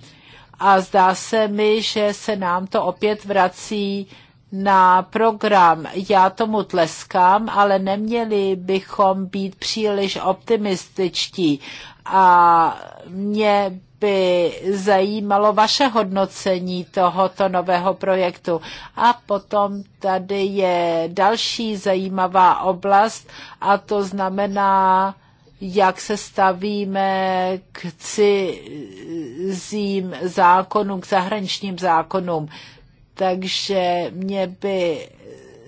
a zdá se mi, že se nám to opět vrací na program. Já tomu tleskám, ale neměli bychom být příliš optimističtí. A mě by zajímalo vaše hodnocení tohoto nového projektu. A potom tady je další zajímavá oblast a to znamená, jak se stavíme k cizím zákonům, k zahraničním zákonům. Takže mě by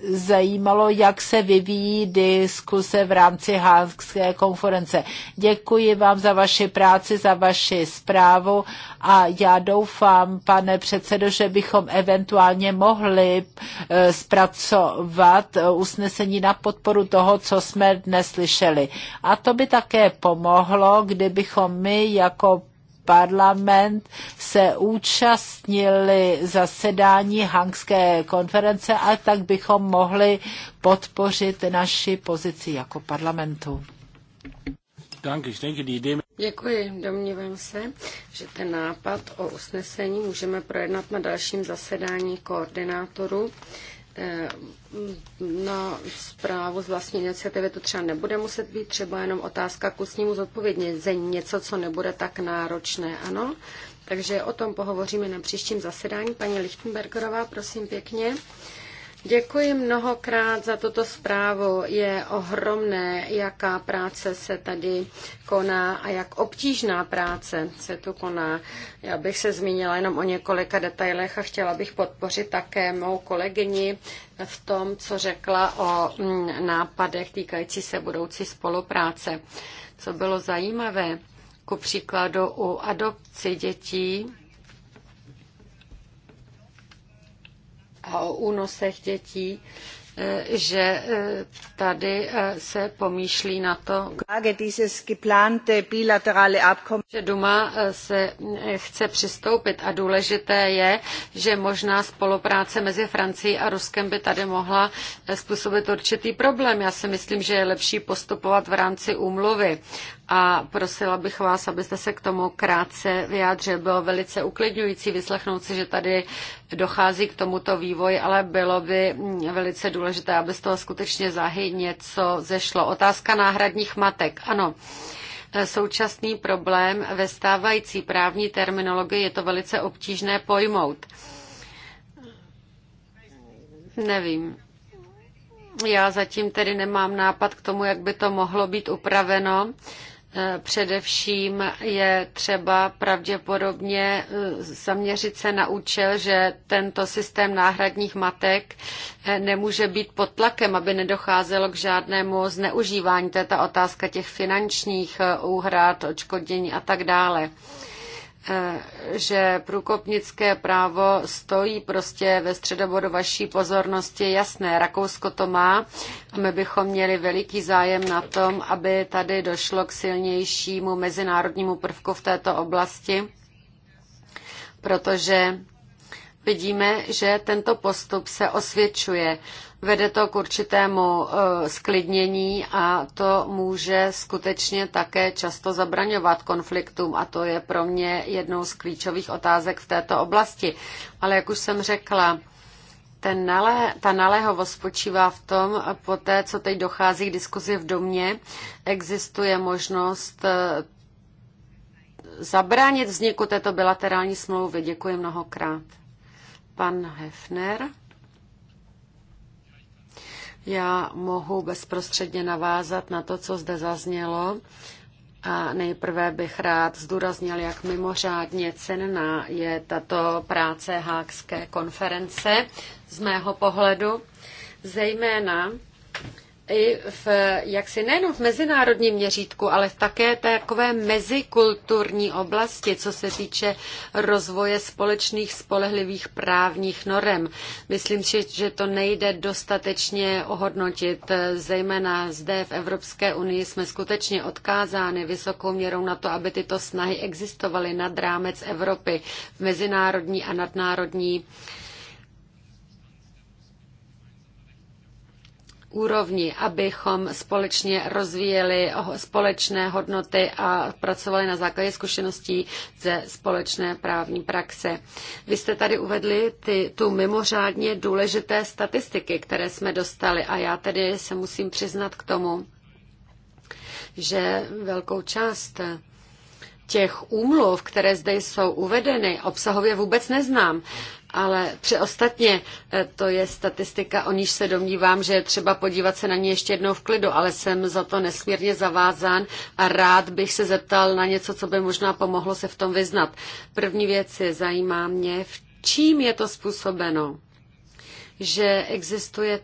zajímalo, jak se vyvíjí diskuse v rámci Hánské konference. Děkuji vám za vaši práci, za vaši zprávu a já doufám, pane předsedo, že bychom eventuálně mohli eh, zpracovat eh, usnesení na podporu toho, co jsme dnes slyšeli. A to by také pomohlo, kdybychom my jako parlament se účastnili zasedání Hangské konference a tak bychom mohli podpořit naši pozici jako parlamentu. Děkuji, domnívám se, že ten nápad o usnesení můžeme projednat na dalším zasedání koordinátorů. Eh, na zprávu z vlastní iniciativy to třeba nebude muset být, třeba jenom otázka k ústnímu zodpovědění, něco, co nebude tak náročné, ano. Takže o tom pohovoříme na příštím zasedání. Paní Lichtenbergerová, prosím pěkně. Děkuji mnohokrát za tuto zprávu. Je ohromné, jaká práce se tady koná a jak obtížná práce se tu koná. Já bych se zmínila jenom o několika detailech a chtěla bych podpořit také mou kolegyni v tom, co řekla o mm, nápadech týkající se budoucí spolupráce. Co bylo zajímavé, ku příkladu u adopci dětí, a o únosech dětí, eh, že eh, tady eh, se pomýšlí na to, že Duma se chce přistoupit a důležité je, že možná spolupráce mezi Francií a Ruskem by tady mohla způsobit určitý problém. Já si myslím, že je lepší postupovat v rámci úmluvy a prosila bych vás, abyste se k tomu krátce vyjádřil. Bylo velice uklidňující vyslechnout si, že tady dochází k tomuto vývoji, ale bylo by velice důležité, aby z toho skutečně záhy něco zešlo. Otázka náhradních matek. Ano, současný problém ve stávající právní terminologii je to velice obtížné pojmout. Nevím. Já zatím tedy nemám nápad k tomu, jak by to mohlo být upraveno. Uh, Eh, především je třeba pravděpodobně eh, zaměřit se na účel, že tento systém náhradních matek eh, nemůže být pod tlakem, aby nedocházelo k žádnému zneužívání. To je ta otázka těch finančních úhrad, očkodění a tak dále. Eh, že průkopnické právo stojí prostě ve středobodu vaší pozornosti. Jasné, Rakousko to má a my bychom měli veliký zájem na tom, aby tady došlo k silnějšímu mezinárodnímu prvku v této oblasti, protože vidíme, že tento postup se osvědčuje. Vede to k určitému eh, sklidnění a to může skutečně také často zabraňovat konfliktům a to je pro mě jednou z klíčových otázek v této oblasti. Ale jak už jsem řekla, ten nalé, ta naléhovost spočívá v tom, eh, po té, co teď dochází k diskuzi v domě, existuje možnost eh, zabránit vzniku této bilaterální smlouvy. Děkuji mnohokrát. Pan Hefner. Já mohu bezprostředně navázat na to, co zde zaznělo. A nejprve bych rád zdůraznil, jak mimořádně cenná je tato práce Hákské konference z mého pohledu, zejména i v, jaksi nejenom v mezinárodním měřítku, ale v také takové mezikulturní oblasti, co se týče rozvoje společných spolehlivých právních norem. Myslím si, že to nejde dostatečně ohodnotit, zejména zde v Evropské unii jsme skutečně odkázány vysokou měrou na to, aby tyto snahy existovaly nad rámec Evropy v mezinárodní a nadnárodní uh, úrovni, abychom společně rozvíjeli společné hodnoty a pracovali na základě zkušeností ze společné právní praxe. Vy jste tady uvedli ty, tu mimořádně důležité statistiky, které jsme dostali a já tedy se musím přiznat k tomu, že velkou část těch úmluv, které zde jsou uvedeny, obsahově vůbec neznám. Ale přeostatně eh, to je statistika, o níž se domnívám, že je třeba podívat se na ní ještě jednou v klidu, ale jsem za to nesmírně zavázán a rád bych se zeptal na něco, co by možná pomohlo se v tom vyznat. První věc je, zajímá mě, v čím je to způsobeno, že existuje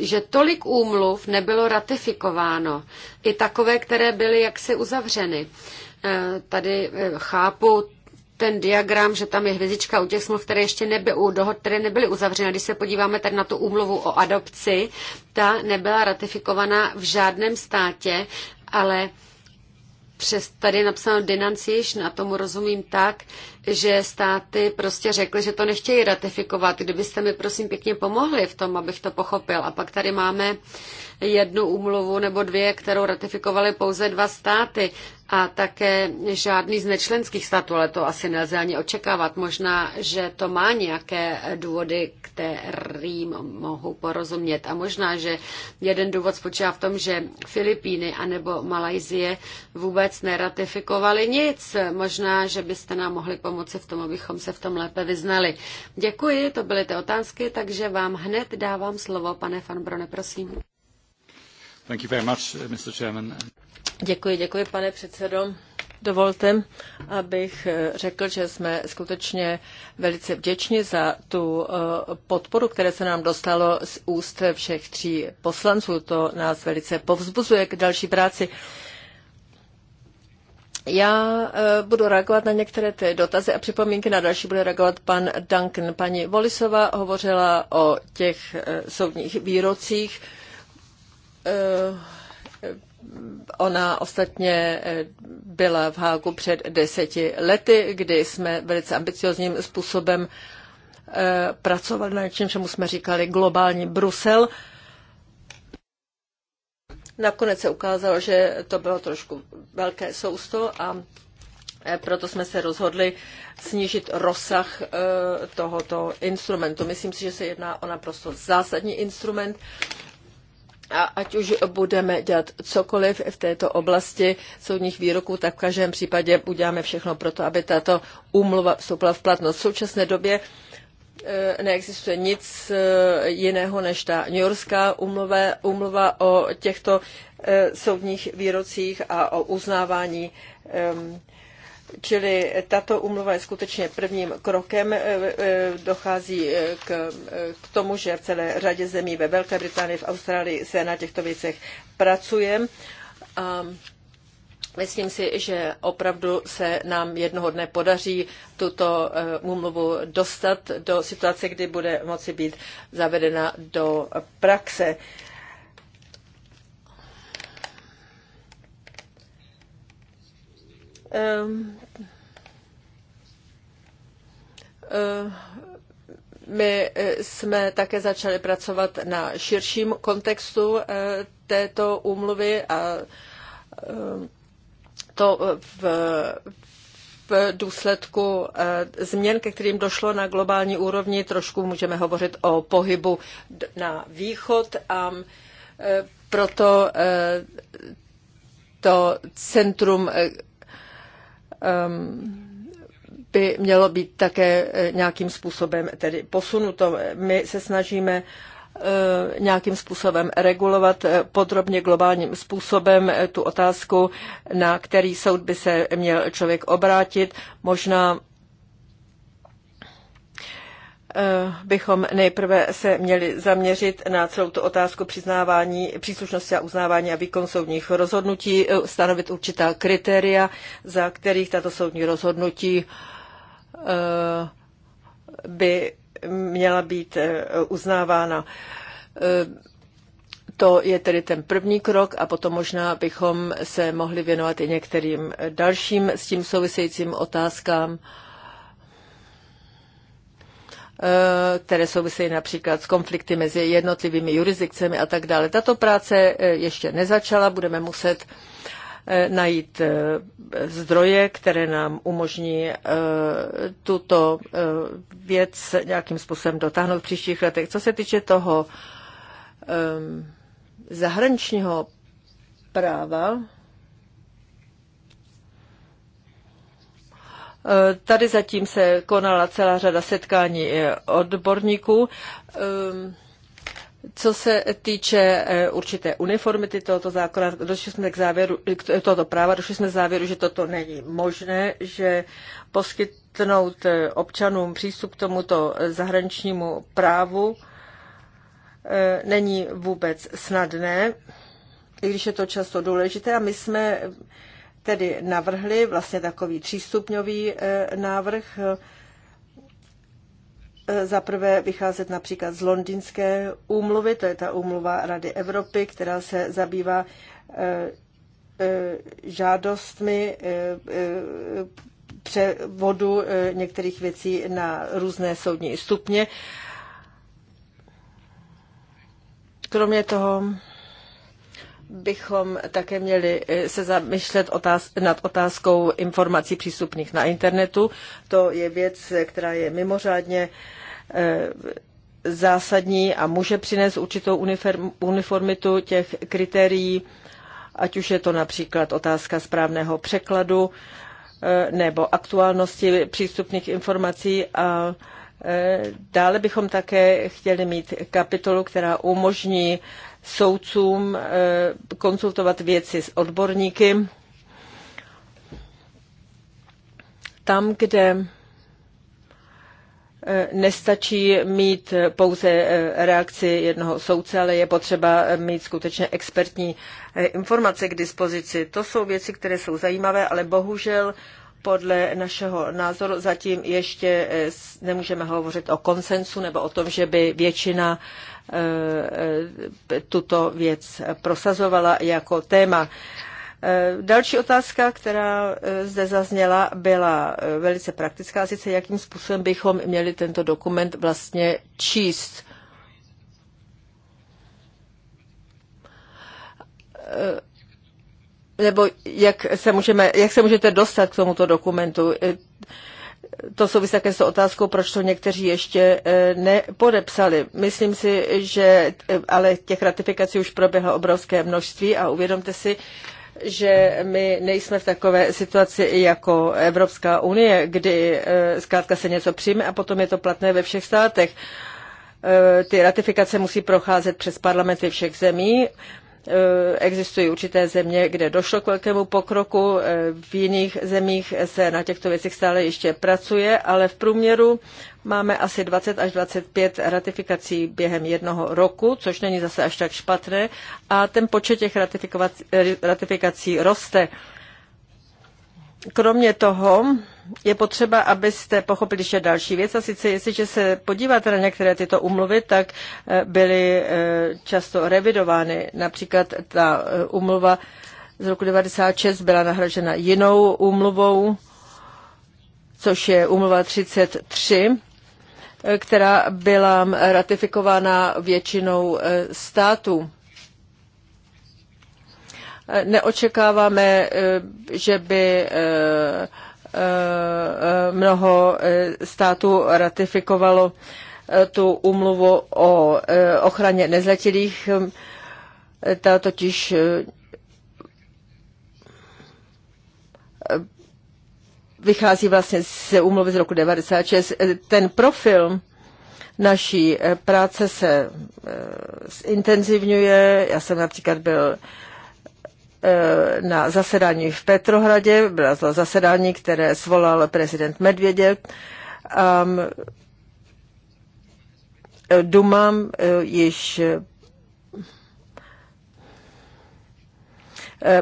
že tolik úmluv nebylo ratifikováno, i takové, které byly jaksi uzavřeny. Eh, tady eh, chápu ten diagram, že tam je hvězdička u těch smluv, které ještě nebyly, u dohod, které nebyly uzavřeny. Když se podíváme tady na tu úmluvu o adopci, ta nebyla ratifikovaná v žádném státě, ale přes tady je napsáno denunciation a tomu rozumím tak, že státy prostě řekly, že to nechtějí ratifikovat. Kdybyste mi prosím pěkně pomohli v tom, abych to pochopil. A pak tady máme jednu úmluvu nebo dvě, kterou ratifikovaly pouze dva státy a také žádný z nečlenských států, ale to asi nelze ani očekávat. Možná, že to má nějaké důvody, kterým mohu porozumět. A možná, že jeden důvod spočívá v tom, že Filipíny anebo Malajzie vůbec neratifikovaly nic. Možná, že byste nám mohli pomoci v tom, abychom se v tom lépe vyznali. Děkuji, to byly ty otázky, takže vám hned dávám slovo, pane Fanbrone, prosím. Thank you very much, uh, Mr. Chairman. Děkuji, děkuji, pane předsedo. Dovolte, abych eh, řekl, že jsme skutečně velice vděční za tu eh, podporu, které se nám dostalo z úst všech tří poslanců. To nás velice povzbuzuje k další práci. Já eh, budu reagovat na některé ty dotazy a připomínky, na další bude reagovat pan Duncan. Paní Volisová hovořila o těch soudních výrocích. Ona ostatně eh, byla v Hágu před deseti lety, kdy jsme velice ambiciozním způsobem eh, pracovali na něčem, čemu jsme říkali globální Brusel. Nakonec se ukázalo, že to bylo trošku velké sousto a eh, proto jsme se rozhodli snížit rozsah tohoto instrumentu. Myslím si, že se jedná o naprosto zásadní instrument a ať už budeme dělat cokoliv v této oblasti soudních výroků, tak v každém případě uděláme všechno pro to, aby tato úmluva vstoupila v platnost. V současné době eh, neexistuje nic eh, jiného než ta New Yorkská umluva, umluva o těchto eh, soudních výrocích a o uznávání um, Čili tato umluva je skutečně prvním krokem. E, e, dochází e, k, k tomu, že v celé řadě zemí ve Velké Británii, v Austrálii se na těchto věcech pracuje. A myslím si, že opravdu se nám jednoho dne podaří tuto umluvu dostat do situace, kdy bude moci být zavedena do praxe. Ehm, eh, my eh, jsme také začali pracovat na širším kontextu eh, této úmluvy a to v, v důsledku změn, ke kterým došlo na globální úrovni, trošku můžeme hovořit o pohybu na východ a proto to centrum Ehm, by mělo být také eh, nějakým způsobem tedy posunuto. My se snažíme eh, nějakým způsobem regulovat eh, podrobně globálním způsobem tu otázku, na který soud by se měl člověk obrátit. Možná Eh, bychom nejprve se měli zaměřit na celou tu otázku přiznávání, příslušnosti a uznávání a výkon soudních rozhodnutí, eh, stanovit určitá kritéria, za kterých tato soudní rozhodnutí eh, by měla být uznávána. To je tedy ten první krok a potom možná bychom se mohli věnovat i některým dalším s tím souvisejícím otázkám. Eh, které souvisejí například s konflikty mezi jednotlivými jurisdikcemi a tak dále. Tato práce eh, ještě nezačala, budeme muset eh, najít zdroje, které nám umožní tuto věc nějakým způsobem dotáhnout v příštích letech. Co se týče toho zahraničního práva, Tady zatím se konala celá řada setkání eh, odborníků. Ehm, co se týče eh, určité uniformity tohoto zákona, došli jsme k závěru, k tohoto práva, došli jsme k závěru, že toto není možné, že poskytnout eh, občanům přístup k tomuto zahraničnímu právu není vůbec snadné, i když je to často důležité. A my jsme tedy navrhli vlastně takový třístupňový e, návrh. E, za prvé vycházet například z londýnské úmluvy, to je ta úmluva Rady Evropy, která se zabývá e, žádostmi převodu některých věcí na různé soudní stupně. Kromě toho bychom také měli eh, se zamýšlet otáz- nad otázkou informací přístupných na internetu. To je věc, která je mimořádně eh, zásadní a může přinést určitou uniformitu těch kritérií, ať už je to například otázka správného překladu eh, nebo aktuálnosti přístupných informací a Dále bychom také chtěli mít kapitolu, která umožní soudcům, eh, konzultovat věci s odborníky. Tam, kde eh, nestačí mít pouze eh, reakci jednoho soudce, ale je potřeba mít skutečně expertní informace k dispozici. To jsou věci, které jsou zajímavé, ale bohužel podle našeho názoru zatím ještě eh, nemůžeme hovořit o konsensu nebo o tom, že by většina eh, eh, tuto věc prosazovala jako téma. Další otázka, která zde zazněla, byla velice praktická, sice jakým způsobem bychom měli tento dokument vlastně číst nebo jak se, můžeme, jak se můžete dostat k tomuto dokumentu. To souvisí také s otázkou, proč to někteří ještě eh, nepodepsali. Myslím si, že eh, ale těch ratifikací už proběhlo obrovské množství a uvědomte si, že my nejsme v takové situaci jako Evropská unie, kdy eh, zkrátka se něco přijme a potom je to platné ve všech státech. Ty ratifikace musí procházet přes parlamenty všech zemí Eh, existují určité země, kde došlo k velkému pokroku, eh, v jiných zemích se na těchto věcech stále ještě pracuje, ale v průměru máme asi 20 až 25 ratifikací během jednoho roku, což není zase až tak špatné, a ten počet těch eh, ratifikací roste. Kromě toho je potřeba, abyste pochopili ještě další věc, a sice jestliže se podíváte na některé tyto umluvy, tak eh, byly eh, často revidovány. Například ta umluva eh, z roku 1996 byla nahražena jinou úmluvou, což je umluva 33, která byla ratifikována většinou států. Neočekáváme, eh, že by eh, eh, mnoho států ratifikovalo tu umluvu o ochraně nezletilých. Ta totiž vychází vlastně z úmluvy z roku 96. Ten profil naší práce se zintenzivňuje. Já jsem například byl E, na zasedání v Petrohradě, bylo to zasedání, které svolal prezident Medvěděv. Duma e, již e,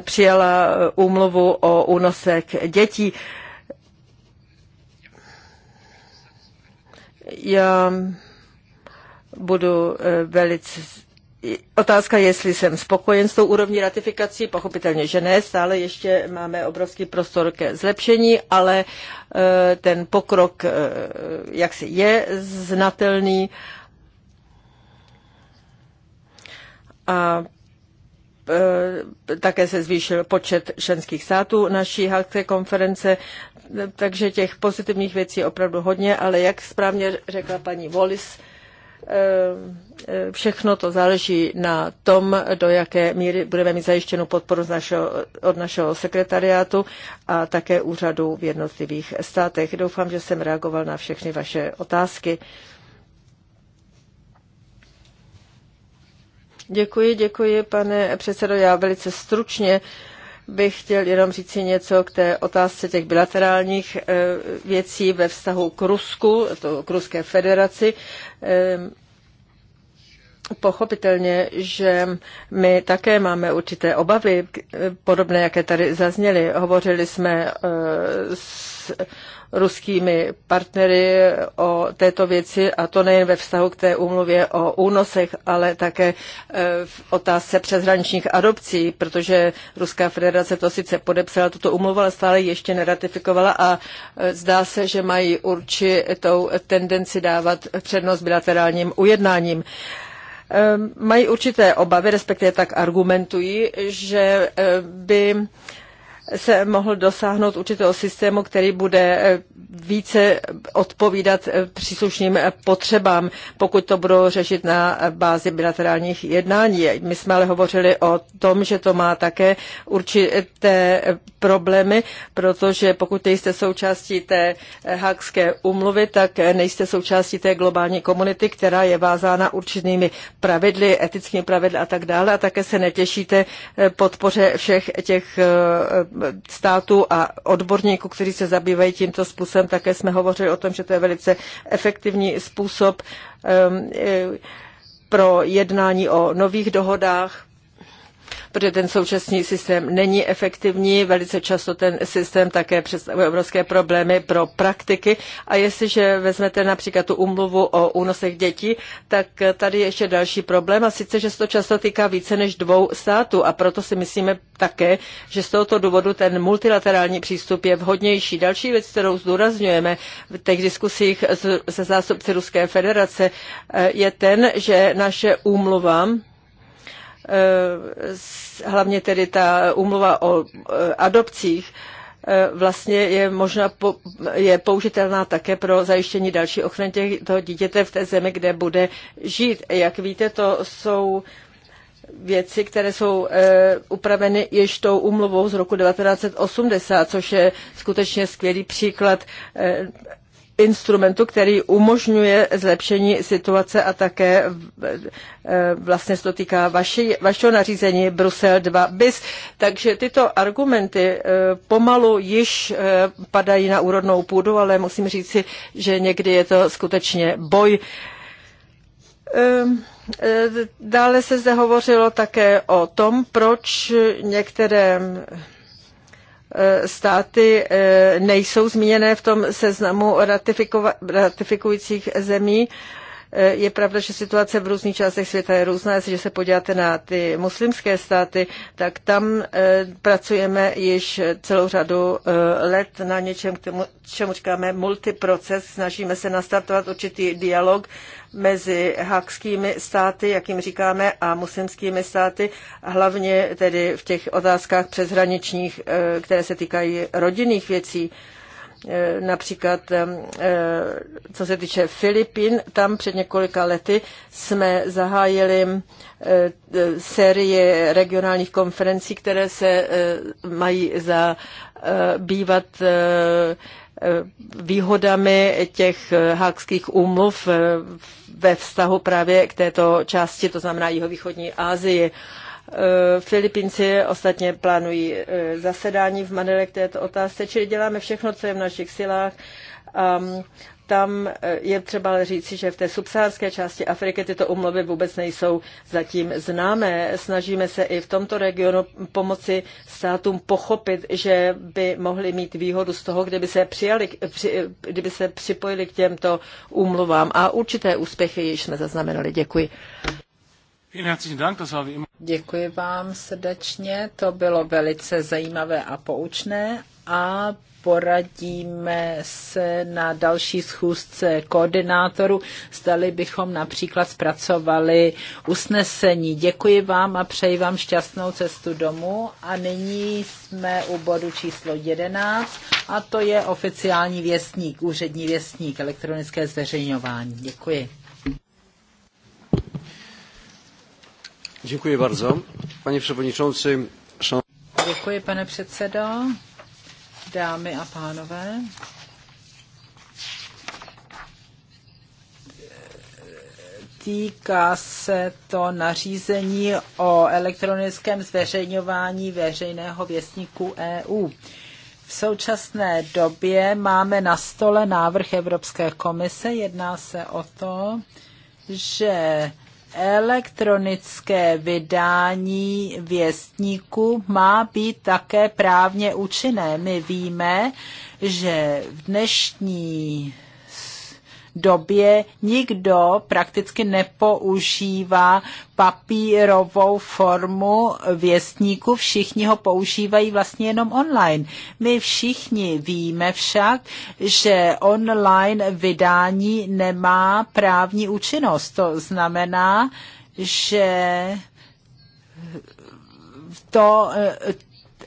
přijala úmluvu o únosek dětí. Já budu velice Otázka, jestli jsem spokojen s tou úrovní ratifikací, pochopitelně, že ne, stále ještě máme obrovský prostor ke zlepšení, ale e, ten pokrok e, jaksi je znatelný. A e, také se zvýšil počet členských států naší Halské konference, takže těch pozitivních věcí je opravdu hodně, ale jak správně řekla paní Wallis, Eh, eh, všechno to záleží na tom, do jaké míry budeme mít zajištěnou podporu z našeho, od našeho sekretariátu a také úřadu v jednotlivých státech. Doufám, že jsem reagoval na všechny vaše otázky. Děkuji, děkuji, pane předsedo. Já velice stručně uh, bych chtěl jenom říci něco k té otázce těch bilaterálních eh, věcí ve vztahu k Rusku, to k Ruské federaci. Eh, pochopitelně, že my také máme určité obavy, eh, podobné, jaké tady zazněly. Hovořili jsme s ruskými partnery o této věci a to nejen ve vztahu k té úmluvě o únosech, ale také eh, v otázce přeshraničních adopcí, protože Ruská federace to sice podepsala, tuto úmluvu, ale stále ještě neratifikovala a eh, zdá se, že mají určitou tendenci dávat přednost bilaterálním ujednáním ehm, mají určité obavy, respektive tak argumentují, že eh, by se mohl dosáhnout určitého systému, který bude eh, více odpovídat eh, příslušným potřebám, pokud to budou řešit na bázi bilaterálních jednání. My jsme ale hovořili o tom, že to má také určité problémy, protože pokud nejste součástí té eh, hákské umluvy, tak nejste součástí té globální komunity, která je vázána určitými pravidly, etickými pravidly a tak dále a také se netěšíte podpoře všech těch států a odborníků, kteří se zabývají tímto způsobem. Také jsme hovořili o tom, že to je velice efektivní způsob ehm, e, pro jednání o nových dohodách protože ten současný systém není efektivní, velice často ten systém také představuje obrovské problémy pro praktiky a jestliže vezmete například tu umluvu o únosech dětí, tak tady je ještě další problém a sice, že se to často týká více než dvou států a proto si myslíme také, že z tohoto důvodu ten multilaterální přístup je vhodnější. Další věc, kterou zdůrazňujeme v těch diskusích se zástupci Ruské federace, je ten, že naše úmluva Eh, hlavně tedy ta úmluva o eh, adopcích, eh, vlastně je možná je použitelná také pro zajištění další ochrany toho dítěte v té zemi, kde bude žít. Jak víte, to jsou věci, které jsou upraveny již tou umluvou z roku 1980, což je skutečně skvělý příklad instrumentu, který umožňuje zlepšení situace a také eh, vlastně se to týká vaši, vašeho nařízení Brusel 2 bis. Takže tyto argumenty eh, pomalu již eh, padají na úrodnou půdu, ale musím říci, že někdy je to skutečně boj. Ehm, dále se zde hovořilo také o tom, proč některé E, státy e, nejsou zmíněné v tom seznamu ratifikujících zemí. Eh, je pravda, že situace v různých částech světa je různá. Jestliže se podíváte na ty muslimské státy, tak tam eh, pracujeme již celou řadu eh, let na něčem, k tomu, čemu říkáme multiproces. Snažíme se nastartovat určitý dialog mezi hakskými státy, jak jim říkáme, a muslimskými státy, hlavně tedy v těch otázkách přeshraničních, které se týkají rodinných věcí. Eh, například, eh, co se týče Filipín, tam před několika lety jsme zahájili eh, série regionálních konferencí, které se mají zabývat výhodami těch hákských úmluv ve vztahu právě k této části, to znamená jihovýchodní Asii. Eh, Filipínci ostatně plánují eh, zasedání v Manile k této otázce, čili děláme všechno, co je v našich silách. Um, tam eh, je třeba říci, že v té subsaharské části Afriky tyto umluvy vůbec nejsou zatím známé. Snažíme se i v tomto regionu pomoci státům pochopit, že by mohli mít výhodu z toho, kdyby se, přijali, při, kdyby se připojili k těmto úmluvám. A určité úspěchy již jsme zaznamenali. Děkuji. Děkuji vám srdečně, to bylo velice zajímavé a poučné a poradíme se na další schůzce koordinátoru, zdali bychom například zpracovali usnesení. Děkuji vám a přeji vám šťastnou cestu domů. A nyní jsme u bodu číslo 11 a to je oficiální věstník, úřední věstník, elektronické zveřejňování. Děkuji. Děkuji bardzo. Pane předsedající. Šan... Děkuji, pane předsedo, dámy a pánové. týká se to nařízení o elektronickém zveřejňování veřejného věstníku EU. V současné době máme na stole návrh Evropské komise. Jedná se o to, že elektronické vydání věstníku má být také právně účinné. My víme, že v dnešní době nikdo prakticky nepoužívá papírovou formu věstníku, všichni ho používají vlastně jenom online. My všichni víme však, že online vydání nemá právní účinnost. To znamená, že to,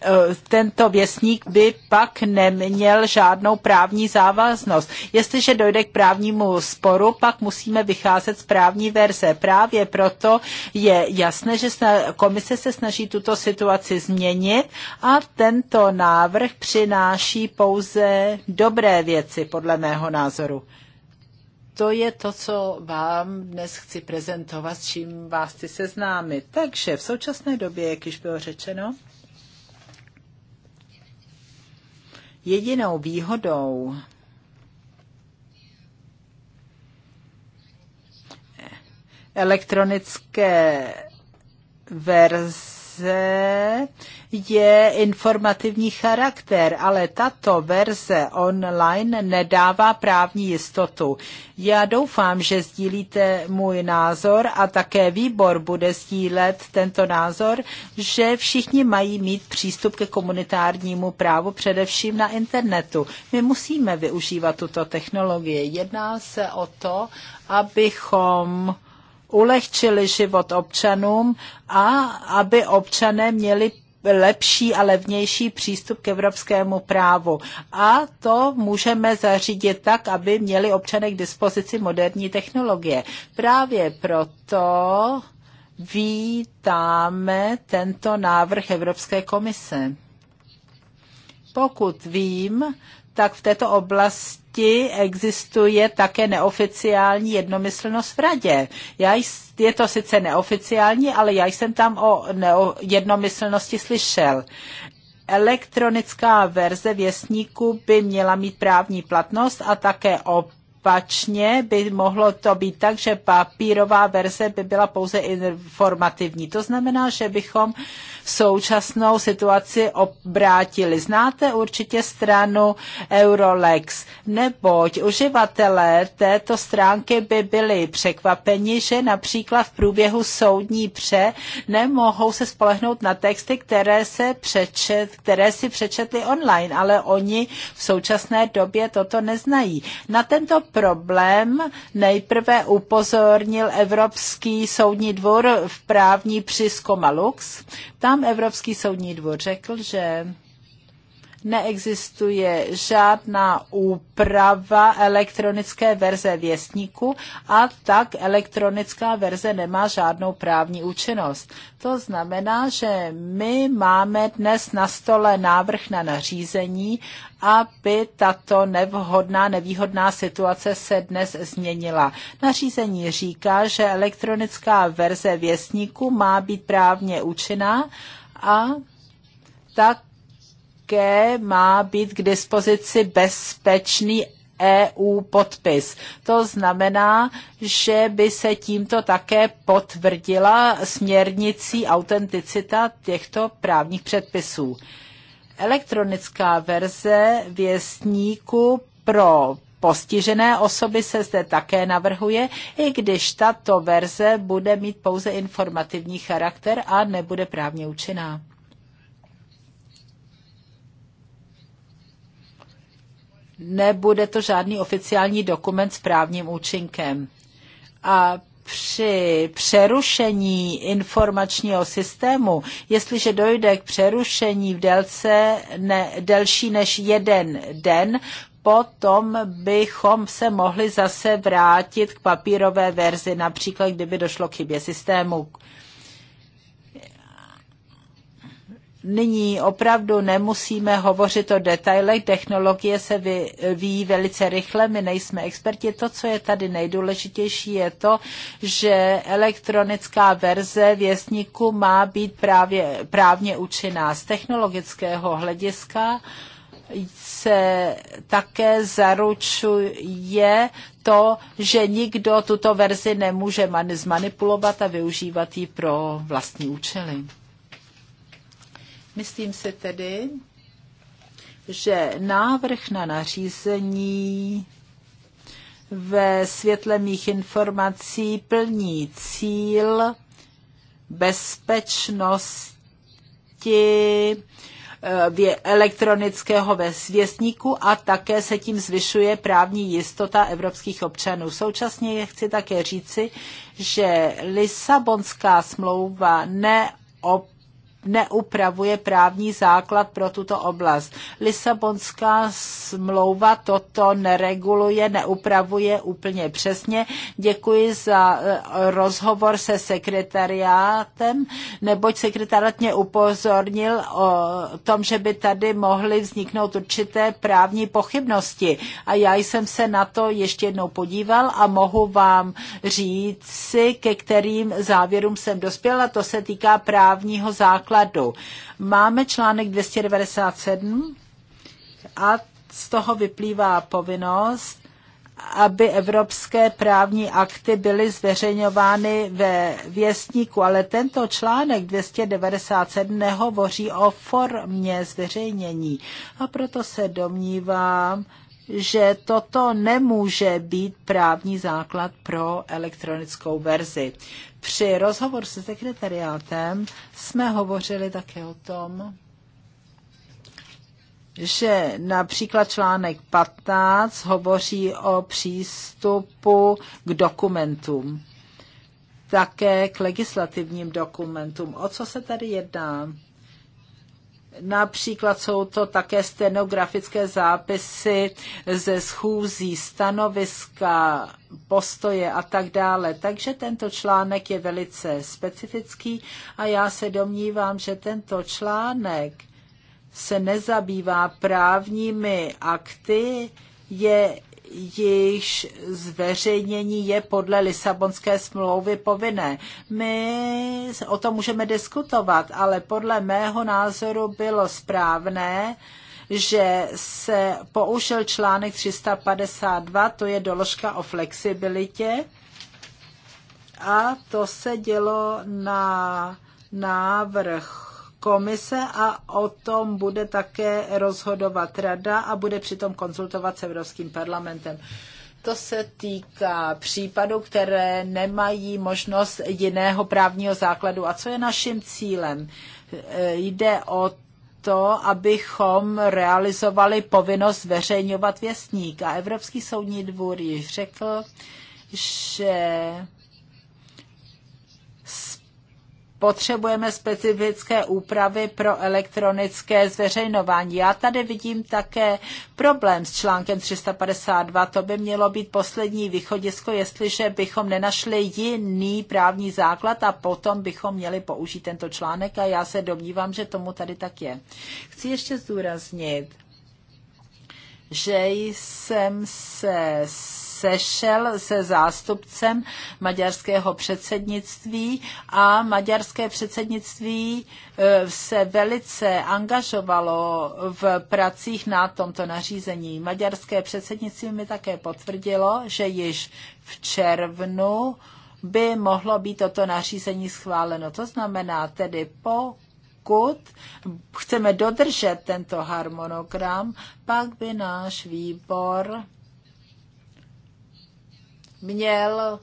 Eh, tento věstník by pak neměl žádnou právní závaznost. Jestliže dojde k právnímu sporu, pak musíme vycházet z právní verze. Právě proto je jasné, že komise se snaží tuto situaci změnit a tento návrh přináší pouze dobré věci, podle mého názoru. To je to, co vám dnes chci prezentovat, s čím vás chci seznámit. Takže v současné době, jak již bylo řečeno, Jedinou výhodou eh, elektronické verze verze je informativní charakter, ale tato verze online nedává právní jistotu. Já doufám, že sdílíte můj názor a také výbor bude sdílet tento názor, že všichni mají mít přístup ke komunitárnímu právu, především na internetu. My musíme využívat tuto technologii. Jedná se o to, abychom ulehčili život občanům a aby občané měli lepší a levnější přístup k evropskému právu. A to můžeme zařídit tak, aby měli občané k dispozici moderní technologie. Právě proto vítáme tento návrh Evropské komise. Pokud vím, tak v této oblasti existuje také neoficiální jednomyslnost v radě. Já je to sice neoficiální, ale já jsem tam o neo, jednomyslnosti slyšel. Elektronická verze věstníku by měla mít právní platnost a také o opačně by mohlo to být tak, že papírová verze by byla pouze informativní. To znamená, že bychom současnou situaci obrátili. Znáte určitě stranu Eurolex, neboť uživatelé této stránky by byli překvapeni, že například v průběhu soudní pře nemohou se spolehnout na texty, které, se přečet, které si přečetli online, ale oni v současné době toto neznají. Na tento problém nejprve upozornil Evropský soudní dvor v právní přizkoma Lux. Tam Evropský soudní dvor řekl, že neexistuje žádná úprava elektronické verze věstníku a tak elektronická verze nemá žádnou právní účinnost. To znamená, že my máme dnes na stole návrh na nařízení, aby tato nevhodná, nevýhodná situace se dnes změnila. Nařízení říká, že elektronická verze věstníku má být právně účinná a tak také má být k dispozici bezpečný EU podpis. To znamená, že by se tímto také potvrdila směrnicí autenticita těchto právních předpisů. Elektronická verze věstníku pro postižené osoby se zde také navrhuje, i když tato verze bude mít pouze informativní charakter a nebude právně účinná. nebude to žádný oficiální dokument s právním účinkem. A při přerušení informačního systému, jestliže dojde k přerušení v délce ne, delší než jeden den, potom bychom se mohli zase vrátit k papírové verzi, například kdyby došlo k chybě systému, Nyní opravdu nemusíme hovořit o detailech, technologie se vyvíjí velice rychle, my nejsme experti. To, co je tady nejdůležitější, je to, že elektronická verze věstníku má být právě, právně účinná z technologického hlediska se také zaručuje to, že nikdo tuto verzi nemůže zmanipulovat a využívat ji pro vlastní účely. Myslím si tedy, že návrh na nařízení ve světle mých informací plní cíl bezpečnosti eh, elektronického věstníku a také se tím zvyšuje právní jistota evropských občanů. Současně chci také říci, že Lisabonská smlouva neop neupravuje právní základ pro tuto oblast. Lisabonská smlouva toto nereguluje, neupravuje úplně přesně. Děkuji za eh, rozhovor se sekretariátem, neboť sekretariat mě upozornil o tom, že by tady mohly vzniknout určité právní pochybnosti. A já jsem se na to ještě jednou podíval a mohu vám říct si, ke kterým závěrům jsem dospěla. To se týká právního základu nákladů. Máme článek 297 a z toho vyplývá povinnost, aby evropské právní akty byly zveřejňovány ve věstníku, ale tento článek 297 nehovoří o formě zveřejnění. A proto se domnívám, že toto nemůže být právní základ pro elektronickou verzi. Při rozhovoru se sekretariátem jsme hovořili také o tom, že například článek 15 hovoří o přístupu k dokumentům, také k legislativním dokumentům. O co se tady jedná? Například jsou to také stenografické zápisy ze schůzí, stanoviska, postoje a tak dále. Takže tento článek je velice specifický a já se domnívám, že tento článek se nezabývá právními akty, je jejichž zveřejnění je podle Lisabonské smlouvy povinné. My o tom můžeme diskutovat, ale podle mého názoru bylo správné, že se použil článek 352, to je doložka o flexibilitě, a to se dělo na návrh komise a o tom bude také rozhodovat rada a bude přitom konzultovat s Evropským parlamentem. To se týká případů, které nemají možnost jiného právního základu. A co je naším cílem? E, jde o to, abychom realizovali povinnost zveřejňovat věstník. A Evropský soudní dvůr již řekl, že potřebujeme specifické úpravy pro elektronické zveřejňování. Já tady vidím také problém s článkem 352. To by mělo být poslední východisko, jestliže bychom nenašli jiný právní základ a potom bychom měli použít tento článek a já se domnívám, že tomu tady tak je. Chci ještě zdůraznit, že jsem se sešel se zástupcem maďarského předsednictví a maďarské předsednictví e, se velice angažovalo v pracích na tomto nařízení. Maďarské předsednictví mi také potvrdilo, že již v červnu by mohlo být toto nařízení schváleno. To znamená tedy po pokud chceme dodržet tento harmonogram, pak by náš výbor měl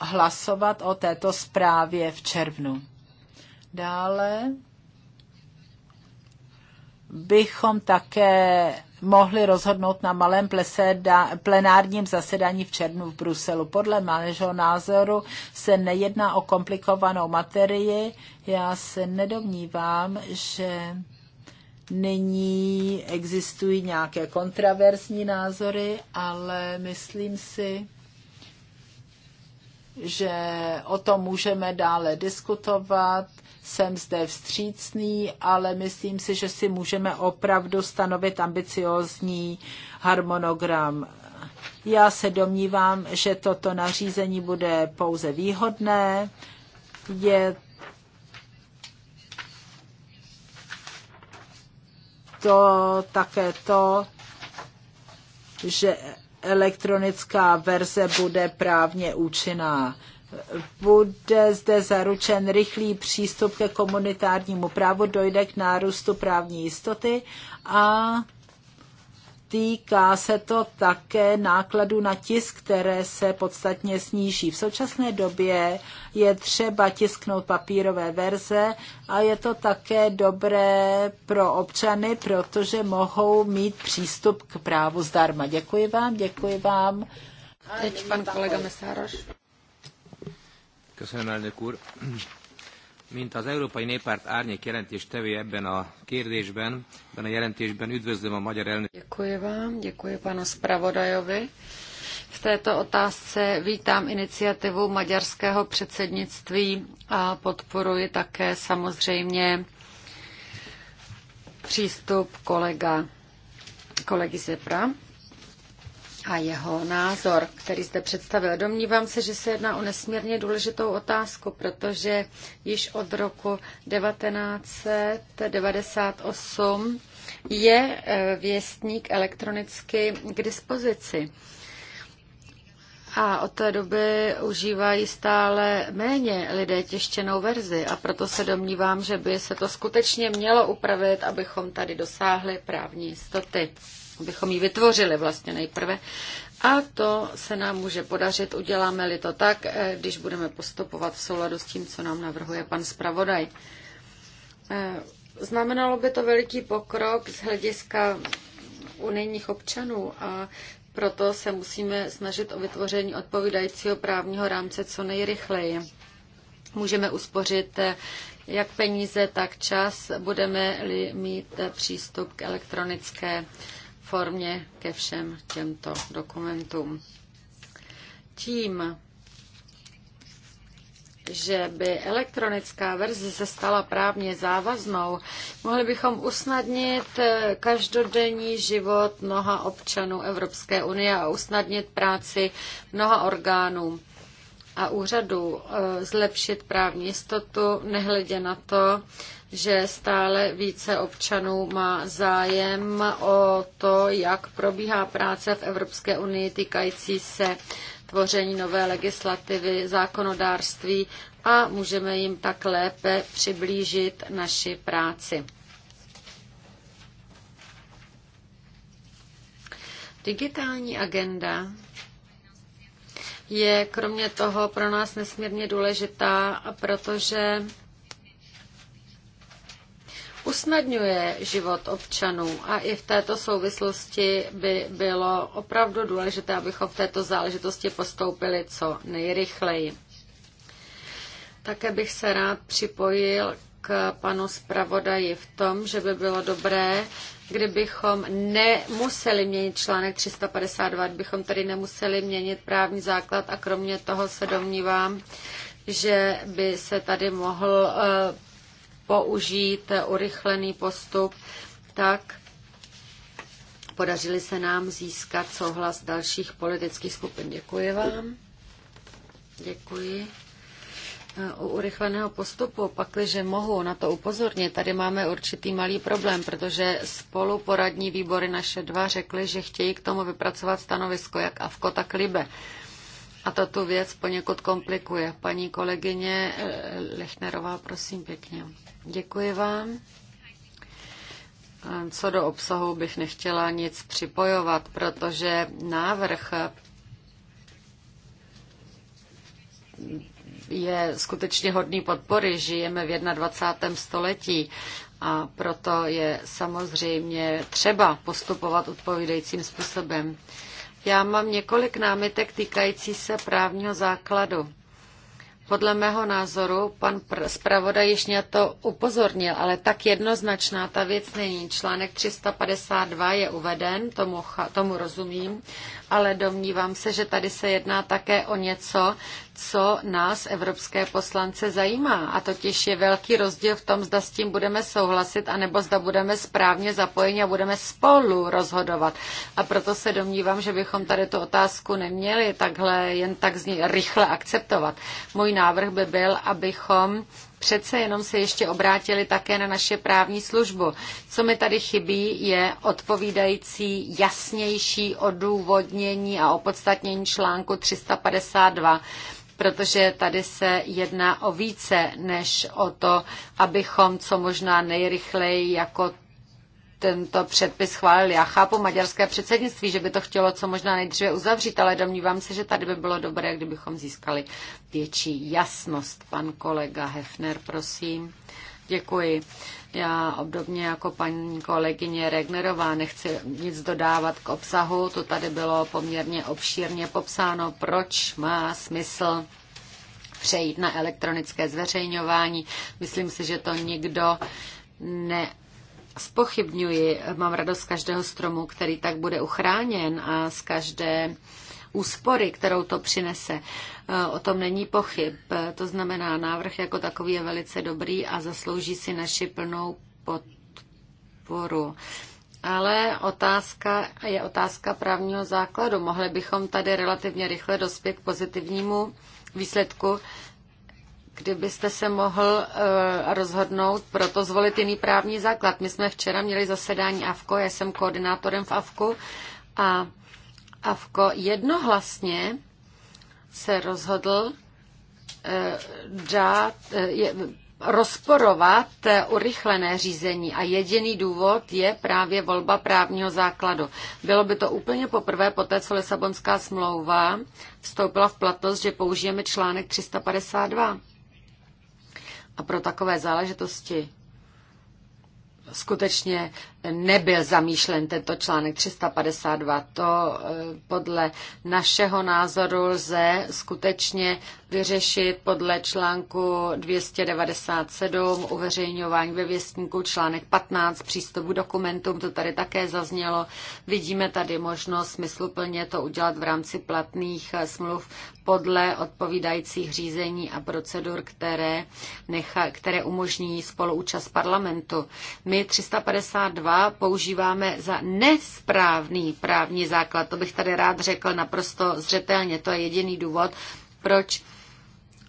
hlasovat o této zprávě v červnu. Dále bychom také mohli rozhodnout na malém plenárním zasedání v červnu v Bruselu. Podle mého názoru se nejedná o komplikovanou materii. Já se nedomnívám, že nyní existují nějaké kontraverzní názory, ale myslím si, že o tom můžeme dále diskutovat. Jsem zde vstřícný, ale myslím si, že si můžeme opravdu stanovit ambiciózní harmonogram. Já se domnívám, že toto nařízení bude pouze výhodné. Je to také to, že elektronická verze bude právně účinná. Bude zde zaručen rychlý přístup ke komunitárnímu právu, dojde k nárůstu právní jistoty a týká se to také nákladu na tisk, které se podstatně sníží. V současné době je třeba tisknout papírové verze a je to také dobré pro občany, protože mohou mít přístup k právu zdarma. Děkuji vám, děkuji vám. Teď pan kolega Mesároš. Köszönöm, elnök úr. Mint az Európai Néppárt árnyék jelentés tevő ebben a kérdésben, ebben a jelentésben üdvözlöm a magyar elnök. Děkuji vám, děkuji panu Spravodajovi. V této otázce vítám iniciativu maďarského předsednictví a podporuji také samozřejmě přístup kolega, kolegy Zepra a jeho názor, který zde představil. Domnívám se, že se jedná o nesmírně důležitou otázku, protože již od roku 1998 je eh, věstník elektronicky k dispozici. A od té doby užívají stále méně lidé těštěnou verzi a proto se domnívám, že by se to skutečně mělo upravit, abychom tady dosáhli právní jistoty bychom ji vytvořili vlastně nejprve. A to se nám může podařit, uděláme-li to tak, eh, když budeme postupovat v souladu s tím, co nám navrhuje pan zpravodaj. Eh, znamenalo by to veliký pokrok z hlediska unijních občanů a proto se musíme snažit o vytvoření odpovídajícího právního rámce co nejrychleji. Můžeme uspořit eh, jak peníze, tak čas, budeme-li mít přístup k elektronické formě ke všem těmto dokumentům. Tím, že by elektronická verze se stala právně závaznou, mohli bychom usnadnit eh, každodenní život mnoha občanů Evropské unie a usnadnit práci mnoha orgánů a úřadů, eh, zlepšit právní jistotu, nehledě na to, že stále více občanů má zájem o to, jak probíhá práce v Evropské unii týkající se tvoření nové legislativy, zákonodárství a můžeme jim tak lépe přiblížit naši práci. Digitální agenda je kromě toho pro nás nesmírně důležitá, protože usnadňuje život občanů a i v této souvislosti by bylo opravdu důležité, abychom v této záležitosti postoupili co nejrychleji. Také bych se rád připojil k panu zpravodaji v tom, že by bylo dobré, kdybychom nemuseli měnit článek 352, kdybychom tedy nemuseli měnit právní základ a kromě toho se domnívám, že by se tady mohl eh, použít urychlený postup, tak podařili se nám získat souhlas dalších politických skupin. Děkuji vám. Děkuji. E, u urychleného postupu, pakliže mohu na to upozornit, tady máme určitý malý problém, protože spoluporadní výbory naše dva řekly, že chtějí k tomu vypracovat stanovisko jak AVKO, tak LIBE. A to tu věc poněkud komplikuje. Paní kolegyně eh, Lechnerová, prosím pěkně. Děkuji vám. Eh, co do obsahu bych nechtěla nic připojovat, protože návrh je skutečně hodný podpory. Žijeme v 21. století a proto je samozřejmě třeba postupovat odpovídajícím způsobem. Já mám několik námitek týkající se právního základu. Podle mého názoru pan zpravodaj již mě to upozornil, ale tak jednoznačná ta věc není. Článek 352 je uveden, tomu, tomu rozumím, ale domnívám se, že tady se jedná také o něco, co nás, evropské poslance, zajímá. A totiž je velký rozdíl v tom, zda s tím budeme souhlasit, anebo zda budeme správně zapojeni a budeme spolu rozhodovat. A proto se domnívám, že bychom tady tu otázku neměli takhle jen tak z ní rychle akceptovat. Můj návrh by byl, abychom přece jenom se ještě obrátili také na naše právní službu. Co mi tady chybí, je odpovídající jasnější odůvodnění a opodstatnění článku 352 protože tady se jedná o více než o to, abychom co možná nejrychleji jako tento předpis chválil. Já chápu maďarské předsednictví, že by to chtělo co možná nejdříve uzavřít, ale domnívám se, že tady by bylo dobré, kdybychom získali větší jasnost. Pan kolega Hefner, prosím. Děkuji. Já obdobně jako paní kolegyně Regnerová nechci nic dodávat k obsahu, to tady bylo poměrně obšírně popsáno, proč má smysl přejít na elektronické zveřejňování. Myslím si, že to nikdo ne, spochybňuji. Mám radost z každého stromu, který tak bude uchráněn a z každé úspory, kterou to přinese. E, o tom není pochyb. E, to znamená, návrh jako takový je velice dobrý a zaslouží si naši plnou podporu. Ale otázka je otázka právního základu. Mohli bychom tady relativně rychle dospět k pozitivnímu výsledku, kdybyste se mohl e, rozhodnout pro to zvolit jiný právní základ. My jsme včera měli zasedání AFKO, já jsem koordinátorem v AFKO a Avko jednohlasně se rozhodl eh, dát, eh, rozporovat eh, urychlené řízení a jediný důvod je právě volba právního základu. Bylo by to úplně poprvé po té, co Lisabonská smlouva vstoupila v platnost, že použijeme článek 352. A pro takové záležitosti skutečně nebyl zamýšlen tento článek 352. To eh, podle našeho názoru lze skutečně vyřešit podle článku 297 uveřejňování ve věstníku článek 15 přístupu dokumentům, to tady také zaznělo. Vidíme tady možnost smysluplně to udělat v rámci platných eh, smluv podle odpovídajících řízení a procedur, které, necha, které umožní spoluúčast parlamentu. My 352 práva používáme za nesprávný právní základ. To bych tady rád řekl naprosto zřetelně. To je jediný důvod, proč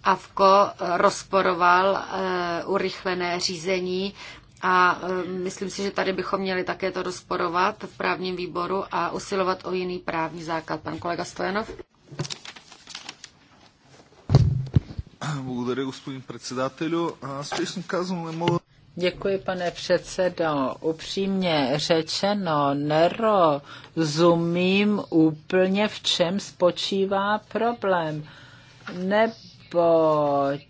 Avko eh, rozporoval eh, urychlené řízení a eh, myslím si, že tady bychom měli také to rozporovat v právním výboru a usilovat o jiný právní základ. Pan kolega Stojanov. Благодаря, господин председателю. Аз честно казвам не мога Děkuji, pane předsedo. Upřímně řečeno, nerozumím úplně, v čem spočívá problém, neboť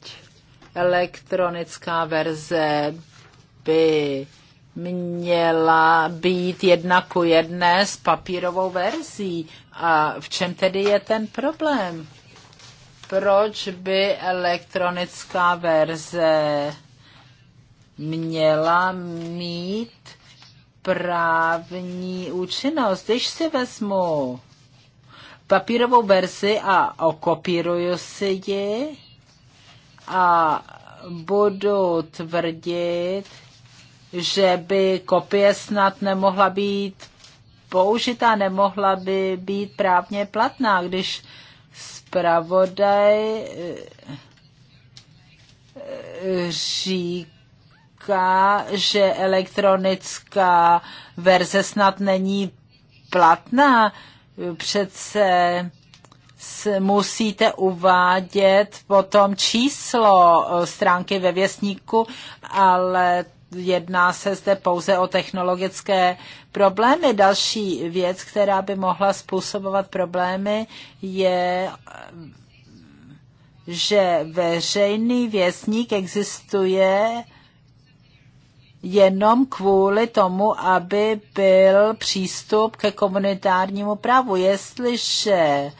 elektronická verze by měla být jedna ku jedné s papírovou verzí. A v čem tedy je ten problém? Proč by elektronická verze měla mít právní účinnost. Když si vezmu papírovou verzi a okopíruju si ji a budu tvrdit, že by kopie snad nemohla být použitá, nemohla by být právně platná, když zpravodaj eh, říká, říká, že elektronická verze snad není platná. Přece musíte uvádět potom číslo stránky ve věstníku, ale jedná se zde pouze o technologické problémy. Další věc, která by mohla způsobovat problémy, je že veřejný věstník existuje jenom kvůli tomu, aby byl přístup ke komunitárnímu právu. Jestliže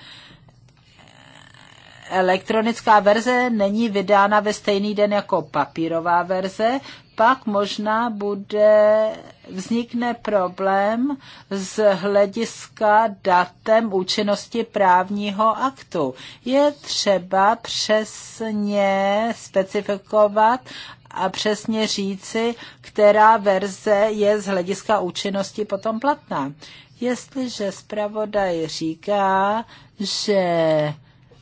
elektronická verze není vydána ve stejný den jako papírová verze, pak možná bude, vznikne problém z hlediska datem účinnosti právního aktu. Je třeba přesně specifikovat a přesně říci, která verze je z hlediska účinnosti potom platná. Jestliže zpravodaj říká, že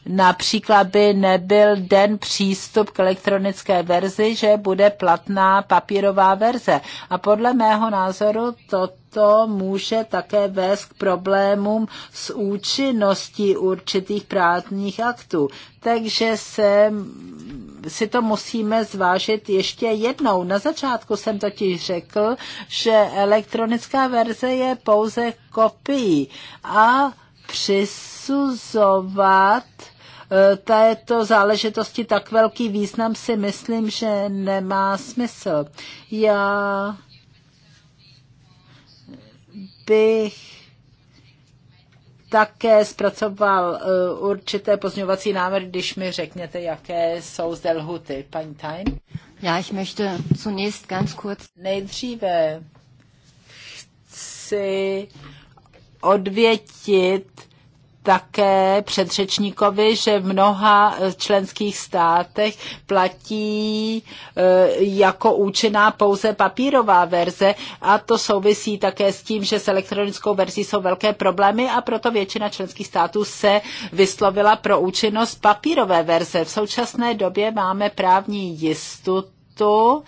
například by nebyl den přístup k elektronické verzi, že bude platná papírová verze. A podle mého názoru toto může také vést k problémům s účinností určitých právních aktů. Takže se si to musíme zvážit ještě jednou. Na začátku jsem totiž řekl, že elektronická verze je pouze kopií a přisuzovat e, této záležitosti tak velký význam si myslím, že nemá smysl. Já bych také zpracoval eh, určité pozňovací návrhy, když mi řekněte, jaké jsou zde lhuty. Paní Tajn? Já ich möchte zunächst ganz kurz... Nejdříve chci odvětit také předřečníkovi, že v mnoha členských státech platí e, jako účinná pouze papírová verze a to souvisí také s tím, že s elektronickou verzí jsou velké problémy a proto většina členských států se vyslovila pro účinnost papírové verze. V současné době máme právní jistotu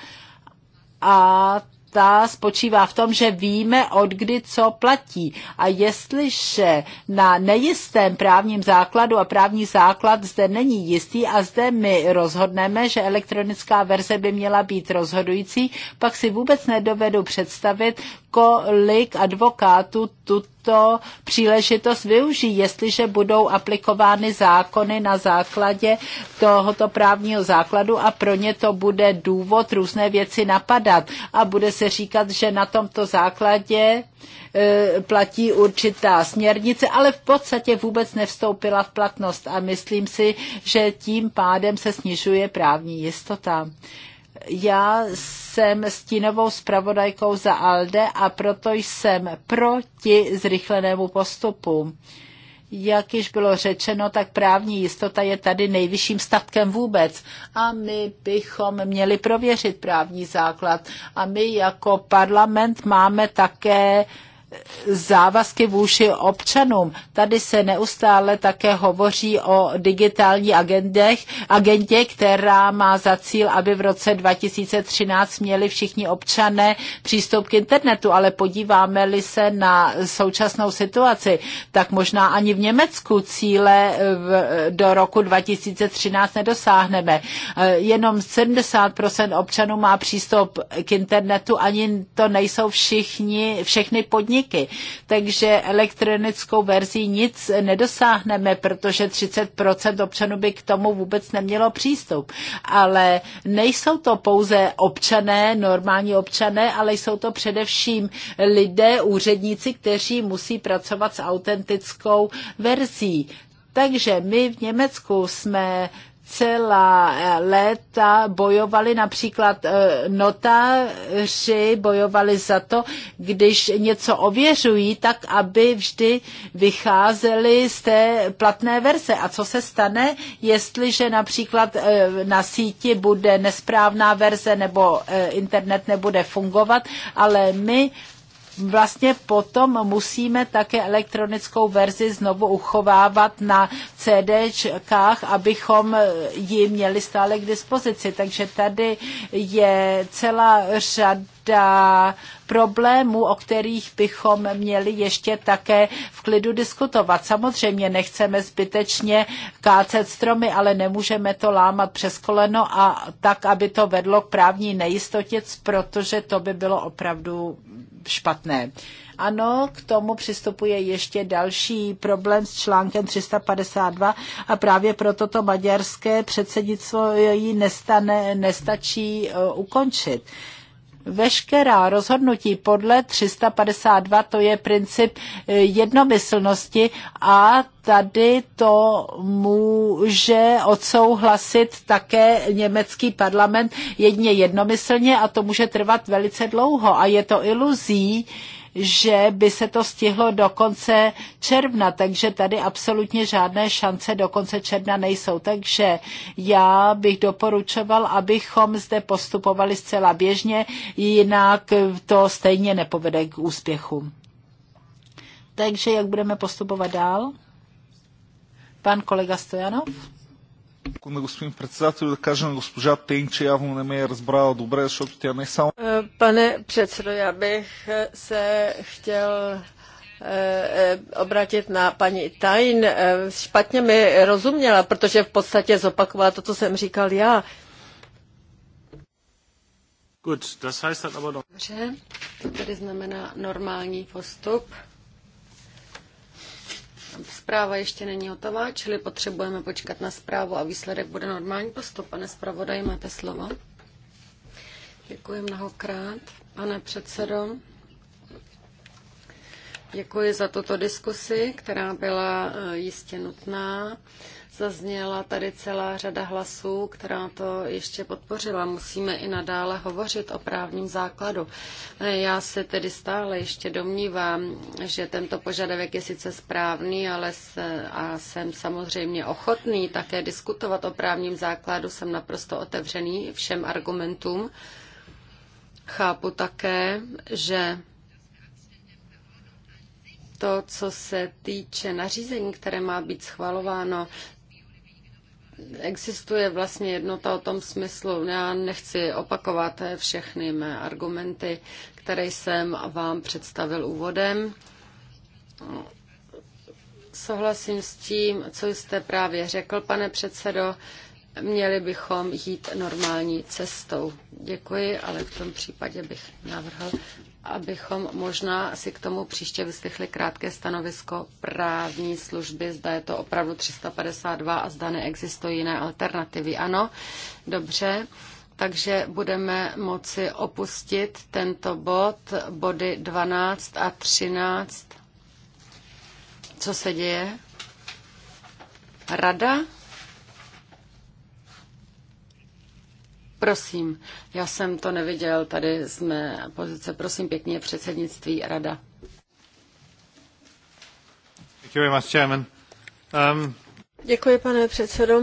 a ta spočívá v tom, že víme, od kdy co platí. A jestliže na nejistém právním základu a právní základ zde není jistý a zde my rozhodneme, že elektronická verze by měla být rozhodující, pak si vůbec nedovedu představit, kolik advokátů tuto tuto příležitost využijí, jestliže budou aplikovány zákony na základě tohoto právního základu a pro ně to bude důvod různé věci napadat a bude se říkat, že na tomto základě e, platí určitá směrnice, ale v podstatě vůbec nevstoupila v platnost a myslím si, že tím pádem se snižuje právní jistota. Já jsem stínovou zpravodajkou za ALDE a proto jsem proti zrychlenému postupu. Jak již bylo řečeno, tak právní jistota je tady nejvyšším statkem vůbec. A my bychom měli prověřit právní základ. A my jako parlament máme také závazky vůči občanům. Tady se neustále také hovoří o digitální agendech, agendě, která má za cíl, aby v roce 2013 měli všichni občané přístup k internetu, ale podíváme-li se na současnou situaci, tak možná ani v Německu cíle eh, v, do roku 2013 nedosáhneme. Eh, jenom 70% občanů má přístup k internetu, ani to nejsou všichni, všechny podniky podniky. Takže elektronickou verzí nic nedosáhneme, protože 30% občanů by k tomu vůbec nemělo přístup. Ale nejsou to pouze občané, normální občané, ale jsou to především lidé, úředníci, kteří musí pracovat s autentickou verzí. Takže my v Německu jsme celá eh, léta bojovali například eh, notáři, bojovali za to, když něco ověřují, tak aby vždy vycházeli z té platné verze. A co se stane, jestliže například eh, na síti bude nesprávná verze nebo internet nebude fungovat, ale my vlastně potom musíme také elektronickou verzi znovu uchovávat na CDčkách, abychom ji měli stále k dispozici. Takže tady je celá řada problémů, o kterých bychom měli ještě také v klidu diskutovat. Samozřejmě nechceme zbytečně kácet stromy, ale nemůžeme to lámat přes koleno a tak, aby to vedlo k právní nejistotě, protože to by bylo opravdu špatné. Ano, k tomu přistupuje ještě další problém s článkem 352 a právě proto to maďarské předsednictvo ji nestane, nestačí uh, ukončit veškerá rozhodnutí podle 352, to je princip eh, jednomyslnosti a tady to může odsouhlasit také německý parlament jedně jednomyslně a to může trvat velice dlouho a je to iluzí, že by se to stihlo do konce června, takže tady absolutně žádné šance do konce června nejsou. Takže já bych doporučoval, abychom zde postupovali zcela běžně, jinak to stejně nepovede k úspěchu. Takže jak budeme postupovat dál? Pan kolega Stojanov? Na господин председател да кажа na госпожа Тейн, че явно не ме е разбрала добре, защото tě не само... Pane předsedo, já bych se chtěl obrátit na paní Tajn. Špatně mi rozuměla, protože v podstatě zopakovala to, co jsem říkal já. Gut, das heißt dann aber Dobře, to tedy znamená normální postup. Zpráva ještě není hotová, čili potřebujeme počkat na zprávu a výsledek bude normální postup. Pane zpravodaji, máte slovo. Děkuji mnohokrát, pane předsedo. Děkuji za tuto diskusi, která byla eh, jistě nutná. Zazněla tady celá řada hlasů, která to ještě podpořila. Musíme i nadále hovořit o právním základu. E, já se tedy stále ještě domnívám, že tento požadavek je sice správný, ale se, a jsem samozřejmě ochotný také diskutovat o právním základu. Jsem naprosto otevřený všem argumentům. Chápu také, že to, co se týče nařízení, které má být schvalováno, existuje vlastně jednota o tom smyslu. Já nechci opakovat všechny mé argumenty, které jsem vám představil úvodem. Souhlasím s tím, co jste právě řekl, pane předsedo. Měli bychom jít normální cestou. Děkuji, ale v tom případě bych navrhl, abychom možná si k tomu příště vyslechli krátké stanovisko právní služby, zda je to opravdu 352 a zda neexistují jiné alternativy. Ano, dobře, takže budeme moci opustit tento bod, body 12 a 13. Co se děje? Rada? Prosím, já jsem to neviděl, tady jsme pozice, prosím pěkně, předsednictví rada. Um, Děkuji, pane předsedo.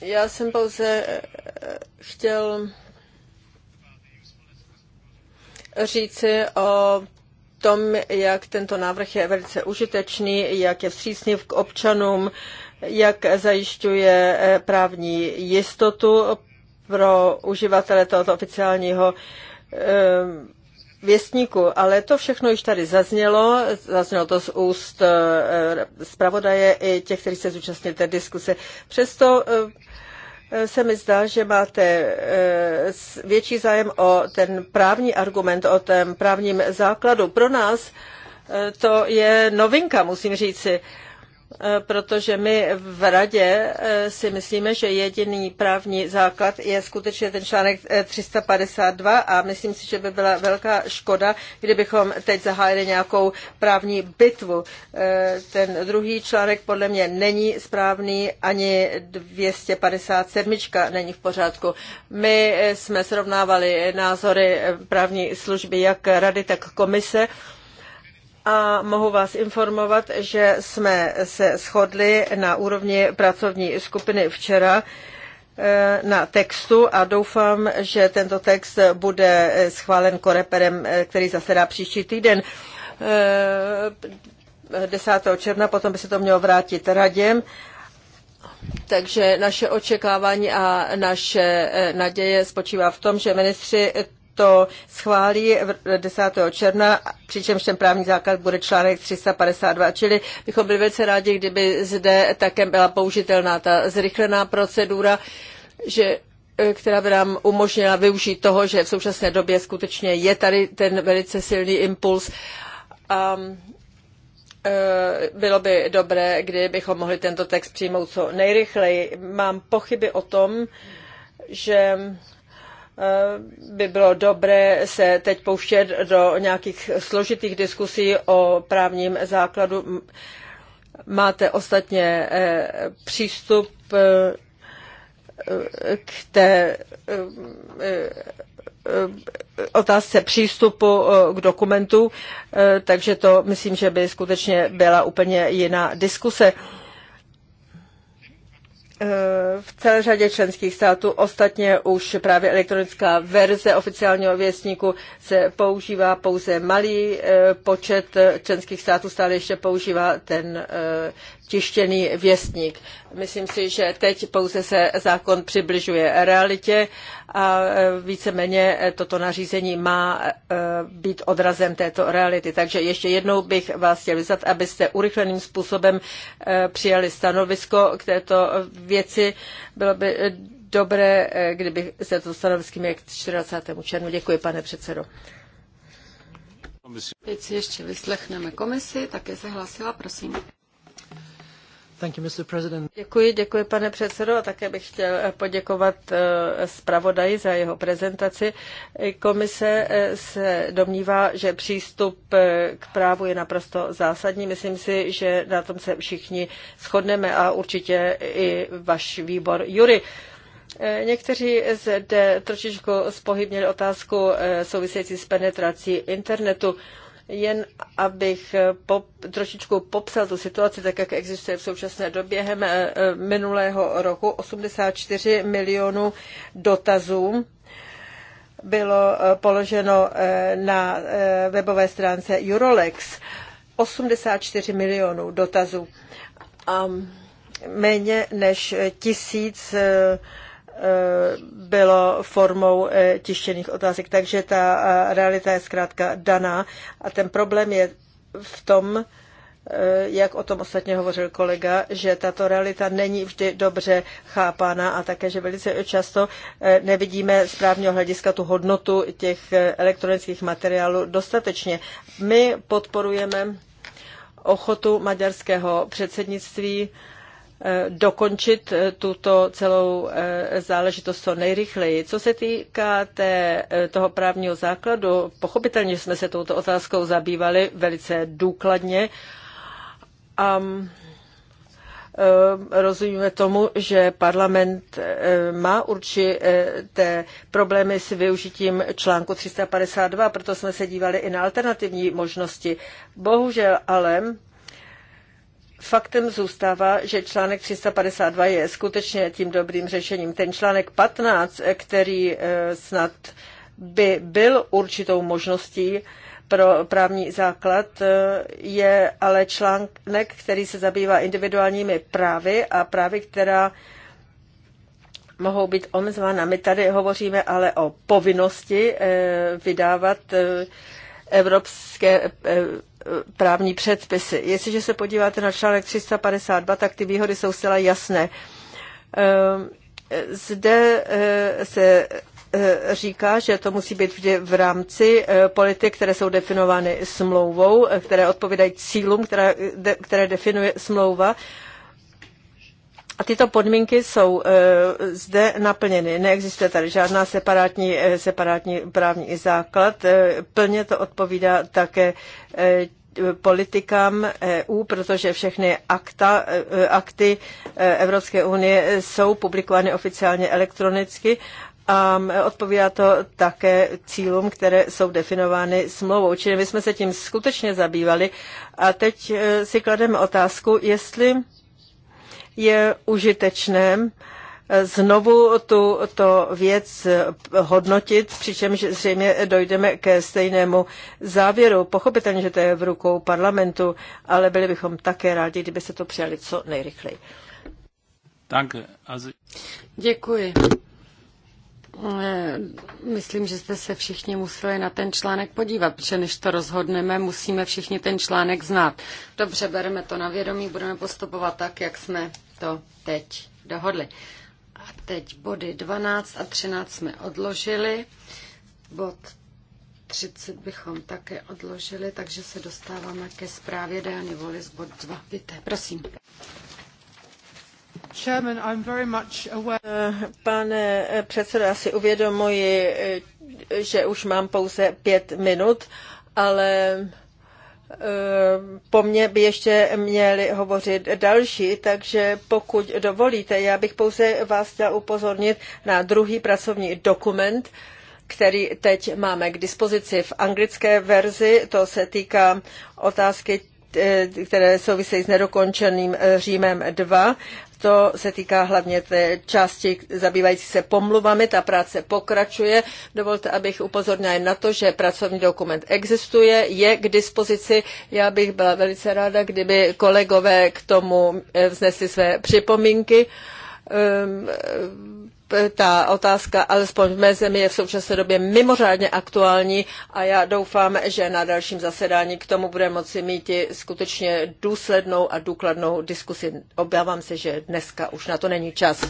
Já jsem pouze eh, chtěl říci o tom, jak tento návrh je velice užitečný, jak je vstřícný k občanům, jak zajišťuje eh, právní jistotu pro uživatele tohoto oficiálního ehm, věstníku, ale to všechno již tady zaznělo, zaznělo to z úst eh, zpravodaje i těch, kteří se zúčastnili té diskuse. Přesto eh, se mi zdá, že máte eh, větší zájem o ten právní argument, o ten právním základu. Pro nás to je novinka, musím říci. Si Eh, protože my v radě eh, si myslíme, že jediný právní základ je skutečně ten článek 352 eh, a myslím si, že by byla velká škoda, kdybychom teď zahájili nějakou právní bitvu. Ten druhý článek podle mě není správný, ani 257 není v pořádku. My jsme srovnávali názory právní služby jak rady, tak komise a mohu vás informovat, že jsme se shodli na úrovni pracovní skupiny včera eh, na textu a doufám, že tento text bude schválen koreperem, eh, který zasedá příští týden. 10. Eh, června, potom by se to mělo vrátit radě. Takže naše očekávání a naše naděje spočívá v tom, že ministři to schválí 10. června, přičemž ten právní základ bude článek 352, čili bychom byli velice rádi, kdyby zde také byla použitelná ta zrychlená procedura, že e, která by nám umožnila využít toho, že v současné době skutečně je tady ten velice silný impuls. A e, bylo by dobré, kdybychom mohli tento text přijmout co nejrychleji. Mám pochyby o tom, že Eh, by bylo dobré se teď pouštět do nějakých složitých diskusí o právním základu. Máte ostatně eh, přístup eh, k té otázce přístupu k dokumentu, takže to myslím, že by skutečně byla úplně jiná diskuse. Eh, v celé řadě členských států. Ostatně už právě elektronická verze oficiálního věstníku se používá pouze malý eh, počet eh, členských států, stále ještě používá ten tištěný věstník. Myslím si, že teď pouze se zákon přibližuje realitě a e, víceméně e, toto nařízení má e, být odrazem této reality. Takže ještě jednou bych vás chtěl vyzvat, abyste urychleným způsobem přijali stanovisko k této věci. Bylo by dobré, kdyby se to měl k 24. černu. Děkuji, pane předsedo. Teď si ještě vyslechneme komisi, také se hlásila, prosím. Děkuji, děkuji pane předsedo a také bych chtěl eh, poděkovat eh, zpravodaji za jeho prezentaci. Komise eh, se domnívá, že přístup k právu je naprosto zásadní. Myslím si, že na tom se všichni shodneme a určitě i váš výbor Jury. Někteří zde trošičku spohybnili otázku související s penetrací internetu. Jen abych pop, trošičku popsal tu situaci, tak jak existuje v současné době, Během eh, minulého roku 84 milionů dotazů bylo eh, položeno eh, na webové stránce Eurolex. 84 milionů dotazů a méně než tisíc bylo formou eh, tištěných otázek. Takže ta eh, realita je zkrátka daná a ten problém je v tom, eh, jak o tom ostatně hovořil kolega, že tato realita není vždy dobře chápána a také, že velice často nevidíme z právního hlediska tu hodnotu těch elektronických materiálů dostatečně. My podporujeme ochotu maďarského předsednictví Eh, dokončit eh, tuto celou eh, záležitost co nejrychleji. Co se týká té, toho právního základu, pochopitelně jsme se touto otázkou zabývali velice důkladně. A rozumíme tomu, že parlament má určité problémy s využitím článku 352, proto jsme se dívali i na alternativní možnosti. Bohužel ale Faktem zůstává, že článek 352 je skutečně tím dobrým řešením. Ten článek 15, který eh, snad by byl určitou možností pro právní základ, eh, je ale článek, který se zabývá individuálními právy a právy, která mohou být omezována. My tady hovoříme ale o povinnosti eh, vydávat evropské právní předpisy. Jestliže se podíváte na článek 352, tak ty výhody jsou zcela jasné. Ehm, zde eh, se eh, říká, že to musí být vždy v rámci eh, politik, které jsou definovány smlouvou, které odpovídají cílům, které, které definuje smlouva. A tyto podmínky jsou zde naplněny. Neexistuje tady žádná separátní, separátní právní základ. plně to odpovídá také politikám EU, protože všechny akta, e, akty e, Evropské unie jsou publikovány oficiálně elektronicky a odpovídá to také cílům, které jsou definovány smlouvou. Čili my jsme se tím skutečně zabývali a teď e, si klademe otázku, jestli je užitečné znovu tuto věc hodnotit, přičemž zřejmě dojdeme ke stejnému závěru. Pochopitelně, že to je v rukou parlamentu, ale byli bychom také rádi, kdyby se to přijali co nejrychleji. Děkuji. Eh, myslím, že jste se všichni museli na ten článek podívat, protože než to rozhodneme, musíme všichni ten článek znát. Dobře, bereme to na vědomí, budeme postupovat tak, jak jsme to teď dohodli. Teď body 12 a 13 jsme odložili. Bod 30 bychom také odložili, takže se dostáváme ke zprávě Diany Volis, bod 2. Víte, prosím. Pane předsedo, já si uvědomuji, že už mám pouze pět minut, ale po mně by ještě měli hovořit další, takže pokud dovolíte, já bych pouze vás chtěla upozornit na druhý pracovní dokument, který teď máme k dispozici v anglické verzi. To se týká otázky eh, které souvisejí s nedokončeným eh, Římem 2. To se týká hlavně té části zabývající se pomluvami. Ta práce pokračuje. Dovolte, abych upozornila jen na to, že pracovní dokument existuje, je k dispozici. Já bych byla velice ráda, kdyby kolegové k tomu vznesli své připomínky ehm, ta otázka, alespoň v mé zemi, je v současné době mimořádně aktuální a já doufám, že na dalším zasedání k tomu bude moci mít i skutečně důslednou a důkladnou diskusi. Obávám se, že dneska už na to není čas.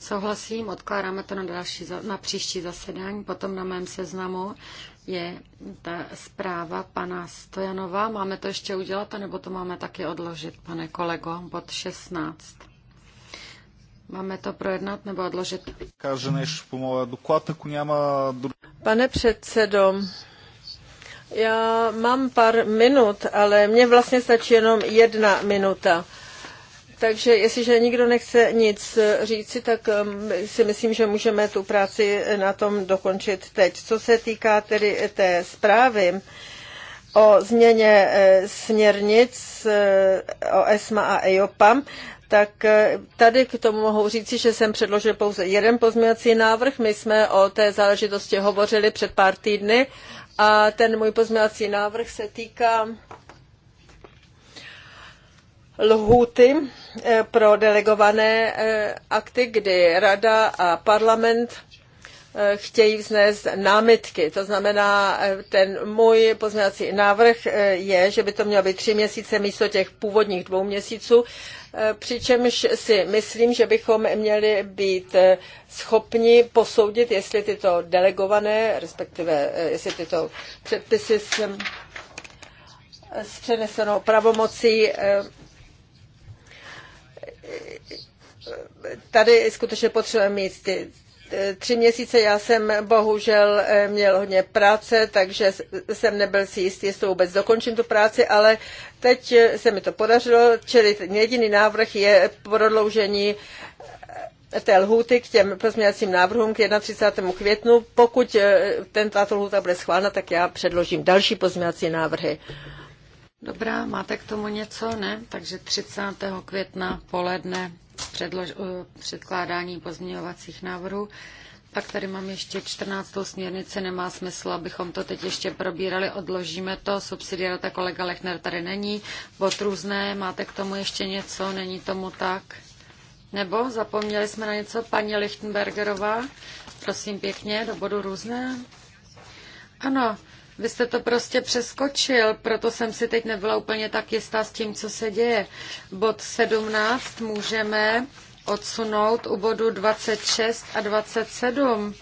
Souhlasím, odkládáme to na, další, na příští zasedání, potom na mém seznamu je ta zpráva pana Stojanova. Máme to ještě udělat, nebo to máme taky odložit, pane kolego, bod 16. Máme to projednat nebo odložit? Pane předsedo, já mám pár minut, ale mně vlastně stačí jenom jedna minuta. Takže jestliže nikdo nechce nic říci, tak um, si myslím, že můžeme tu práci na tom dokončit teď. Co se týká tedy té zprávy o změně eh, směrnic eh, o ESMA a EOPAM, tak eh, tady k tomu mohu říci, že jsem předložil pouze jeden pozměňovací návrh. My jsme o té záležitosti hovořili před pár týdny a ten můj pozměňovací návrh se týká lhůty eh, pro delegované eh, akty, kdy Rada a parlament chtějí vznést námitky. To znamená, ten můj pozměňovací návrh je, že by to mělo být tři měsíce místo těch původních dvou měsíců přičemž si myslím, že bychom měli být eh, schopni posoudit, jestli tyto delegované, respektive eh, jestli tyto předpisy s, s přenesenou pravomocí eh, tady skutečně potřebujeme mít ty tři měsíce já jsem bohužel eh, měl hodně práce, takže jsem nebyl si jistý, jestli vůbec dokončím tu práci, ale teď eh, se mi to podařilo, čili jediný návrh je prodloužení eh, té lhůty k těm pozměňovacím návrhům k 31. květnu. Pokud ten, tato lhůta bude schválena, tak já předložím další pozměňovací návrhy. Dobrá, máte k tomu něco, ne? Takže 30. května poledne předlož, eh, předkládání pozměňovacích návrhů. Pak tady mám ještě 14. směrnice, nemá smysl, abychom to teď ještě probírali, odložíme to, subsidiarita kolega Lechner tady není, bod různé, máte k tomu ještě něco, není tomu tak? Nebo zapomněli jsme na něco, paní Lichtenbergerová, prosím pěkně, do bodu různé. Ano, vy jste to prostě přeskočil, proto jsem si teď nebyla úplně tak jistá s tím, co se děje. Bod 17 můžeme odsunout u bodu 26 a 27.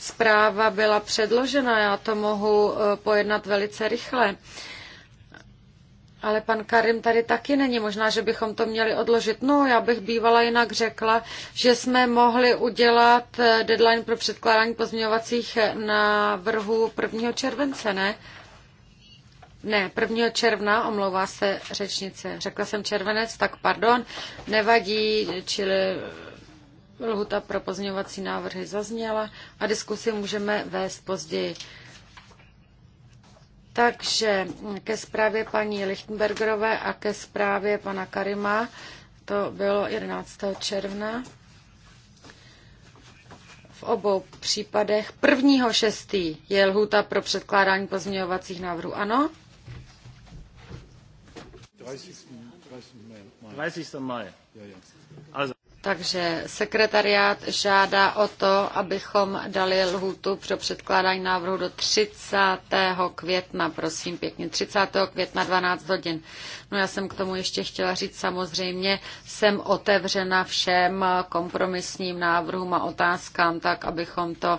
Zpráva byla předložena, já to mohu eh, pojednat velice rychle. Ale pan Karim tady taky není. Možná, že bychom to měli odložit. No, já bych bývala jinak řekla, že jsme mohli udělat eh, deadline pro předkládání pozměňovacích eh, návrhů 1. července, ne? Ne, 1. června, omlouvá se řečnice. Řekla jsem červenec, tak pardon, nevadí, čili lhuta pro pozměňovací návrhy zazněla a diskusi můžeme vést později. Takže ke zprávě paní Lichtenbergerové a ke zprávě pana Karima, to bylo 11. června. V obou případech 1. 6. je lhůta pro předkládání pozměňovacích návrhů. Ano? 30. 30. Maj. 30. Maj. Takže sekretariát žádá o to, abychom dali lhůtu pro předkládání návrhu do 30. května, prosím pěkně, 30. května 12 hodin. No já jsem k tomu ještě chtěla říct, samozřejmě jsem otevřena všem kompromisním návrhům a otázkám, tak abychom to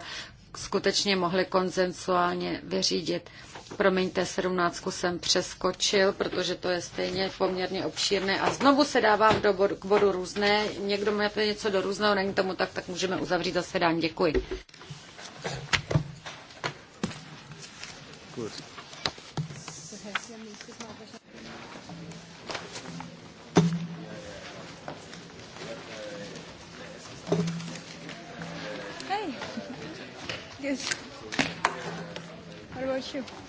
skutečně mohli konzensuálně vyřídit. Promiňte, 17 jsem přeskočil, protože to je stejně poměrně obšírné. A znovu se dávám do bodu, k bodu různé. Někdo to něco do různého, není tomu tak, tak můžeme uzavřít zasedání. Děkuji. Hey, Yes. What about you?